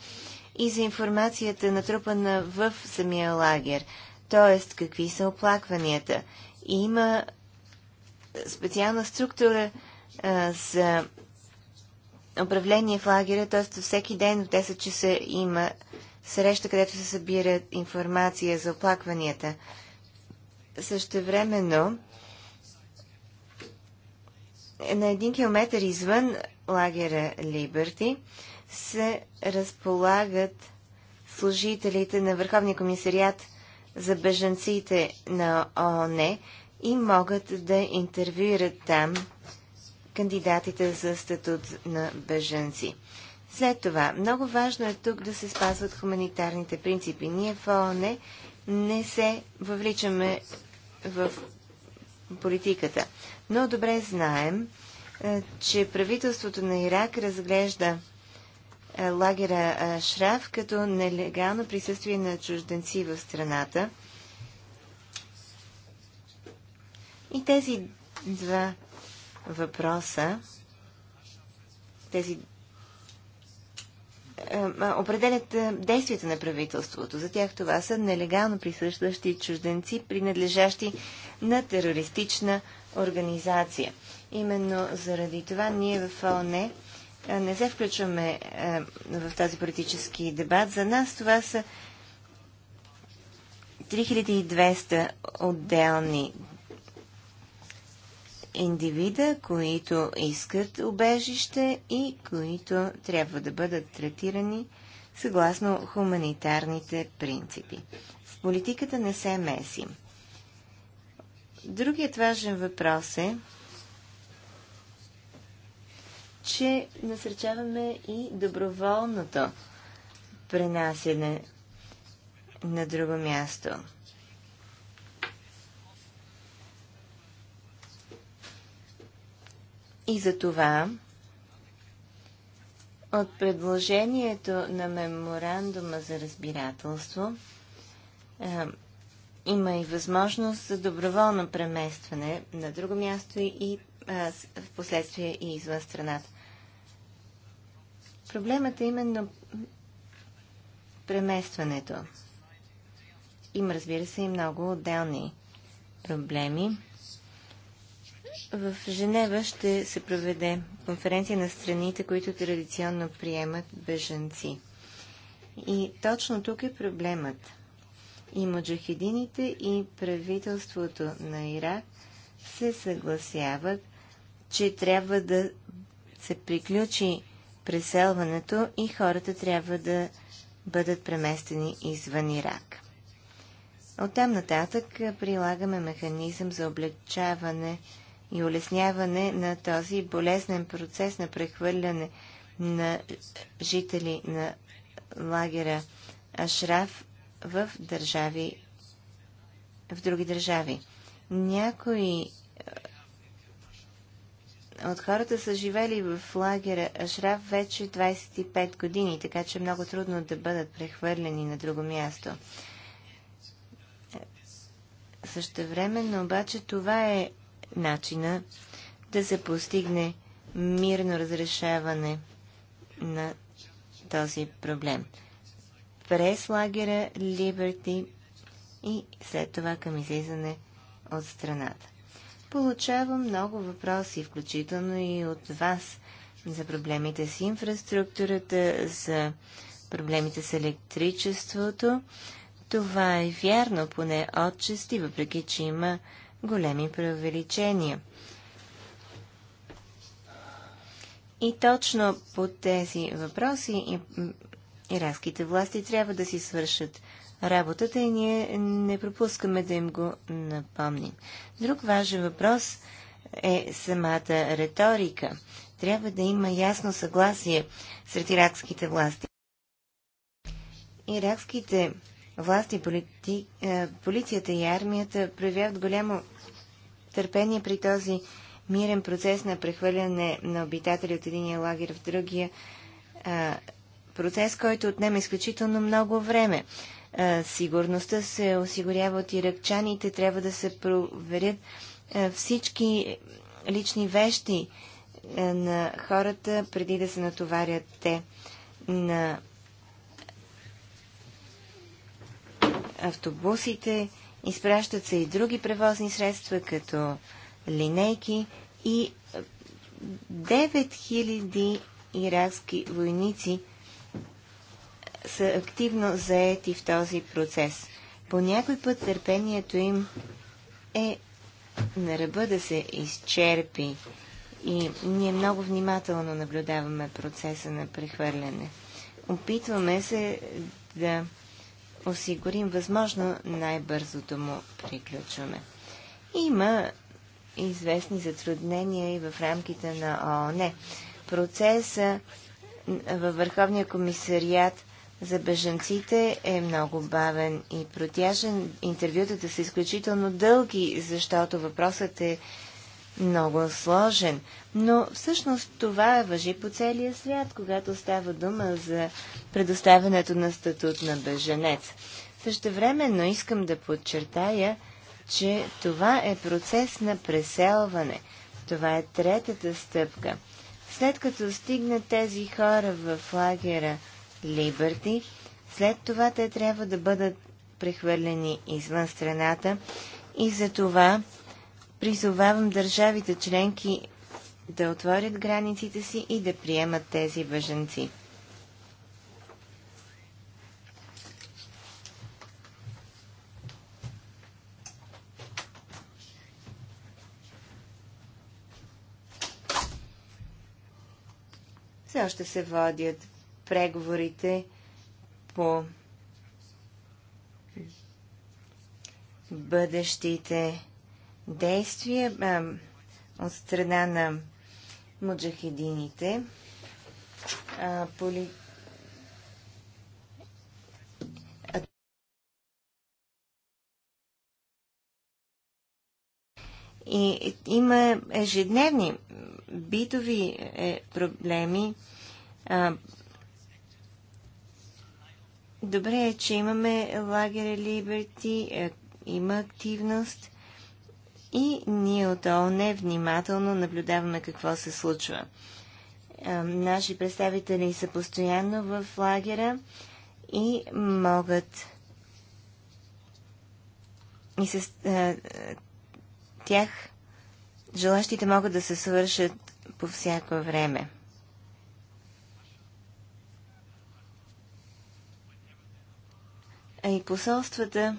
Speaker 1: и за информацията натрупана в самия лагер, т.е. какви са оплакванията. И има е, специална структура а, е, за управление в лагера, т.е. всеки ден в 10 часа има среща, където се събира информация за оплакванията. Същевременно, на един километр извън лагера Либерти се разполагат служителите на Върховния комисариат за бежанците на ООН и могат да интервюират там кандидатите за статут на бежанци. След това, много важно е тук да се спазват хуманитарните принципи. Ние в ООН не се въвличаме в политиката. Но добре знаем, е, че правителството на Ирак разглежда е, лагера е, Шраф като нелегално присъствие на чужденци в страната. И тези два въпроса, тези е, е, определят е, действията на правителството. За тях това са нелегално присъщащи чужденци, принадлежащи на терористична организация. Именно заради това ние в ООН не се включваме в тази политически дебат. За нас това са 3200 отделни индивида, които искат убежище и които трябва да бъдат третирани съгласно хуманитарните принципи. В политиката не се меси. Другият важен въпрос е, че насърчаваме и доброволното пренасене на друго място. И за това от предложението на меморандума за разбирателство е, има и възможност за доброволно преместване на друго място и е, в последствие и извън страната. Проблемът е именно преместването. Има, разбира се, и много отделни проблеми. В Женева ще се проведе конференция на страните, които традиционно приемат бежанци. И точно тук е проблемът. И муджахидините, и правителството на Ирак се съгласяват, че трябва да се приключи преселването и хората трябва да бъдат преместени извън Ирак. Оттам нататък прилагаме механизъм за облегчаване и улесняване на този болезнен процес на прехвърляне на жители на лагера Ашраф в държави, в други държави. Някои е, от хората са живели в лагера Ашраф вече 25 години, така че е много трудно да бъдат прехвърлени на друго място. Е, същевременно обаче това е начина да се постигне мирно разрешаване на този проблем. През лагера Liberty, и след това към излизане от страната. Получавам много въпроси, включително и от вас, за проблемите с инфраструктурата, за проблемите с електричеството. Това е вярно, поне отчасти, въпреки че има големи преувеличения. И точно по тези въпроси иракските власти трябва да си свършат работата и ние не пропускаме да им го напомним. Друг важен въпрос е самата риторика. Трябва да има ясно съгласие сред иракските власти. Иракските власти, е, полицията и армията проявяват голямо търпение при този мирен процес на прехвърляне на обитатели от единия лагер в другия. А, процес, който отнема изключително много време. А, сигурността се осигурява от иракчаните, трябва да се проверят а, всички лични вещи а, на хората, преди да се натоварят те на автобусите, Изпращат се и други превозни средства, като линейки и 9000 е, иракски войници са активно заети в този процес. По някой път търпението им е на ръба да се изчерпи и ние много внимателно наблюдаваме процеса на прехвърляне. Опитваме се да осигурим възможно най-бързото му приключване. Има известни затруднения и в рамките на ООН. Процеса във Върховния комисариат за бежанците е много бавен и протяжен. Интервютата са изключително дълги, защото въпросът е много сложен. Но всъщност това въжи по целия свят, когато става дума за предоставянето на статут на беженец. Също но искам да подчертая, че това е процес на преселване. Това е третата стъпка. След като стигнат тези хора в лагера Либерти, след това те трябва да бъдат прехвърлени извън страната и за това призовавам държавите членки да отворят границите си и да приемат тези бъженци. Все още се водят преговорите по бъдещите действия а, от страна на муджахедините. А, поли... а... И, има ежедневни битови е, проблеми. А, добре е, че имаме лагеря Либерти, има активност – и ние от ООН внимателно наблюдаваме какво се случва. Е, наши представители са постоянно в лагера и могат и с а, е, тях желащите могат да се свършат по всяко време. А и посолствата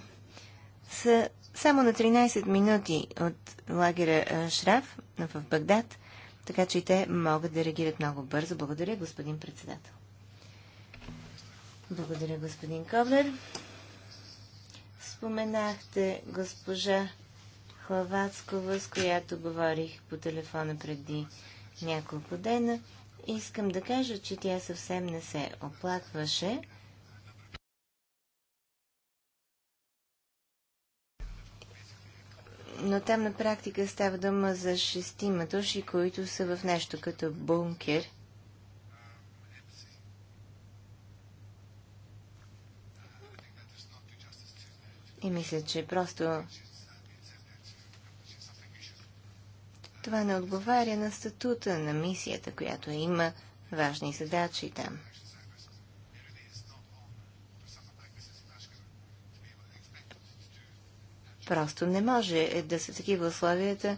Speaker 1: са само на 13 минути от лагера Шраф в Багдад, така че и те могат да реагират много бързо. Благодаря, господин председател. Благодаря, господин Коблер. Споменахте госпожа Хлавацкова, с която говорих по телефона преди няколко дена. Искам да кажа, че тя съвсем не се оплакваше. но там на практика става дума за шестима души, които са в нещо като бункер. И мисля, че просто това не отговаря на статута на мисията, която има важни задачи там. Просто не може е да са такива условията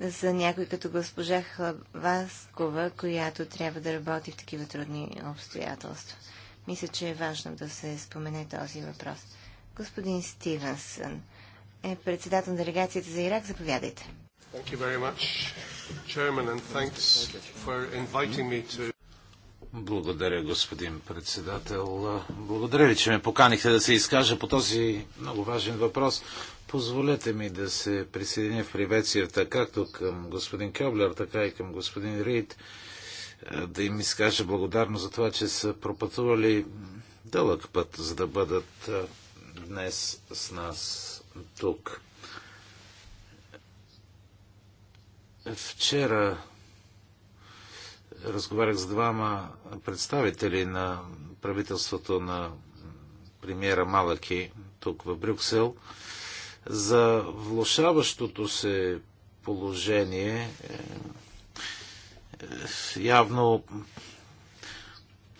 Speaker 1: за някой като госпожа Хлаваскова, която трябва да работи в такива трудни обстоятелства. Мисля, че е важно да се спомене този въпрос. Господин Стивенсън е председател на делегацията за Ирак. Заповядайте.
Speaker 2: Much,
Speaker 3: Chairman, to... Благодаря, господин председател. Благодаря ви, че ме поканихте да се изкажа по този много важен въпрос. Позволете ми да се присъединя в приветствията както към господин Кьоблер, така и към господин Рид. Е, да им изкажа благодарно за това, че са пропътували дълъг път, за да бъдат е, днес с нас тук. Вчера разговарях с двама представители на правителството на премиера Малаки тук в Брюксел за влушаващото се положение. Е, е, явно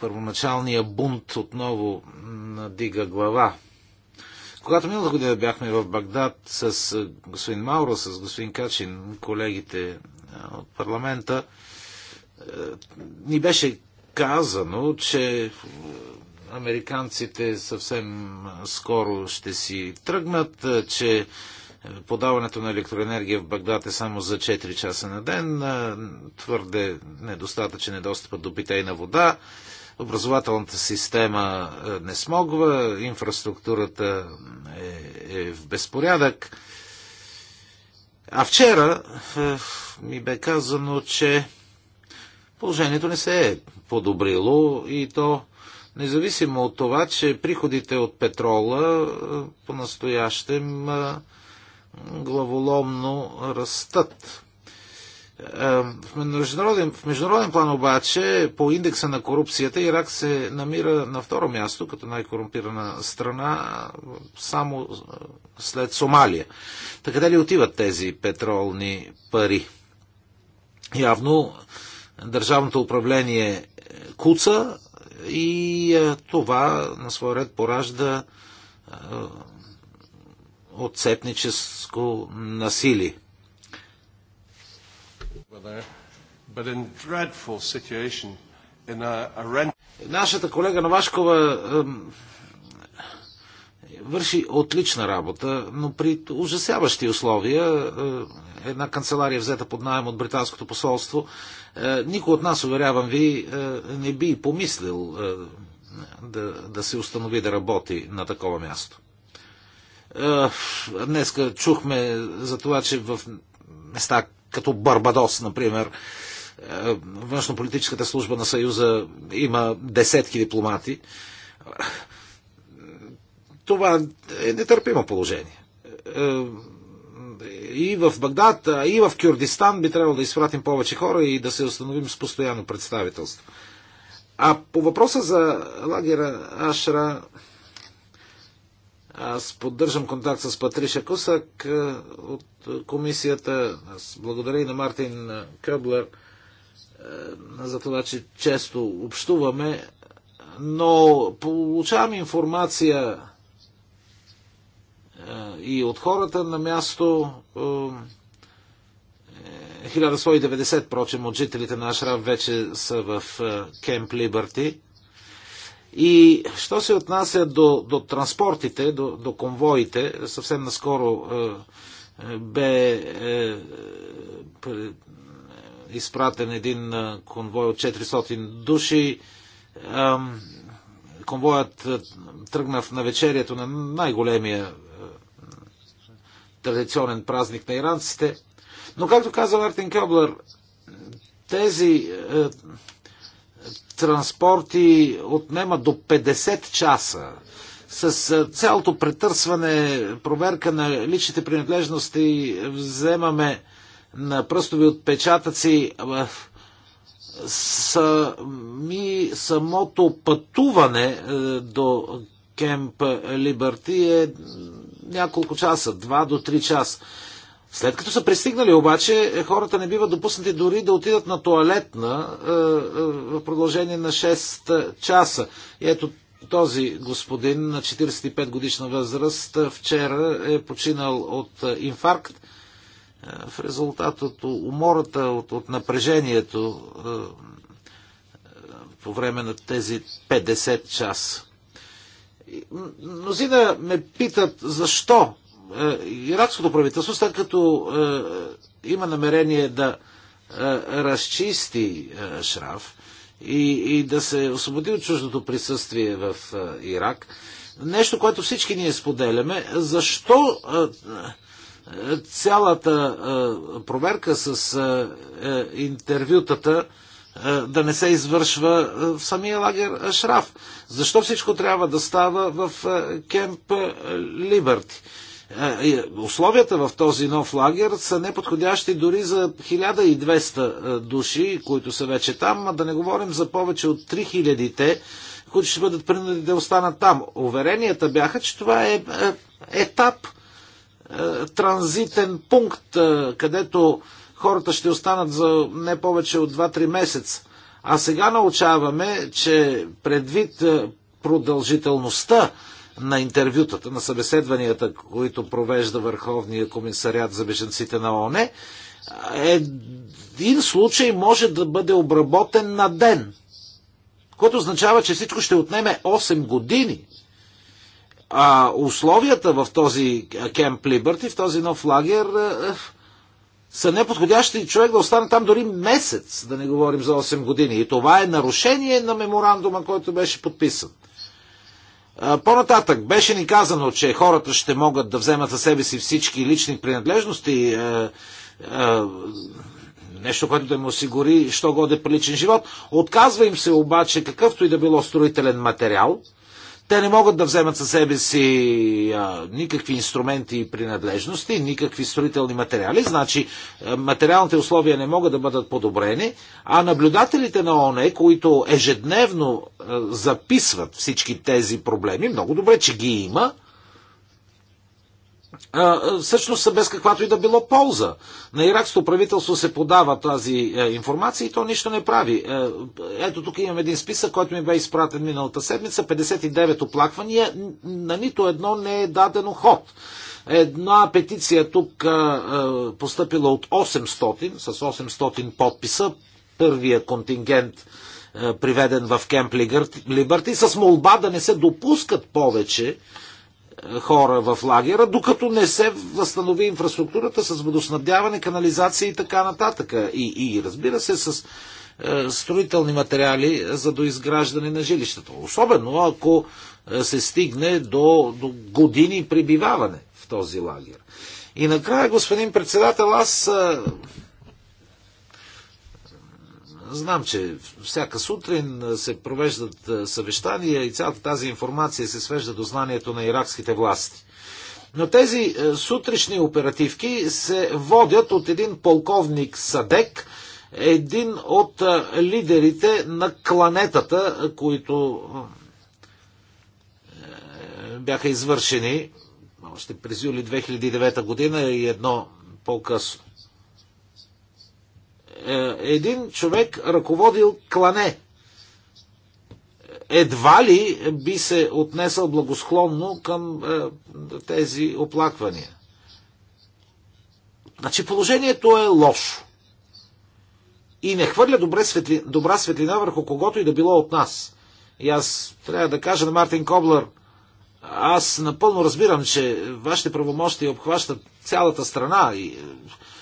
Speaker 3: първоначалния бунт отново надига глава. Когато миналата година бяхме в Багдад с е, господин Мауро, с господин Качин, колегите от парламента, ни е, беше казано, че е, американците съвсем е, скоро ще си тръгнат, че подаването на електроенергия в Багдад е само за 4 часа на ден, твърде недостатъчен е достъпът до питейна вода, образователната система не смогва, инфраструктурата е, е в безпорядък. А вчера ми бе казано, че положението не се е подобрило и то независимо от това, че приходите от петрола е, по-настоящем е, главоломно растат. Е, в международен, в международен план обаче по индекса на корупцията Ирак се намира на второ място като най-корумпирана страна само след Сомалия. Така къде ли отиват тези петролни пари? Явно държавното управление е, куца и е, това на своя ред поражда е, отцепническо насилие. Нашата колега Новашкова върши отлична работа, но при ужасяващи условия една канцелария взета под найем от британското посолство е, никой от нас, уверявам ви, е, не би помислил е, да, да се установи да работи на такова място. Днеска чухме за това, че в места като Барбадос, например, външнополитическата служба на Съюза има десетки дипломати. Това е нетърпимо положение и в Багдад, и в Кюрдистан би трябвало да изпратим повече хора и да се установим с постоянно представителство. А по въпроса за лагера Ашра, аз поддържам контакт с Патриша Кусак от комисията. Аз благодаря и на Мартин Къблер за това, че често общуваме, но получавам информация е, и от хората на място. 1190, е, е, прочем, от жителите на Ашраф вече са в Кемп Либърти. И що се отнася до, до транспортите, до, до конвоите, съвсем наскоро е, бе е, пре, изпратен един конвой от 400 души. Е, конвоят тръгна в навечерието на най-големия традиционен празник на иранците. Но, както каза Мартин Кьоблер, тези е, транспорти отнемат до 50 часа с е, цялото претърсване, проверка на личните принадлежности, вземаме на пръстови отпечатъци е, сами, самото пътуване е, до Кемп Либерти е няколко часа, 2 до 3 часа. След като са пристигнали обаче, е, хората не биват допуснати дори да отидат на туалетна е, е, в продължение на 6 часа. И ето този господин на 45 годишна възраст вчера е починал от инфаркт в резултат от умората, от, от напрежението по време на тези 50 часа. Мнозина ме питат защо е, иракското правителство, след като е, има намерение да е, разчисти Шраф и, и да се освободи от чуждото присъствие в Ирак, нещо, което всички ние споделяме, защо цялата проверка с интервютата да не се извършва в самия лагер Шраф. Защо всичко трябва да става в е, кемп е, Либерти? Е, условията в този нов лагер са неподходящи дори за 1200 души, които са вече там, а да не говорим за повече от 3000-те, които ще бъдат принудени да останат там. Уверенията бяха, че това е етап, транзитен пункт, където хората ще останат за не повече от 2-3 месеца. А сега научаваме, че предвид е, продължителността на интервютата, на събеседванията, които провежда Върховния комисарят за беженците на ООН, е, един случай може да бъде обработен на ден, което означава, че всичко ще отнеме 8 години. А условията в този кемп Либърти, в този нов лагер, е, са неподходящи човек да остане там дори месец, да не говорим за 8 години. И това е нарушение на меморандума, който беше подписан. По-нататък беше ни казано, че хората ще могат да вземат за себе си всички лични принадлежности, е, е, нещо, което да им осигури, що годе приличен живот. Отказва им се обаче какъвто и да било строителен материал – те не могат да вземат със себе си а, никакви инструменти и принадлежности, никакви строителни материали, значи материалните условия не могат да бъдат подобрени, а наблюдателите на ОНЕ, които ежедневно а, записват всички тези проблеми, много добре, че ги има, всъщност са без каквато и да било полза. На иракското правителство се подава тази е, информация и то нищо не прави. Е, ето тук имам един списък, който ми бе изпратен миналата седмица. 59 оплаквания, на нито едно не е дадено ход. Една петиция тук е, постъпила от 800, с 800 подписа, първия контингент приведен в Кемп Либърти, с молба да не се допускат повече хора в лагера, докато не се възстанови инфраструктурата с водоснабдяване, канализация и така нататък. И, и разбира се, с е, строителни материали за доизграждане на жилищата. Особено ако е, се стигне до, до години прибиваване в този лагер. И накрая, господин председател, аз е, Знам, че всяка сутрин се провеждат съвещания и цялата тази информация се свежда до знанието на иракските власти. Но тези сутрешни оперативки се водят от един полковник Садек, един от лидерите на кланетата, които е, бяха извършени още през юли 2009 година и едно по-късно. Е, един човек ръководил клане. Едва ли би се отнесъл благосклонно към е, тези оплаквания. Значи положението е лошо. И не хвърля добре светли, добра светлина върху когото и да било от нас. И аз трябва да кажа на Мартин Коблер, аз напълно разбирам, че вашите правомощи обхващат цялата страна и е,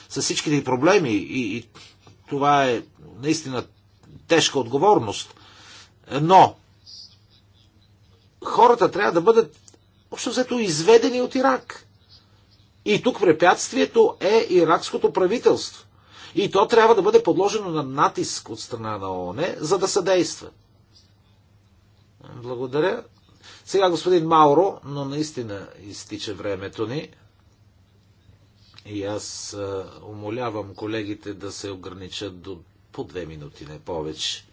Speaker 3: с всичките проблеми и, и това е наистина тежка отговорност. Но хората трябва да бъдат общо взето изведени от Ирак. И тук препятствието е иракското правителство. И то трябва да бъде подложено на натиск от страна на ООН, за да съдейства. Благодаря. Сега господин Мауро, но наистина изтича времето ни. И аз умолявам колегите да се ограничат до по две минути, не повече.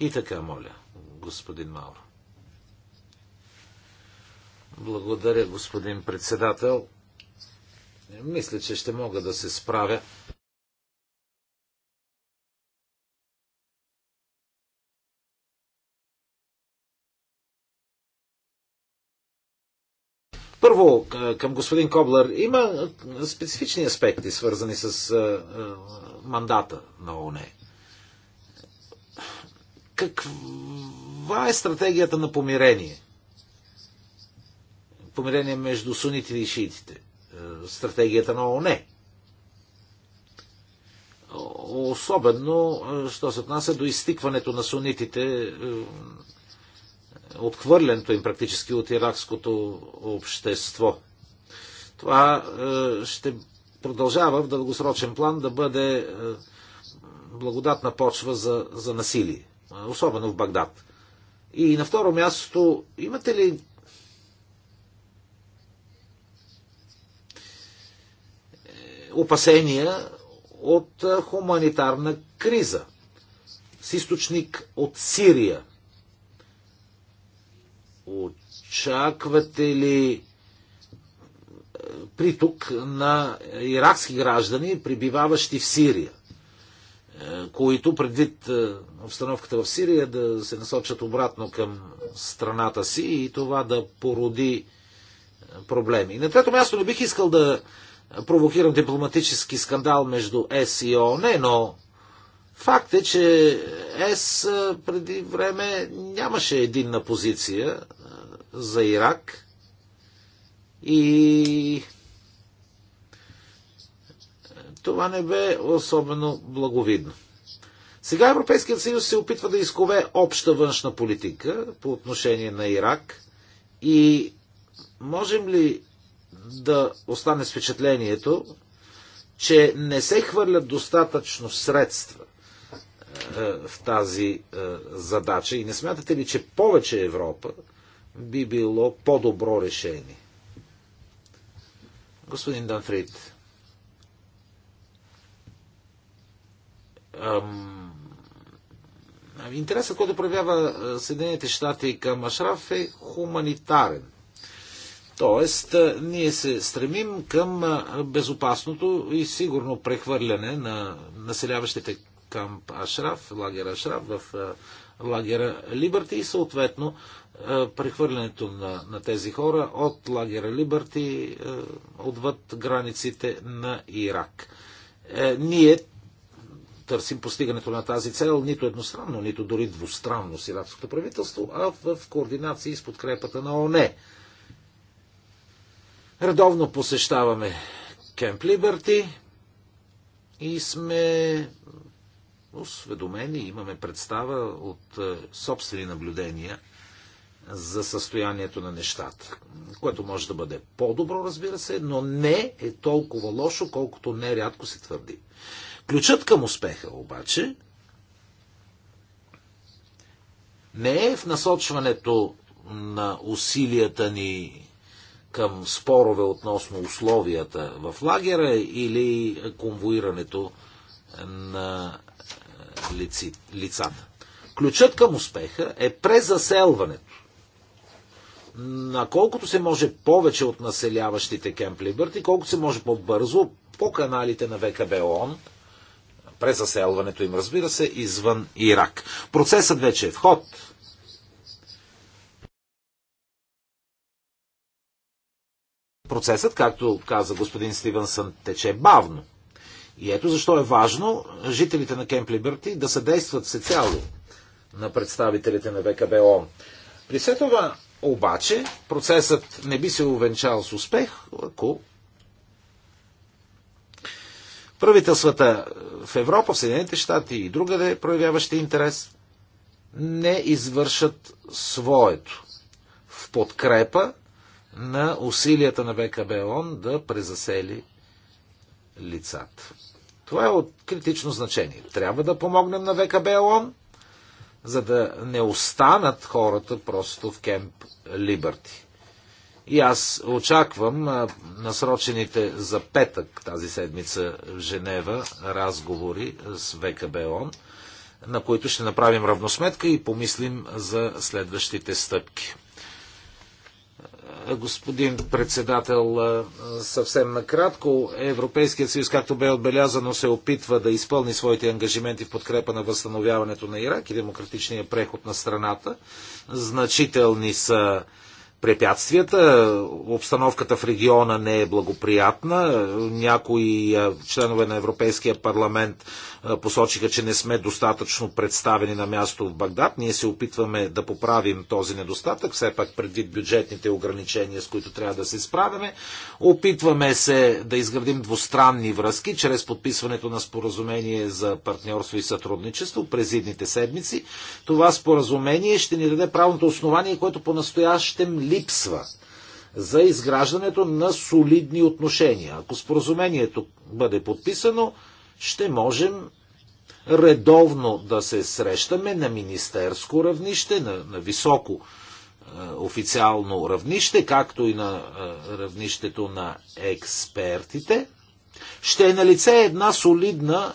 Speaker 3: И така, моля, господин Мауро. Благодаря, господин председател. Мисля, че ще мога да се справя Първо, към господин Коблер, има специфични аспекти, свързани с мандата на ОНЕ. Каква е стратегията на помирение? Помирение между сунитите и шиитите. Стратегията на ОНЕ. Особено, що се отнася до изтикването на сунитите отхвърлянето им практически от иракското общество. Това е, ще продължава в дългосрочен план да бъде е, благодатна почва за, за насилие, особено в Багдад. И на второ място, имате ли опасения от е, хуманитарна криза с източник от Сирия? Очаквате ли е, приток на иракски граждани, прибиваващи в Сирия, е, които предвид е, обстановката в Сирия да се насочат обратно към страната си и това да породи проблеми. И на трето място не бих искал да провокирам дипломатически скандал между ЕС и ООН, но факт е, че ЕС преди време нямаше единна позиция за Ирак и това не бе особено благовидно. Сега Европейският съюз се опитва да изкове обща външна политика по отношение на Ирак и можем ли да остане с впечатлението, че не се хвърлят достатъчно средства е, в тази е, задача и не смятате ли, че повече Европа би било по-добро решение. Господин Данфрид, ам, интересът, който проявява Съединените щати към Ашраф е хуманитарен. Тоест, ние се стремим към безопасното и сигурно прехвърляне на населяващите камп Ашраф, лагера Ашраф в лагера Либерти и съответно е, прехвърлянето на, на тези хора от лагера Либърти е, отвъд границите на Ирак. Е, ние търсим постигането на тази цел нито едностранно, нито дори двустранно с иракското правителство, а в, координации с подкрепата на ОНЕ. Редовно посещаваме Кемп Либърти и сме осведомени, имаме представа от собствени наблюдения – за състоянието на нещата, което може да бъде по-добро, разбира се, но не е толкова лошо, колкото нерядко се твърди. Ключът към успеха обаче не е в насочването на усилията ни към спорове относно условията в лагера или конвоирането на е, лицата. Ключът към успеха е презаселването на колкото се може повече от населяващите Кемп Либърти, колкото се може по-бързо по каналите на ВКБ ООН, през заселването им, разбира се, извън Ирак. Процесът вече е в ход. Процесът, както каза господин Стивенсън, тече бавно. И ето защо е важно жителите на Кемп Либерти да съдействат всецяло на представителите на ВКБ ООН. При все това обаче процесът не би се увенчал с успех, ако правителствата в Европа, в Съединените щати и другаде, проявяващи интерес, не извършат своето в подкрепа на усилията на БКБ ООН да презасели лицата. Това е от критично значение. Трябва да помогнем на ВКБ ООН, за да не останат хората просто в кемп Либърти. И аз очаквам насрочените за петък тази седмица в Женева разговори с ВКБОН, на които ще направим равносметка и помислим за следващите стъпки господин председател. Съвсем накратко, Европейският съюз, както бе отбелязано, се опитва да изпълни своите ангажименти в подкрепа на възстановяването на Ирак и демократичния преход на страната. Значителни са препятствията. Обстановката в региона не е благоприятна. Някои членове на Европейския парламент посочиха, че не сме достатъчно представени на място в Багдад. Ние се опитваме да поправим този недостатък, все пак предвид бюджетните ограничения, с които трябва да се справяме. Опитваме се да изградим двустранни връзки чрез подписването на споразумение за партньорство и сътрудничество през идните седмици. Това споразумение ще ни даде правното основание, което по-настоящем липсва за изграждането на солидни отношения. Ако споразумението бъде подписано, ще можем редовно да се срещаме на министерско равнище, на, на високо е, официално равнище, както и на е, равнището на експертите, ще е налице една солидна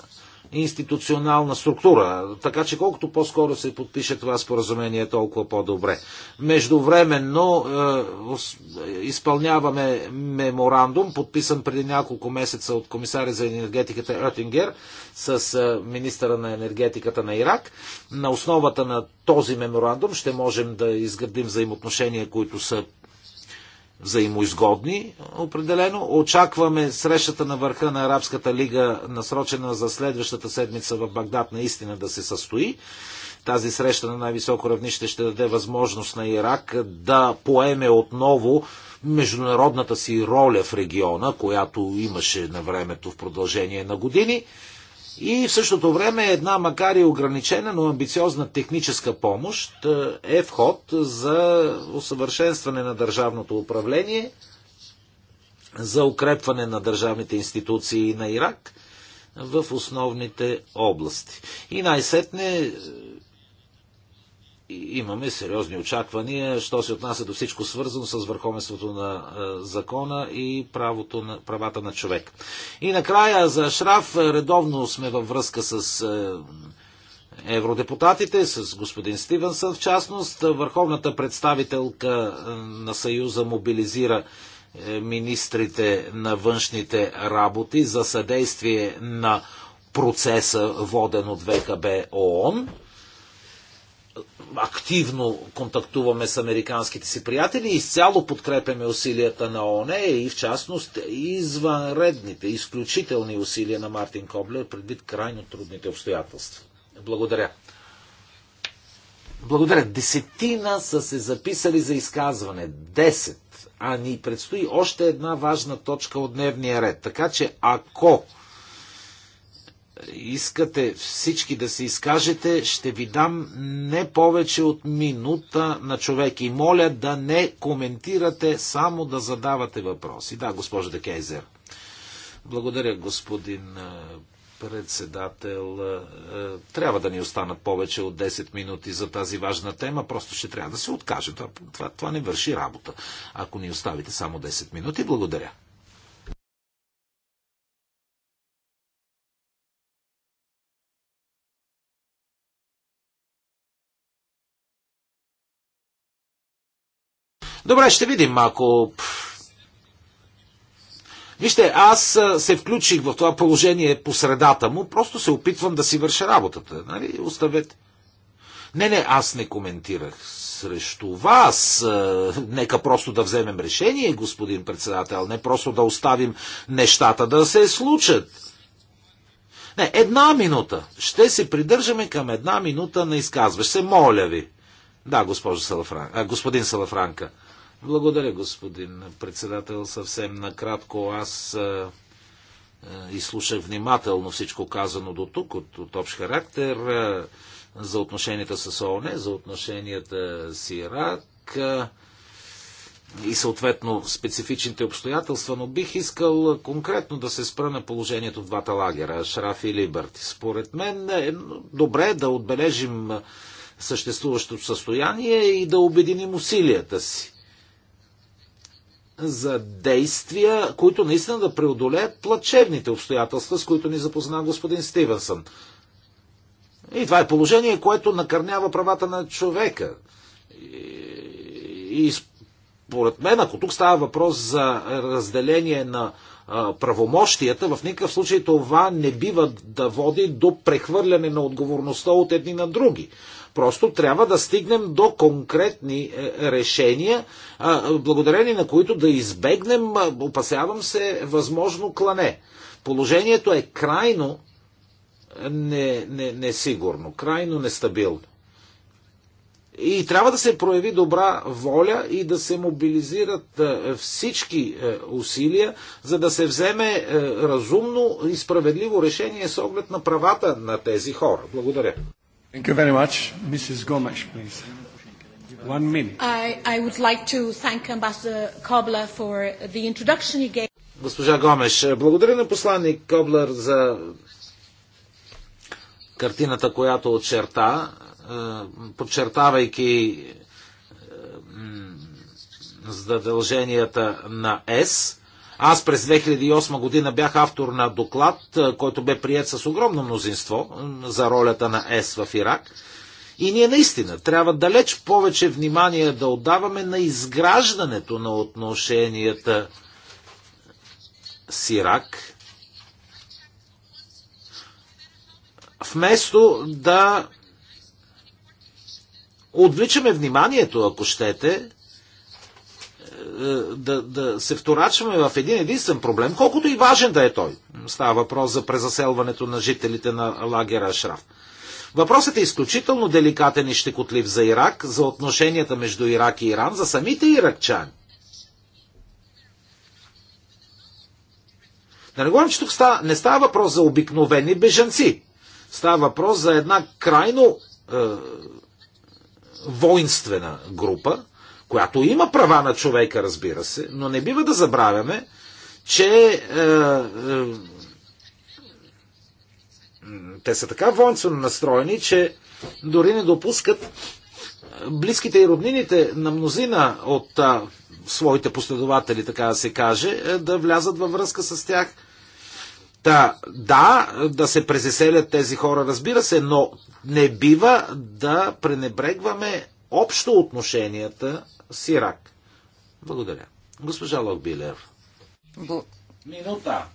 Speaker 3: институционална структура. Така че колкото по-скоро се подпише това споразумение, толкова по-добре. Междувременно е, изпълняваме меморандум, подписан преди няколко месеца от комисаря за енергетиката Ротингер с е, министъра на енергетиката на Ирак. На основата на този меморандум ще можем да изградим взаимоотношения, които са взаимоизгодни, определено. Очакваме срещата на върха на Арабската лига, насрочена за следващата седмица в Багдад, наистина да се състои. Тази среща на най-високо равнище ще даде възможност на Ирак да поеме отново международната си роля в региона, която имаше на времето в продължение на години. И в същото време една, макар и ограничена, но амбициозна техническа помощ е, е вход за усъвършенстване на държавното управление, за укрепване на държавните институции на Ирак в основните области. И най-сетне имаме сериозни очаквания, що се отнася до всичко свързано с върховенството на е, закона и правото на, правата на човек. И накрая за Шраф е, редовно сме във връзка с е, евродепутатите, с господин Стивенсън в частност. Върховната представителка на Съюза мобилизира министрите на външните работи за съдействие на процеса, воден от ВКБ ООН активно контактуваме с американските си приятели и изцяло подкрепяме усилията на ОНЕ и в частност извънредните, изключителни усилия на Мартин Коблер предвид крайно трудните обстоятелства. Благодаря. Благодаря. Десетина са се записали за изказване. Десет. А ни предстои още една важна точка от дневния ред. Така че ако искате всички да се изкажете, ще ви дам не повече от минута на човек. И моля да не коментирате, само да задавате въпроси. Да, госпожа Декейзер. Благодаря, господин председател. Трябва да ни останат повече от 10 минути за тази важна тема. Просто ще трябва да се откажем. Това, това, това не върши работа, ако ни оставите само 10 минути. Благодаря. Добре, ще видим, ако... Вижте, аз се включих в това положение по средата му, просто се опитвам да си върша работата. Нали? Оставете. Не, не, аз не коментирах срещу вас. Нека просто да вземем решение, господин председател, не просто да оставим нещата да се случат. Не, една минута. Ще се придържаме към една минута на изказваш се. Моля ви. Да, госпожо Салафран... а, господин Салафранка. Благодаря, господин председател. Съвсем накратко аз е, е, изслушах внимателно всичко казано до тук от, от общ характер е, за отношенията с ООН, за отношенията с Ирак и съответно специфичните обстоятелства, но бих искал конкретно да се спра на положението в двата лагера, Шраф и Либерти. Според мен е добре да отбележим съществуващото състояние и да обединим усилията си за действия, които наистина да преодолеят плачевните обстоятелства, с които ни запозна господин Стивенсън. И това е положение, което накърнява правата на човека. И, и според мен, ако тук става въпрос за разделение на а, правомощията, в никакъв случай това не бива да води до прехвърляне на отговорността от едни на други. Просто трябва да стигнем до конкретни е, решения, благодарение на които да избегнем, опасявам се, възможно клане. Положението е крайно не, не, несигурно, крайно нестабилно. И трябва да се прояви добра воля и да се мобилизират е, всички е, усилия, за да се вземе разумно и справедливо решение с оглед на правата на тези хора. Благодаря.
Speaker 1: Thank you very much. Mrs. Gomes, please. One minute. I, I would like to thank Ambassador Kobler for the introduction he gave.
Speaker 3: Госпожа Гомеш, благодаря на посланник Коблер за картината, която очерта, подчертавайки задълженията на ЕС аз през 2008 година бях автор на доклад, който бе прият с огромно мнозинство за ролята на ЕС в Ирак. И ние наистина трябва далеч повече внимание да отдаваме на изграждането на отношенията с Ирак, вместо да отвличаме вниманието, ако щете, е, да, да се вторачваме в един единствен проблем, колкото и важен да е той. Става въпрос за презаселването на жителите на лагера Шраф. Въпросът е изключително деликатен и щекотлив за Ирак, за отношенията между Ирак и Иран, за самите иракчани. Да не говорим, че тук не става въпрос за обикновени бежанци. Става въпрос за една крайно е, воинствена група, която има права на човека, разбира се, но не бива да забравяме, че е, е, те са така воинствено настроени, че дори не допускат близките и роднините на мнозина от а, своите последователи, така да се каже, е, да влязат във връзка с тях. Та, да, да се презеселят тези хора, разбира се, но не бива да пренебрегваме общо отношенията
Speaker 2: Сирак. Благодаря.
Speaker 3: Госпожа Локбилер.
Speaker 2: Б... Минута.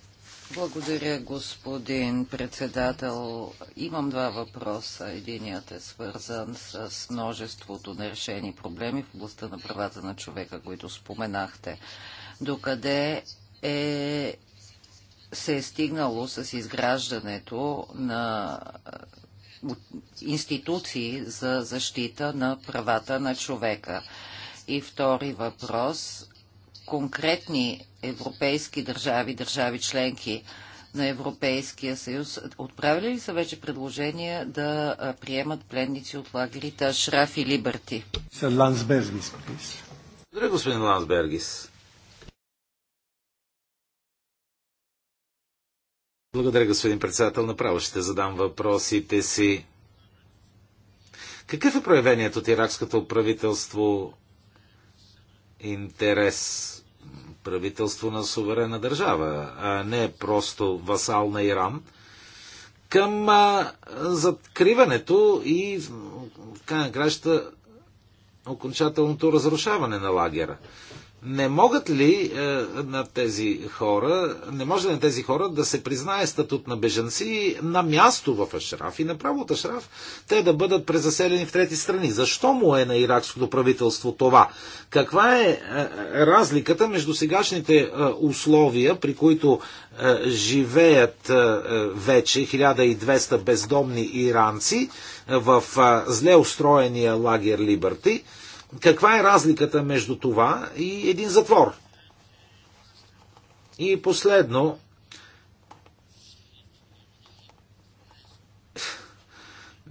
Speaker 2: Благодаря, господин председател. Имам два въпроса. Единият е свързан с множеството нерешени проблеми в областта на правата на човека, които споменахте. Докъде е се е стигнало с изграждането на институции за защита на правата на човека и втори въпрос. Конкретни европейски държави, държави членки на Европейския съюз, отправили ли са вече предложения да приемат пленници от лагерите Шраф и Либерти?
Speaker 3: Лансбергис, Благодаря, господин Лансбергис. Благодаря, господин председател. Направо ще задам въпросите си. Какъв е проявението от иракското правителство интерес правителство на суверена държава, а не просто васал на Иран, към а, закриването и в крайна краща окончателното разрушаване на лагера не могат ли е, на тези хора, не може ли на тези хора да се признае статут на бежанци на място в Ашраф и направо от Ашраф те да бъдат презаселени в трети страни? Защо му е на иракското правителство това? Каква е, е разликата между сегашните е, условия, при които е, живеят е, вече 1200 бездомни иранци е, в е, зле устроения лагер Либерти, каква е разликата между това и един затвор? И последно,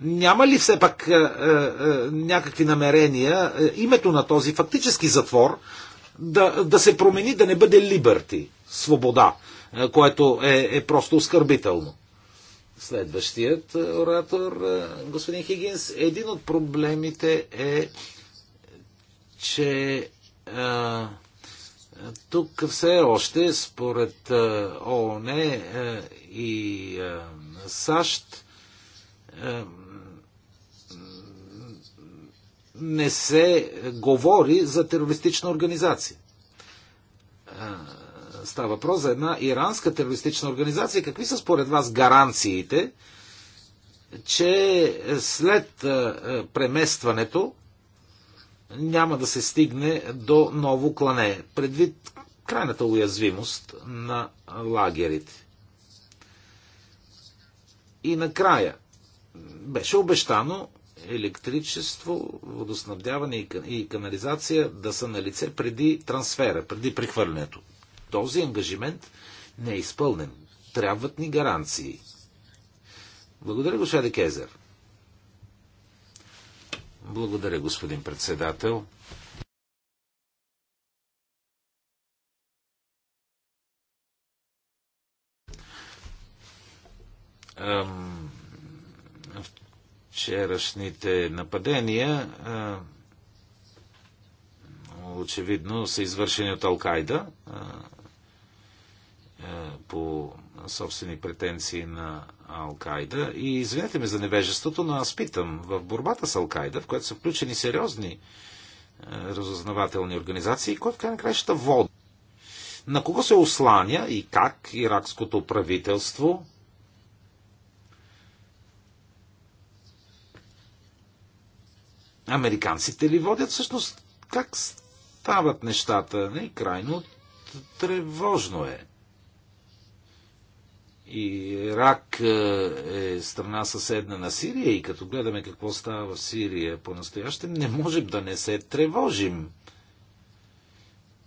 Speaker 3: няма ли все пак е, е, някакви намерения е, името на този фактически затвор да, да се промени, да не бъде либърти, свобода, е, което е, е просто оскърбително? Следващият е, оратор, е, господин Хигинс, един от проблемите е че а, тук все още, според ООН и САЩ, не се говори за терористична организация. Става въпрос за една иранска терористична организация. Какви са според вас гаранциите, че след преместването няма да се стигне до ново клане, предвид крайната уязвимост на лагерите. И накрая беше обещано електричество, водоснабдяване и канализация да са на лице преди трансфера, преди прехвърлянето. Този ангажимент не е изпълнен. Трябват ни гаранции. Благодаря, господин Кезер. Благодаря, господин председател. Вчерашните нападения очевидно са извършени от Алкайда по собствени претенции на Алкайда. И извинете ме за невежеството, но аз питам, в борбата с Алкайда, в която са включени сериозни е, разузнавателни организации, кой в край на краища води? На кого се осланя и как иракското правителство? Американците ли водят всъщност? Как стават нещата? Не, крайно тревожно е. Ирак е, е страна съседна на Сирия и като гледаме какво става в Сирия по-настоящем, не можем да не се тревожим.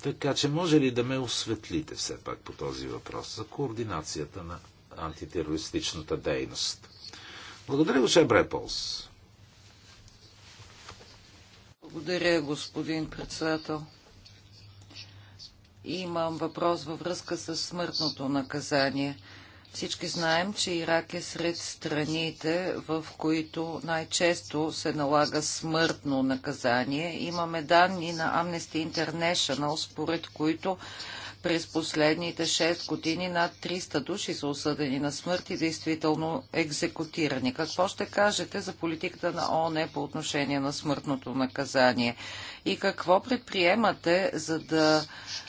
Speaker 3: Така че може ли да ме осветлите все пак по този въпрос за координацията на антитерористичната дейност? Благодаря, Гоше
Speaker 2: Бреполс. Благодаря, господин председател. Имам въпрос във връзка с смъртното наказание. Всички знаем, че Ирак е сред страните, в които най-често се налага смъртно наказание. Имаме данни на Amnesty International, според които през последните 6 години над 300 души са осъдени на смърт и действително екзекутирани. Какво ще кажете за политиката на ООН по отношение на смъртното наказание? И какво предприемате, за да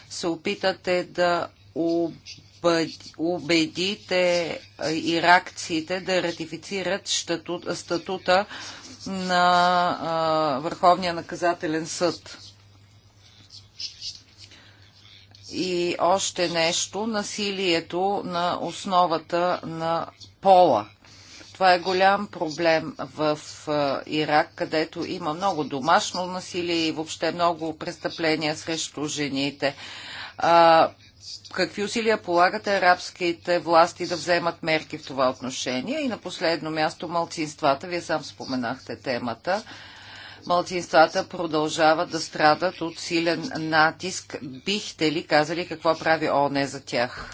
Speaker 2: се опитате да убедите иракците да ратифицират статута на Върховния наказателен съд. И още нещо насилието на основата на пола. Това е голям проблем в Ирак, където има много домашно насилие и въобще много престъпления срещу жените какви усилия полагат арабските власти да вземат мерки в това отношение? И на последно място малцинствата. Вие сам споменахте темата. Малцинствата продължават да страдат от силен натиск. Бихте ли казали какво прави ООН за тях?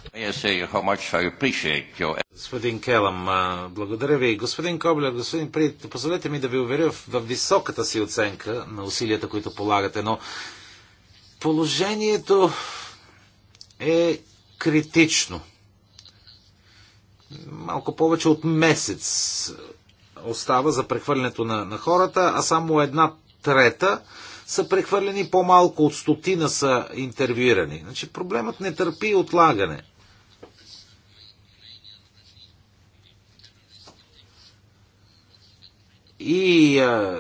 Speaker 3: Господин Келам, благодаря ви. Господин Коблер, господин Прит, позволете ми да ви уверя в високата си оценка на усилията, които полагате, но положението е критично. Малко повече от месец остава за прехвърлянето на, на хората, а само една трета са прехвърлени, по-малко от стотина са интервюирани. Значи проблемът не търпи отлагане. И а,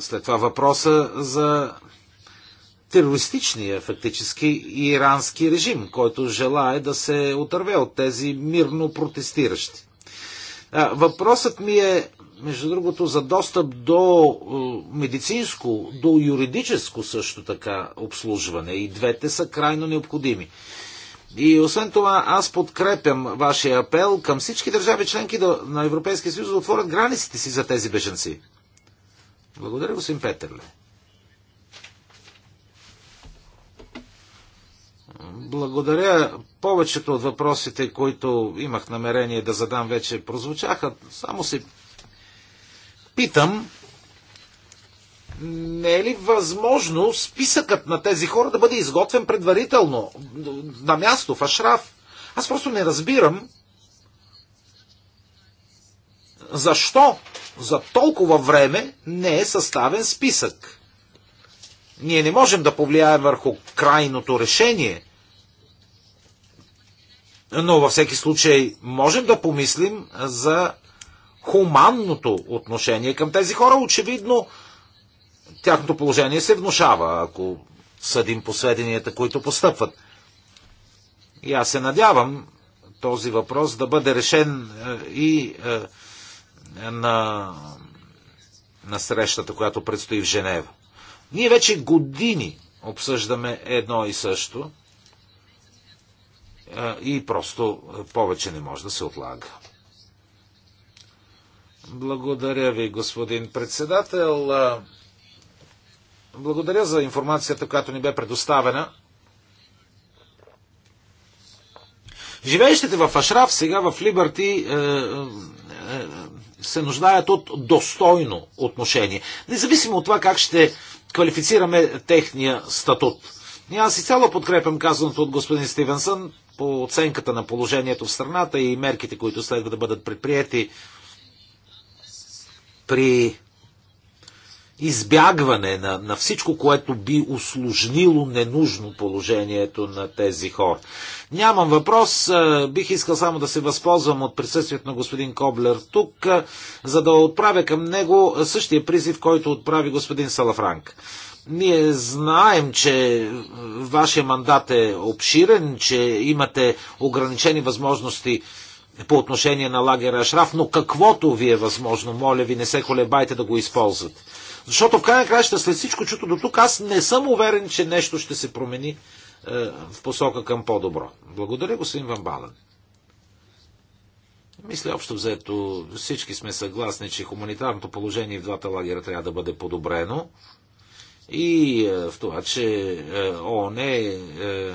Speaker 3: след това въпроса за терористичния фактически ирански режим, който желае да се отърве от тези мирно протестиращи. Въпросът ми е, между другото, за достъп до е, медицинско, до юридическо също така обслужване. И двете са крайно необходими. И освен това, аз подкрепям вашия апел към всички държави членки на Европейския съюз да отворят границите си за тези беженци. Благодаря, господин Петерле. Благодаря. Повечето от въпросите, които имах намерение да задам, вече прозвучаха. Само се питам, не е ли възможно списъкът на тези хора да бъде изготвен предварително, на място, в Ашраф? Аз просто не разбирам защо за толкова време не е съставен списък. Ние не можем да повлияем върху крайното решение, но във всеки случай можем да помислим за хуманното отношение към тези хора. Очевидно, тяхното положение се внушава, ако съдим по сведенията, които постъпват. И аз се надявам този въпрос да бъде решен е, и е, на, на срещата, която предстои в Женева. Ние вече години обсъждаме едно и също – и просто повече не може да се отлага. Благодаря ви, господин председател. Благодаря за информацията, която ни бе предоставена. Живеещите в Ашраф, сега в Либърти, е, е, е, се нуждаят от достойно отношение. Независимо от това как ще квалифицираме техния статут. И аз цяло подкрепям казаното от господин Стивенсън по оценката на положението в страната и мерките, които следва да бъдат предприяти при избягване на, на всичко, което би усложнило ненужно положението на тези хора. Нямам въпрос, бих искал само да се възползвам от присъствието на господин Коблер тук, за да отправя към него същия призив, който отправи господин Салафранк. Ние знаем, че вашия мандат е обширен, че имате ограничени възможности по отношение на лагера Ашраф, но каквото ви е възможно, моля ви, не се колебайте да го използвате. Защото в крайна краща, след всичко чуто до тук, аз не съм уверен, че нещо ще се промени е, в посока към по-добро. Благодаря, господин Ван Бален. Мисля, общо взето, всички сме съгласни, че хуманитарното положение в двата лагера трябва да бъде подобрено и е, в това, че е, ООН е, е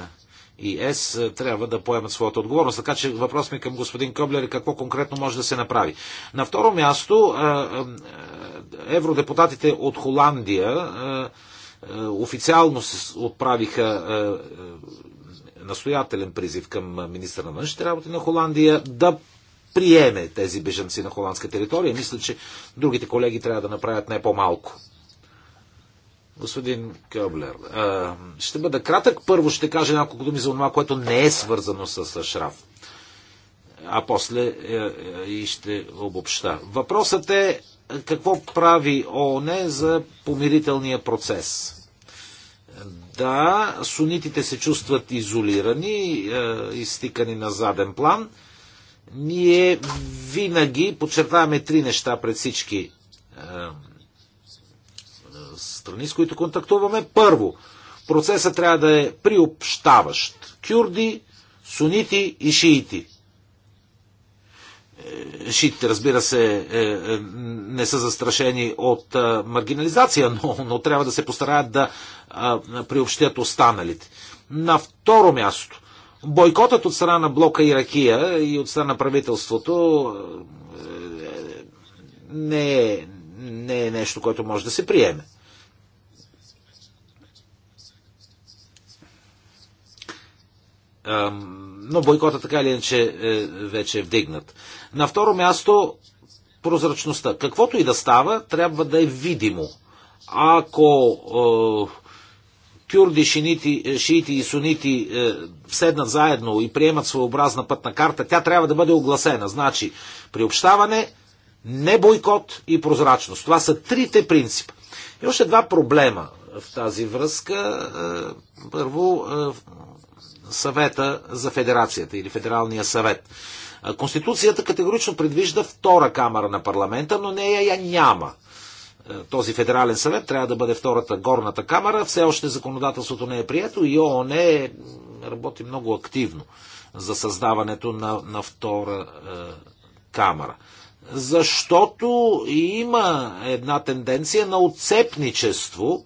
Speaker 3: и ЕС трябва да поемат своята отговорност. Така че въпрос ми към господин Къблер е какво конкретно може да се направи. На второ място, евродепутатите от Холандия официално отправиха настоятелен призив към министра на външните работи на Холандия да приеме тези бежанци на холандска територия. Мисля, че другите колеги трябва да направят не по-малко. Господин Кьоблер, ще бъда кратък. Първо ще кажа няколко думи за това, което не е свързано с Шраф. А после е, е, и ще обобща. Въпросът е какво прави ООН за помирителния процес. Да, сунитите се чувстват изолирани, е, изтикани на заден план. Ние винаги подчертаваме три неща пред всички страни, с които контактуваме. Първо, процесът трябва да е приобщаващ. Кюрди, сунити и шиити. Е, Шиите, разбира се, е, е, не са застрашени от маргинализация, но, но трябва да се постараят да приобщят останалите. На второ място, бойкотът от страна на блока Иракия и от страна на правителството не е, не е нещо, което може да се приеме. но бойкота така или иначе е, вече е вдигнат. На второ място прозрачността. Каквото и да става, трябва да е видимо. Ако е, кюрди, шиити, е, шиити и сунити е, седнат заедно и приемат своеобразна пътна карта, тя трябва да бъде огласена. Значи, приобщаване, не бойкот и прозрачност. Това са трите принципа. И още два проблема в тази връзка. Е, първо, съвета за федерацията или федералния съвет. Конституцията категорично предвижда втора камера на парламента, но нея я няма. Този федерален съвет трябва да бъде втората горната камера. Все още законодателството не е прието и ООН е, работи много активно за създаването на, на втора е, камера. Защото има една тенденция на отцепничество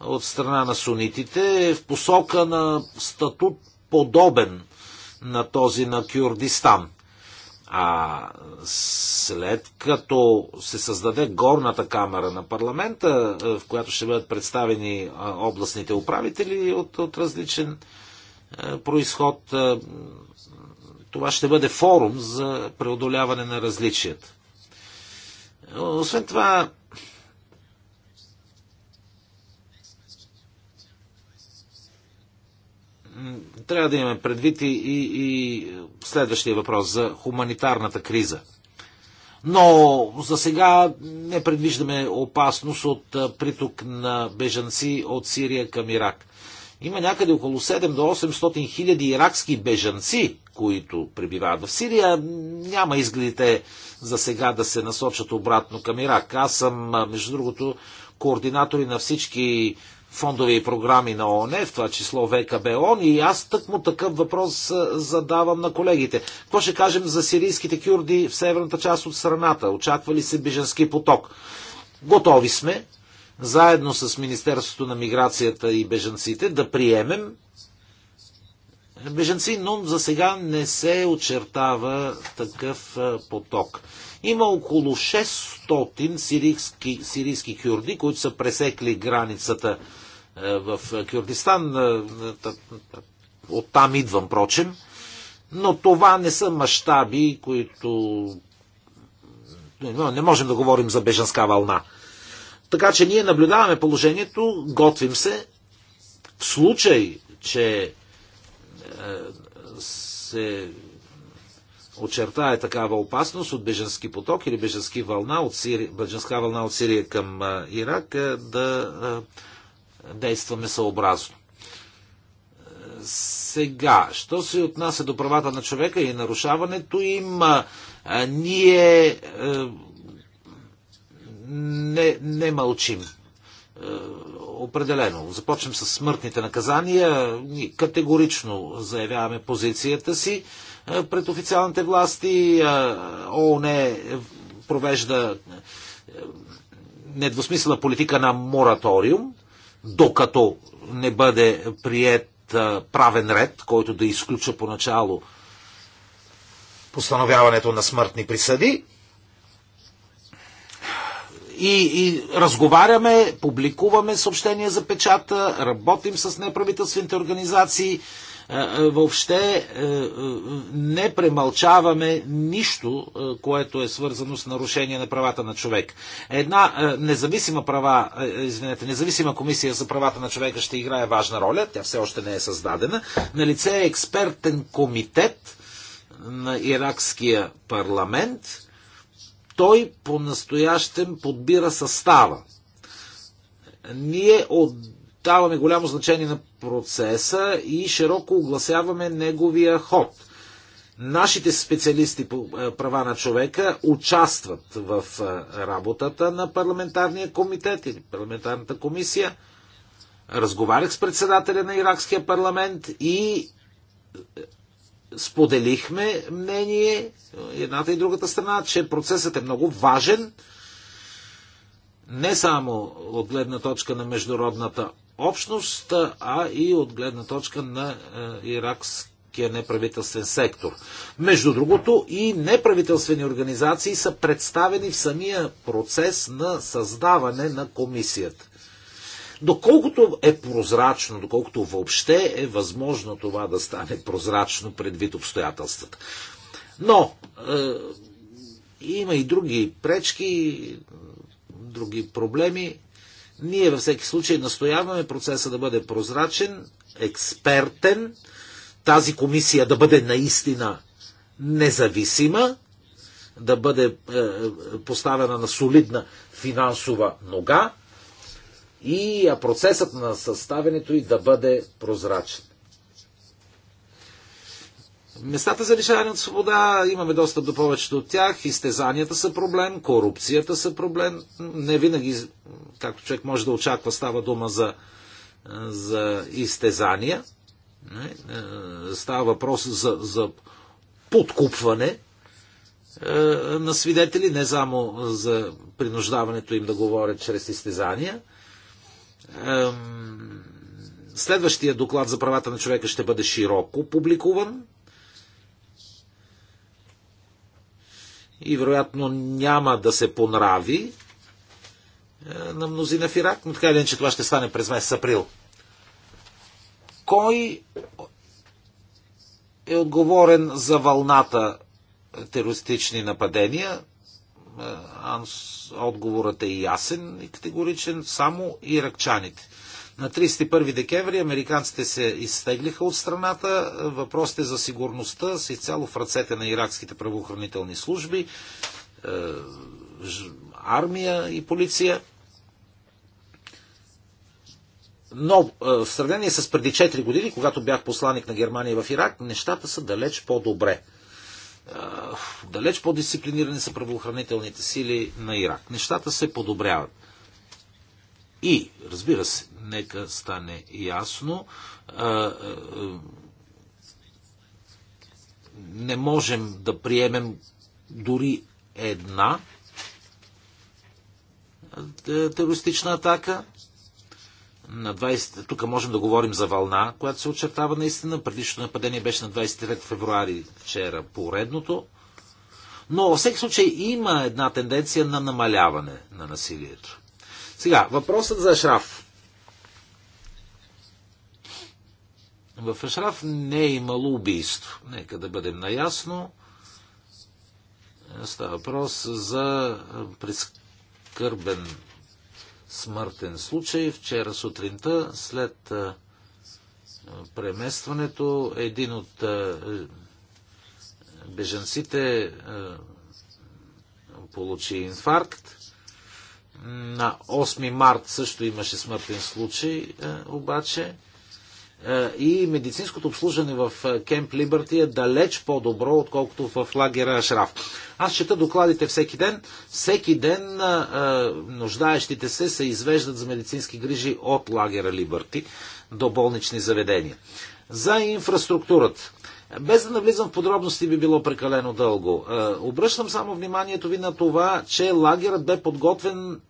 Speaker 3: от страна на сунитите в посока на статут подобен на този на Кюрдистан. А след като се създаде горната камера на парламента, е, в която ще бъдат представени е, областните управители от, от различен е, происход, това ще бъде форум за преодоляване на различията. Освен това, трябва да имаме предвид и, и, и следващия въпрос за хуманитарната криза. Но за сега не предвиждаме опасност от приток на бежанци от Сирия към Ирак. Има някъде около 7 до 800 хиляди иракски бежанци, които пребивават в Сирия. Няма изгледите за сега да се насочат обратно към Ирак. Аз съм, между другото, координатори на всички фондове и програми на ООН, в това число ВКБ ООН, и аз тък му такъв въпрос задавам на колегите. Какво ще кажем за сирийските кюрди в северната част от страната? Очаква ли се беженски поток? Готови сме, заедно с Министерството на миграцията и беженците, да приемем беженци, но за сега не се очертава такъв поток. Има около 600 сирийски, сирийски кюрди, които са пресекли границата е, в Кюрдистан. Е, е, оттам идвам, прочим, Но това не са мащаби, които не можем да говорим за беженска вълна. Така че ние наблюдаваме положението, готвим се. В случай, че се очертая такава опасност от беженски поток или беженски вълна от Сирия, беженска вълна от Сирия към Ирак, да действаме съобразно. Сега, що се отнася до правата на човека и нарушаването им, ние не, не мълчим. Определено. Започнем с смъртните наказания. Категорично заявяваме позицията си пред официалните власти. ООН провежда недвусмислена политика на мораториум докато не бъде прият правен ред, който да изключа поначало постановяването на смъртни присъди. И, и разговаряме, публикуваме съобщения за печата, работим с неправителствените организации, въобще е, е, не премълчаваме нищо, е, което е свързано с нарушение на правата на човек. Една независима права, извинете, независима комисия за правата на човека ще играе важна роля, тя все още не е създадена. На лице е експертен комитет на иракския парламент. Той по-настоящем подбира състава ние от даваме голямо значение на процеса и широко огласяваме неговия ход. Нашите специалисти по е, права на човека участват в е, работата на парламентарния комитет или парламентарната комисия. Разговарях с председателя на Иракския парламент и е, споделихме мнение едната и другата страна, че процесът е много важен не само от гледна точка на международната общност, а и от гледна точка на е, иракския неправителствен сектор. Между другото, и неправителствени организации са представени в самия процес на създаване на комисията. Доколкото е прозрачно, доколкото въобще е възможно това да стане прозрачно предвид обстоятелствата. Но е, има и други пречки, други проблеми. Ние във всеки случай настояваме процеса да бъде прозрачен, експертен, тази комисия да бъде наистина независима, да бъде е, е поставена на солидна финансова нога и процесът на съставянето и да бъде прозрачен. Местата за лишаване от свобода, имаме достъп до повечето от тях, изтезанията са проблем, корупцията са проблем. Не винаги, както човек може да очаква, става дума за, за изтезания. Е, става въпрос за, за подкупване е, на свидетели, не само за принуждаването им да говорят чрез изтезания. Следващия доклад за правата на човека ще бъде широко публикуван. и вероятно няма да се понрави е, на мнозина в Ирак, но така или иначе това ще стане през месец април. Кой е отговорен за вълната терористични нападения? Е, отговорът е ясен и категоричен. Само иракчаните. На 31 декември американците се изтеглиха от страната. Въпросите за сигурността са изцяло в ръцете на иракските правоохранителни служби, е, армия и полиция. Но е, в сравнение с преди 4 години, когато бях посланник на Германия в Ирак, нещата са далеч по-добре. Е, далеч по-дисциплинирани са правоохранителните сили на Ирак. Нещата се подобряват. И, разбира се, нека стане ясно, не можем да приемем дори една терористична атака. На 20... Тук можем да говорим за вълна, която се очертава наистина. Предишното нападение беше на 23 февруари вчера поредното. Но във всеки случай има една тенденция на намаляване на насилието. Сега, въпросът за Ашраф. В Ашраф не е имало убийство. Нека да бъдем наясно. Става въпрос за прискърбен смъртен случай. Вчера сутринта, след преместването, един от беженците получи инфаркт на 8 март също имаше смъртен случай, е, обаче. Е, и медицинското обслужване в Кемп Либерти е далеч по-добро, отколкото в лагера Ашраф. Аз чета докладите всеки ден. Всеки ден е, нуждаещите се се извеждат за медицински грижи от лагера Либерти до болнични заведения. За инфраструктурата. Без да навлизам в подробности би било прекалено дълго. Обръщам само вниманието ви на това, че лагерът бе подготвен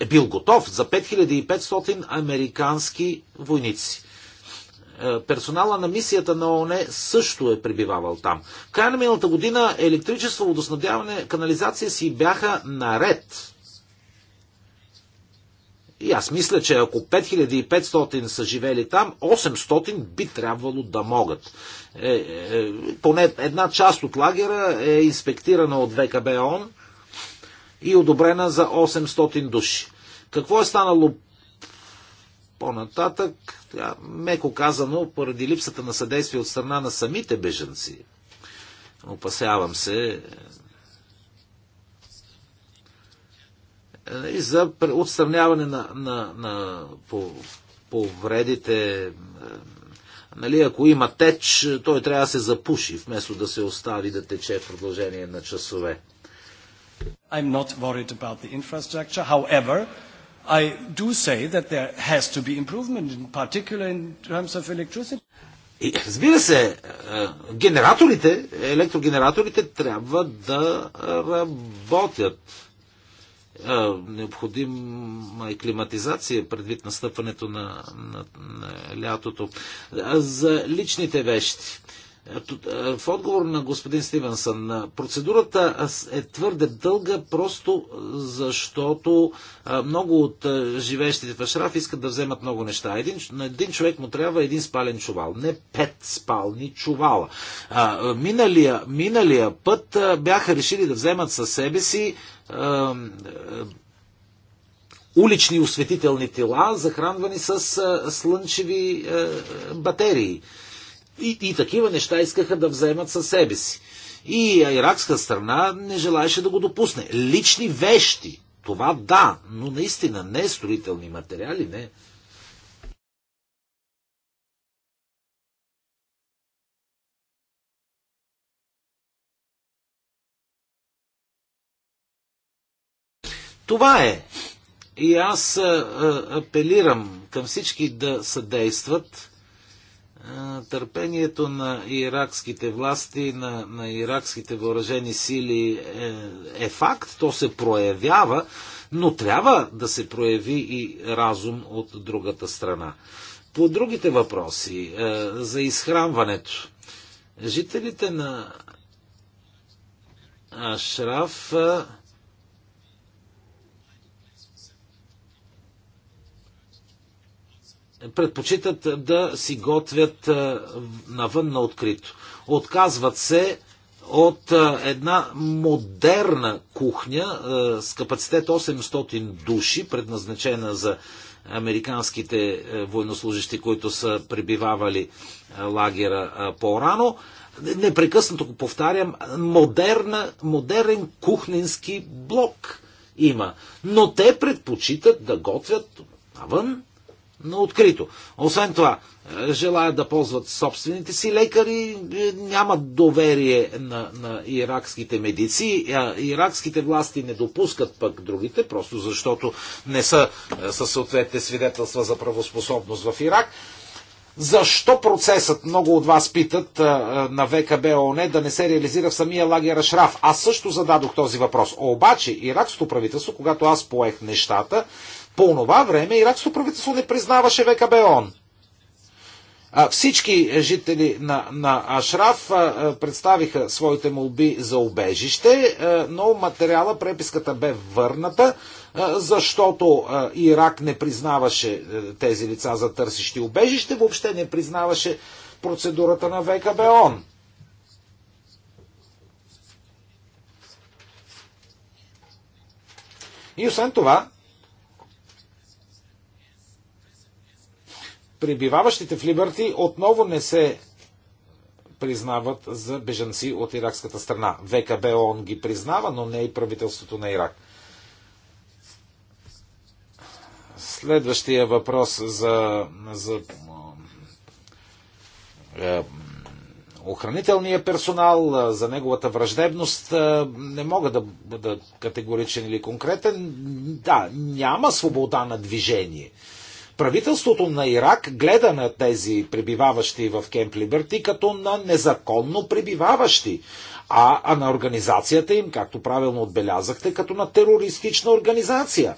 Speaker 3: е бил готов за 5500 американски войници. Е, персонала на мисията на ООН също е пребивавал там. В края на миналата година електричество, водоснабдяване, канализация си бяха наред. И аз мисля, че ако 5500 са живели там, 800 би трябвало да могат. Е, е, поне една част от лагера е инспектирана от ВКБ ООН и одобрена за 800 души. Какво е станало по-нататък, меко казано, поради липсата на съдействие от страна на самите бежанци, опасявам се, е, и за отстраняване на, на, на повредите. Е, нали, ако има теч, той трябва да се запуши, вместо да се остави да тече в продължение на часове. I'm not worried about the infrastructure. However, I do say that there has to be improvement, in particular in terms of electricity. И, разбира се, е, генераторите, електрогенераторите трябва да работят. Е, необходима е климатизация предвид настъпването на, на, на лятото. Е, за личните вещи. В отговор на господин Стивенсън, процедурата е твърде дълга, просто защото много от живеещите в Ашраф искат да вземат много неща. Един, на един човек му трябва един спален чувал, не пет спални чувала. Миналия, миналия път бяха решили да вземат със себе си улични осветителни тела, захранвани с слънчеви батерии. И, и такива неща искаха да вземат със себе си. И иракска страна не желаеше да го допусне. Лични вещи, това да, но наистина не строителни материали, не. Това е. И аз апелирам към всички да съдействат търпението на иракските власти, на, на иракските въоръжени сили е, е факт, то се проявява, но трябва да се прояви и разум от другата страна. По другите въпроси, е, за изхранването. Жителите на Ашраф. Е, предпочитат да си готвят навън на открито. Отказват се от една модерна кухня с капацитет 800 души, предназначена за американските е, военнослужащи, които са пребивавали е, лагера е, по-рано. Непрекъснато го повтарям, модерна, модерен кухненски блок има. Но те предпочитат да готвят навън на открито. Освен това, е, желаят да ползват собствените си лекари, е, нямат доверие на, на иракските медици. а е, Иракските власти не допускат пък другите, просто защото не са със съответните свидетелства за правоспособност в Ирак. Защо процесът, много от вас питат, на ВКБ ООН да не се реализира в самия лагер Ашраф? Аз също зададох този въпрос. Обаче, иракското правителство, когато аз поех нещата, по това време иракското правителство не признаваше ВКБОН. всички жители на, на Ашраф представиха своите молби за убежище, но материала, преписката бе върната, защото Ирак не признаваше тези лица за търсещи убежище, въобще не признаваше процедурата на ВКБОН. И освен това, прибиваващите в Либърти отново не се признават за бежанци от иракската страна. ВКБ он ги признава, но не и правителството на Ирак. Следващия въпрос за, за е, охранителния персонал, е, за неговата враждебност, е, не мога да бъда категоричен или конкретен. Да, няма свобода на движение. Правителството на Ирак гледа на тези пребиваващи в Кемп Либерти като на незаконно пребиваващи, а, а на организацията им, както правилно отбелязахте, като на терористична организация.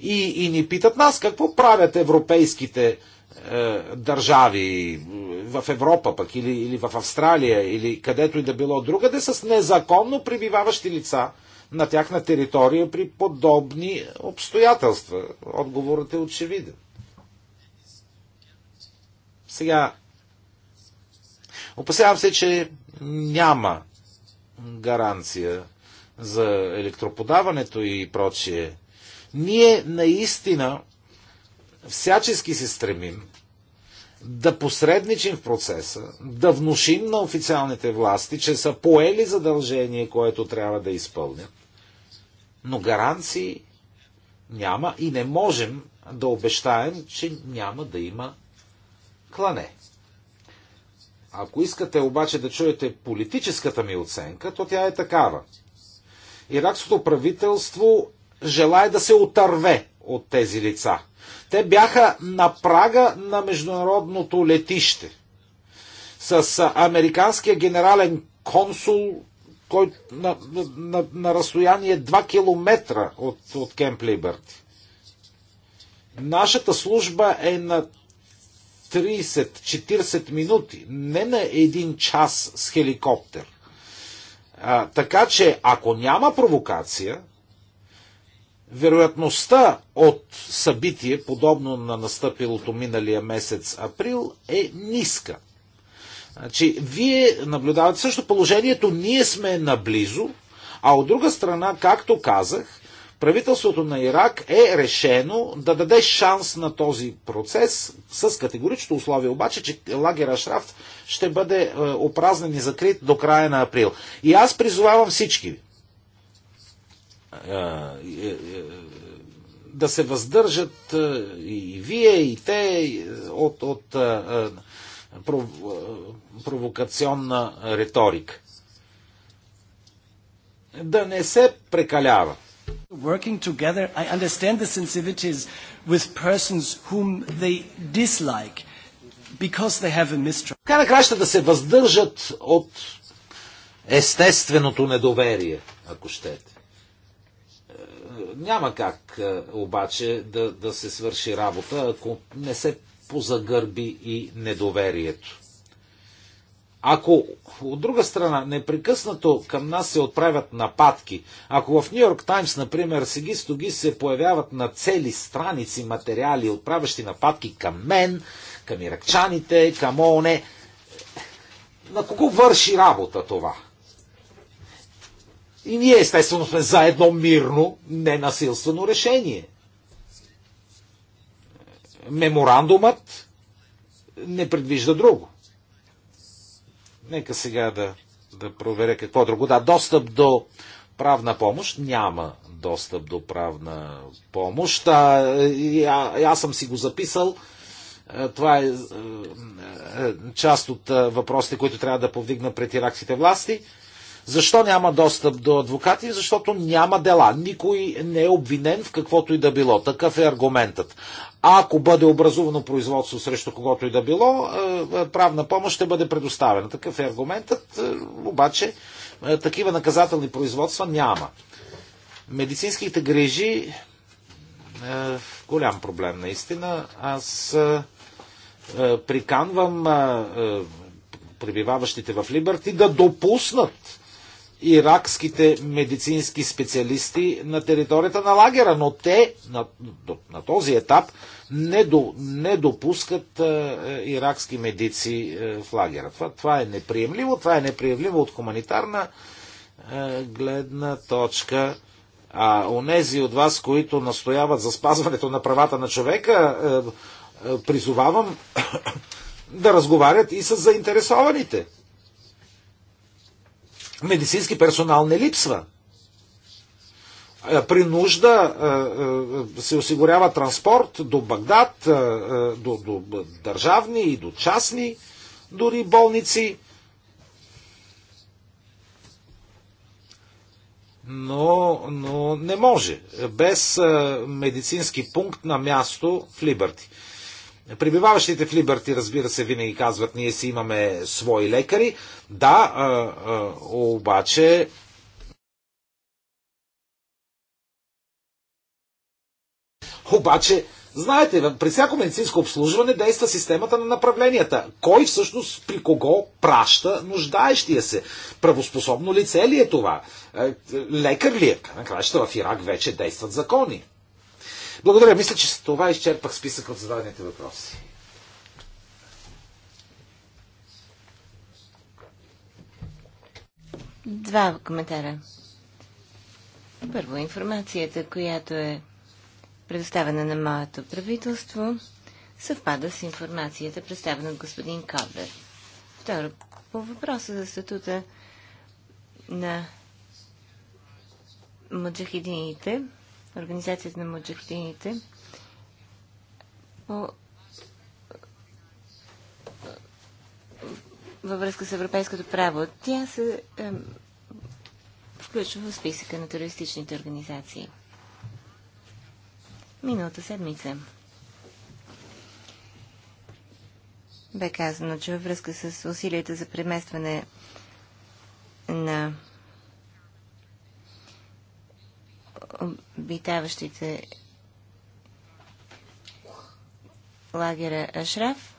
Speaker 3: И, и ни питат нас какво правят европейските е, държави в Европа пък или, или в Австралия или където и да било другаде с незаконно прибиваващи лица на тяхна територия при подобни обстоятелства. Отговорът е очевиден. Сега, опасявам се, че няма гаранция за електроподаването и прочие. Ние наистина всячески се стремим да посредничим в процеса, да внушим на официалните власти, че са поели задължение, което трябва да изпълнят. Но гаранции няма и не можем да обещаем, че няма да има клане. Ако искате обаче да чуете политическата ми оценка, то тя е такава. Иракското правителство желая да се отърве от тези лица. Те бяха на прага на международното летище. С американския генерален консул, който на, на, на разстояние 2 км от, от Кемп Либерти. Нашата служба е на 30-40 минути, не на един час с хеликоптер. А, така че, ако няма провокация, вероятността от събитие, подобно на настъпилото миналия месец април, е ниска. Значи, вие наблюдавате също положението, ние сме наблизо, а от друга страна, както казах, правителството на Ирак е решено да даде шанс на този процес с категоричното условие обаче, че лагера Шрафт ще бъде е, опразнен и закрит до края на април. И аз призовавам всички е, е, да се въздържат и вие, и те от, от провокационна риторика. Да не се прекалява. Working together, I understand the sensitivities with persons whom they dislike because they have a mistrust. Така накрая да се въздържат от естественото недоверие, ако щете. Е, няма как е, обаче да, да се свърши работа, ако не се позагърби и недоверието. Ако от друга страна непрекъснато към нас се отправят нападки, ако в Нью Йорк Таймс, например, сеги стоги се появяват на цели страници материали, отправящи нападки към мен, към иракчаните, към ООН, на кого върши работа това? И ние естествено сме за едно мирно, ненасилствено решение. Меморандумът не предвижда друго. Нека сега да, да проверя какво друго. Да, достъп до правна помощ. Няма достъп до правна помощ. А, и, а, и аз съм си го записал. Това е, е, е част от е, въпросите, които трябва да повдигна пред иракските власти. Защо няма достъп до адвокати? Защото няма дела. Никой не е обвинен в каквото и да било. Такъв е аргументът ако бъде образувано производство срещу когото и да било, е, е, правна помощ ще бъде предоставена. Такъв е аргументът, е, обаче такива наказателни производства няма. Медицинските грижи голям проблем наистина. Аз приканвам пребиваващите в Либерти да допуснат иракските медицински специалисти на територията на лагера, но те на, на този етап не, до, не допускат а, е, е, иракски медици а, е, в лагера. Това, това е неприемливо, това е неприемливо от хуманитарна а, гледна точка. А онези от вас, които настояват за спазването на правата на човека, а, а, призовавам да разговарят и с заинтересованите медицински персонал не липсва. Е, при нужда е, е, се осигурява транспорт до Багдад, до, до държавни и до частни дори болници. но, но не може без медицински пункт на място в Либърти. Прибиваващите в Либерти, разбира се, винаги казват, ние си имаме свои лекари. Да, а, а, обаче Обаче, знаете, при всяко медицинско обслужване действа системата на направленията. Кой всъщност при кого праща нуждаещия се? Правоспособно лице ли е това? Е, лекар ли е? Накрая в Ирак вече действат закони. Благодаря. Мисля, че с това изчерпах списък от зададените въпроси.
Speaker 1: Два коментара. Първо, информацията, която е предоставена на моето правителство, съвпада с информацията, представена от господин Калбер. Второ, по въпроса за статута на мъджахидините, Организацията на муджахидините. Във връзка с европейското право, тя се включва в списъка на терористичните организации. Миналата седмица бе казано, че във връзка с усилията за преместване на обитаващите лагера Ашраф,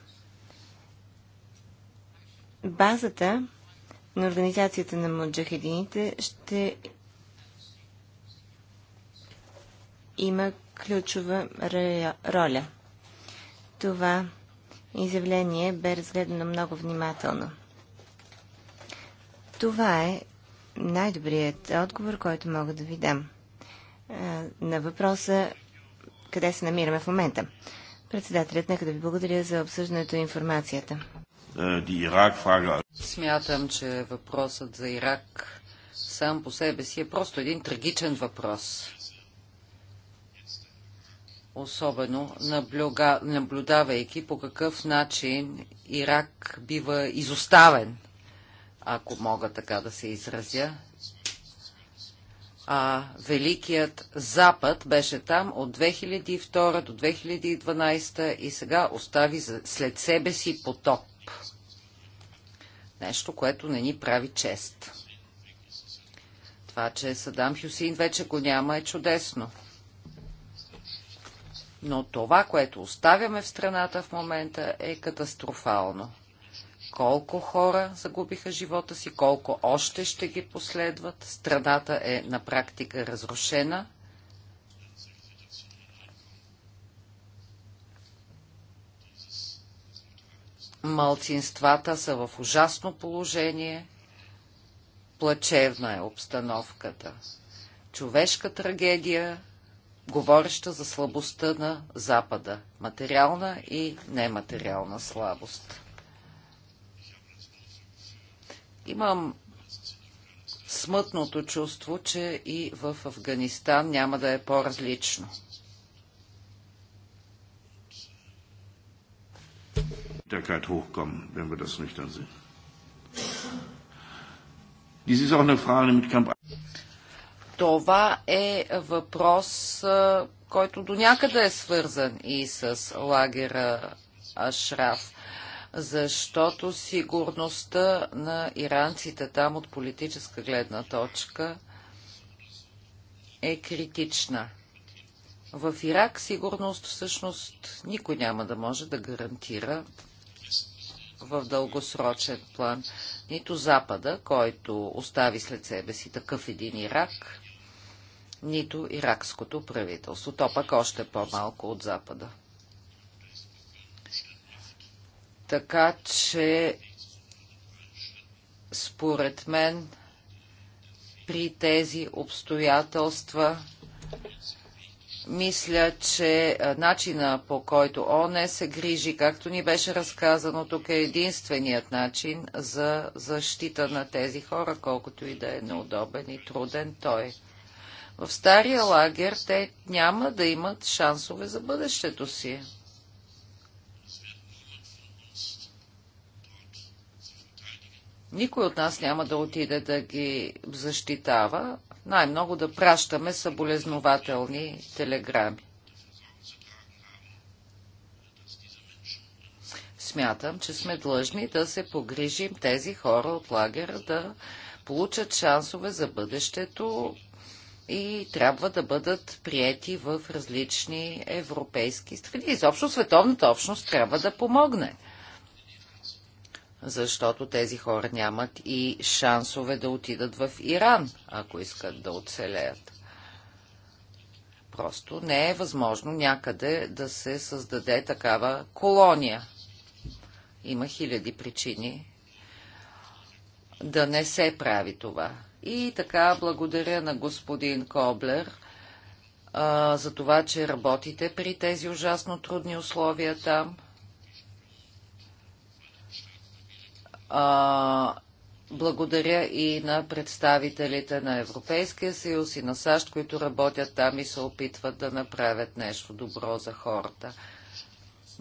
Speaker 1: базата на Организацията на муджахедините ще има ключова роля. Това изявление бе разгледано много внимателно. Това е най-добрият отговор, който мога да ви дам. Е, на въпроса къде се намираме в момента. Председателят, нека да ви благодаря за обсъждането и информацията.
Speaker 2: Е, Смятам, че въпросът за Ирак сам по себе си е просто един трагичен въпрос. Особено наблюга, наблюдавайки по какъв начин Ирак бива изоставен, ако мога така да се изразя, а Великият Запад беше там от 2002 до 2012 и сега остави след себе си потоп. Нещо, което не ни прави чест. Това, че Садам Хюсин вече го няма е чудесно. Но това, което оставяме в страната в момента е катастрофално колко хора загубиха живота си, колко още ще ги последват. Страдата е на практика разрушена. Малцинствата са в ужасно положение. Плачевна е обстановката. Човешка трагедия, говореща за слабостта на Запада. Материална и нематериална слабост. Имам смътното чувство, че и в Афганистан няма да е по-различно. Това е въпрос, който до някъде е свързан и с лагера Ашраф защото сигурността на иранците там от политическа гледна точка е критична. В Ирак сигурност всъщност никой няма да може да гарантира в дългосрочен план. Нито Запада, който остави след себе си такъв един Ирак, нито иракското правителство. То пък още по-малко от Запада. Така че, според мен, при тези обстоятелства мисля, че начина по който ОНЕ се грижи, както ни беше разказано, тук е единственият начин за защита на тези хора, колкото и да е неудобен и труден той. В стария лагер те няма да имат шансове за бъдещето си. Никой от нас няма да отиде да ги защитава, най-много да пращаме съболезнователни телеграми. Смятам, че сме длъжни да се погрижим тези хора от лагера да получат шансове за бъдещето и трябва да бъдат приети в различни европейски страни. Изобщо световната общност трябва да помогне защото тези хора нямат и шансове да отидат в Иран, ако искат да оцелеят. Просто не е възможно някъде да се създаде такава колония. Има хиляди причини да не се прави това. И така благодаря на господин Коблер а, за това, че работите при тези ужасно трудни условия там. А, благодаря и на представителите на Европейския съюз и на САЩ, които работят там и се опитват да направят нещо добро за хората.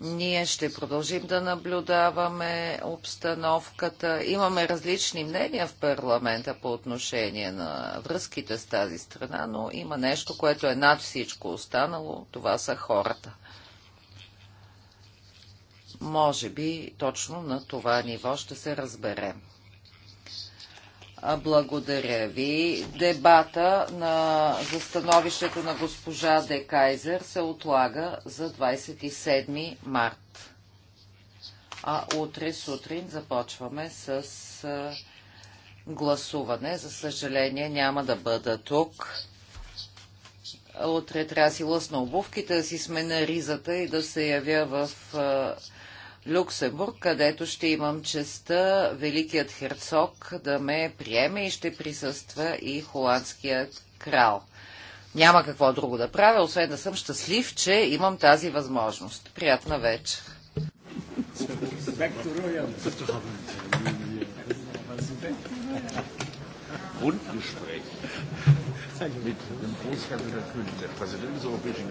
Speaker 2: Ние ще продължим да наблюдаваме обстановката. Имаме различни мнения в парламента по отношение на връзките с тази страна, но има нещо, което е над всичко останало. Това са хората. Може би точно на това ниво ще се разберем. Благодаря ви. Дебата на, за становището на госпожа Де Кайзер се отлага за 27 март. А утре сутрин започваме с гласуване. За съжаление няма да бъда тук. Утре трябва да си лъсна обувките, да си смена ризата и да се явя в Люксембург, където ще имам честа Великият херцог да ме приеме и ще присъства и холандският крал. Няма какво друго да правя, освен да съм щастлив, че имам тази възможност. Приятна вечер!
Speaker 3: Gespräch mit dem Großherrn der König, der Präsident des Europäischen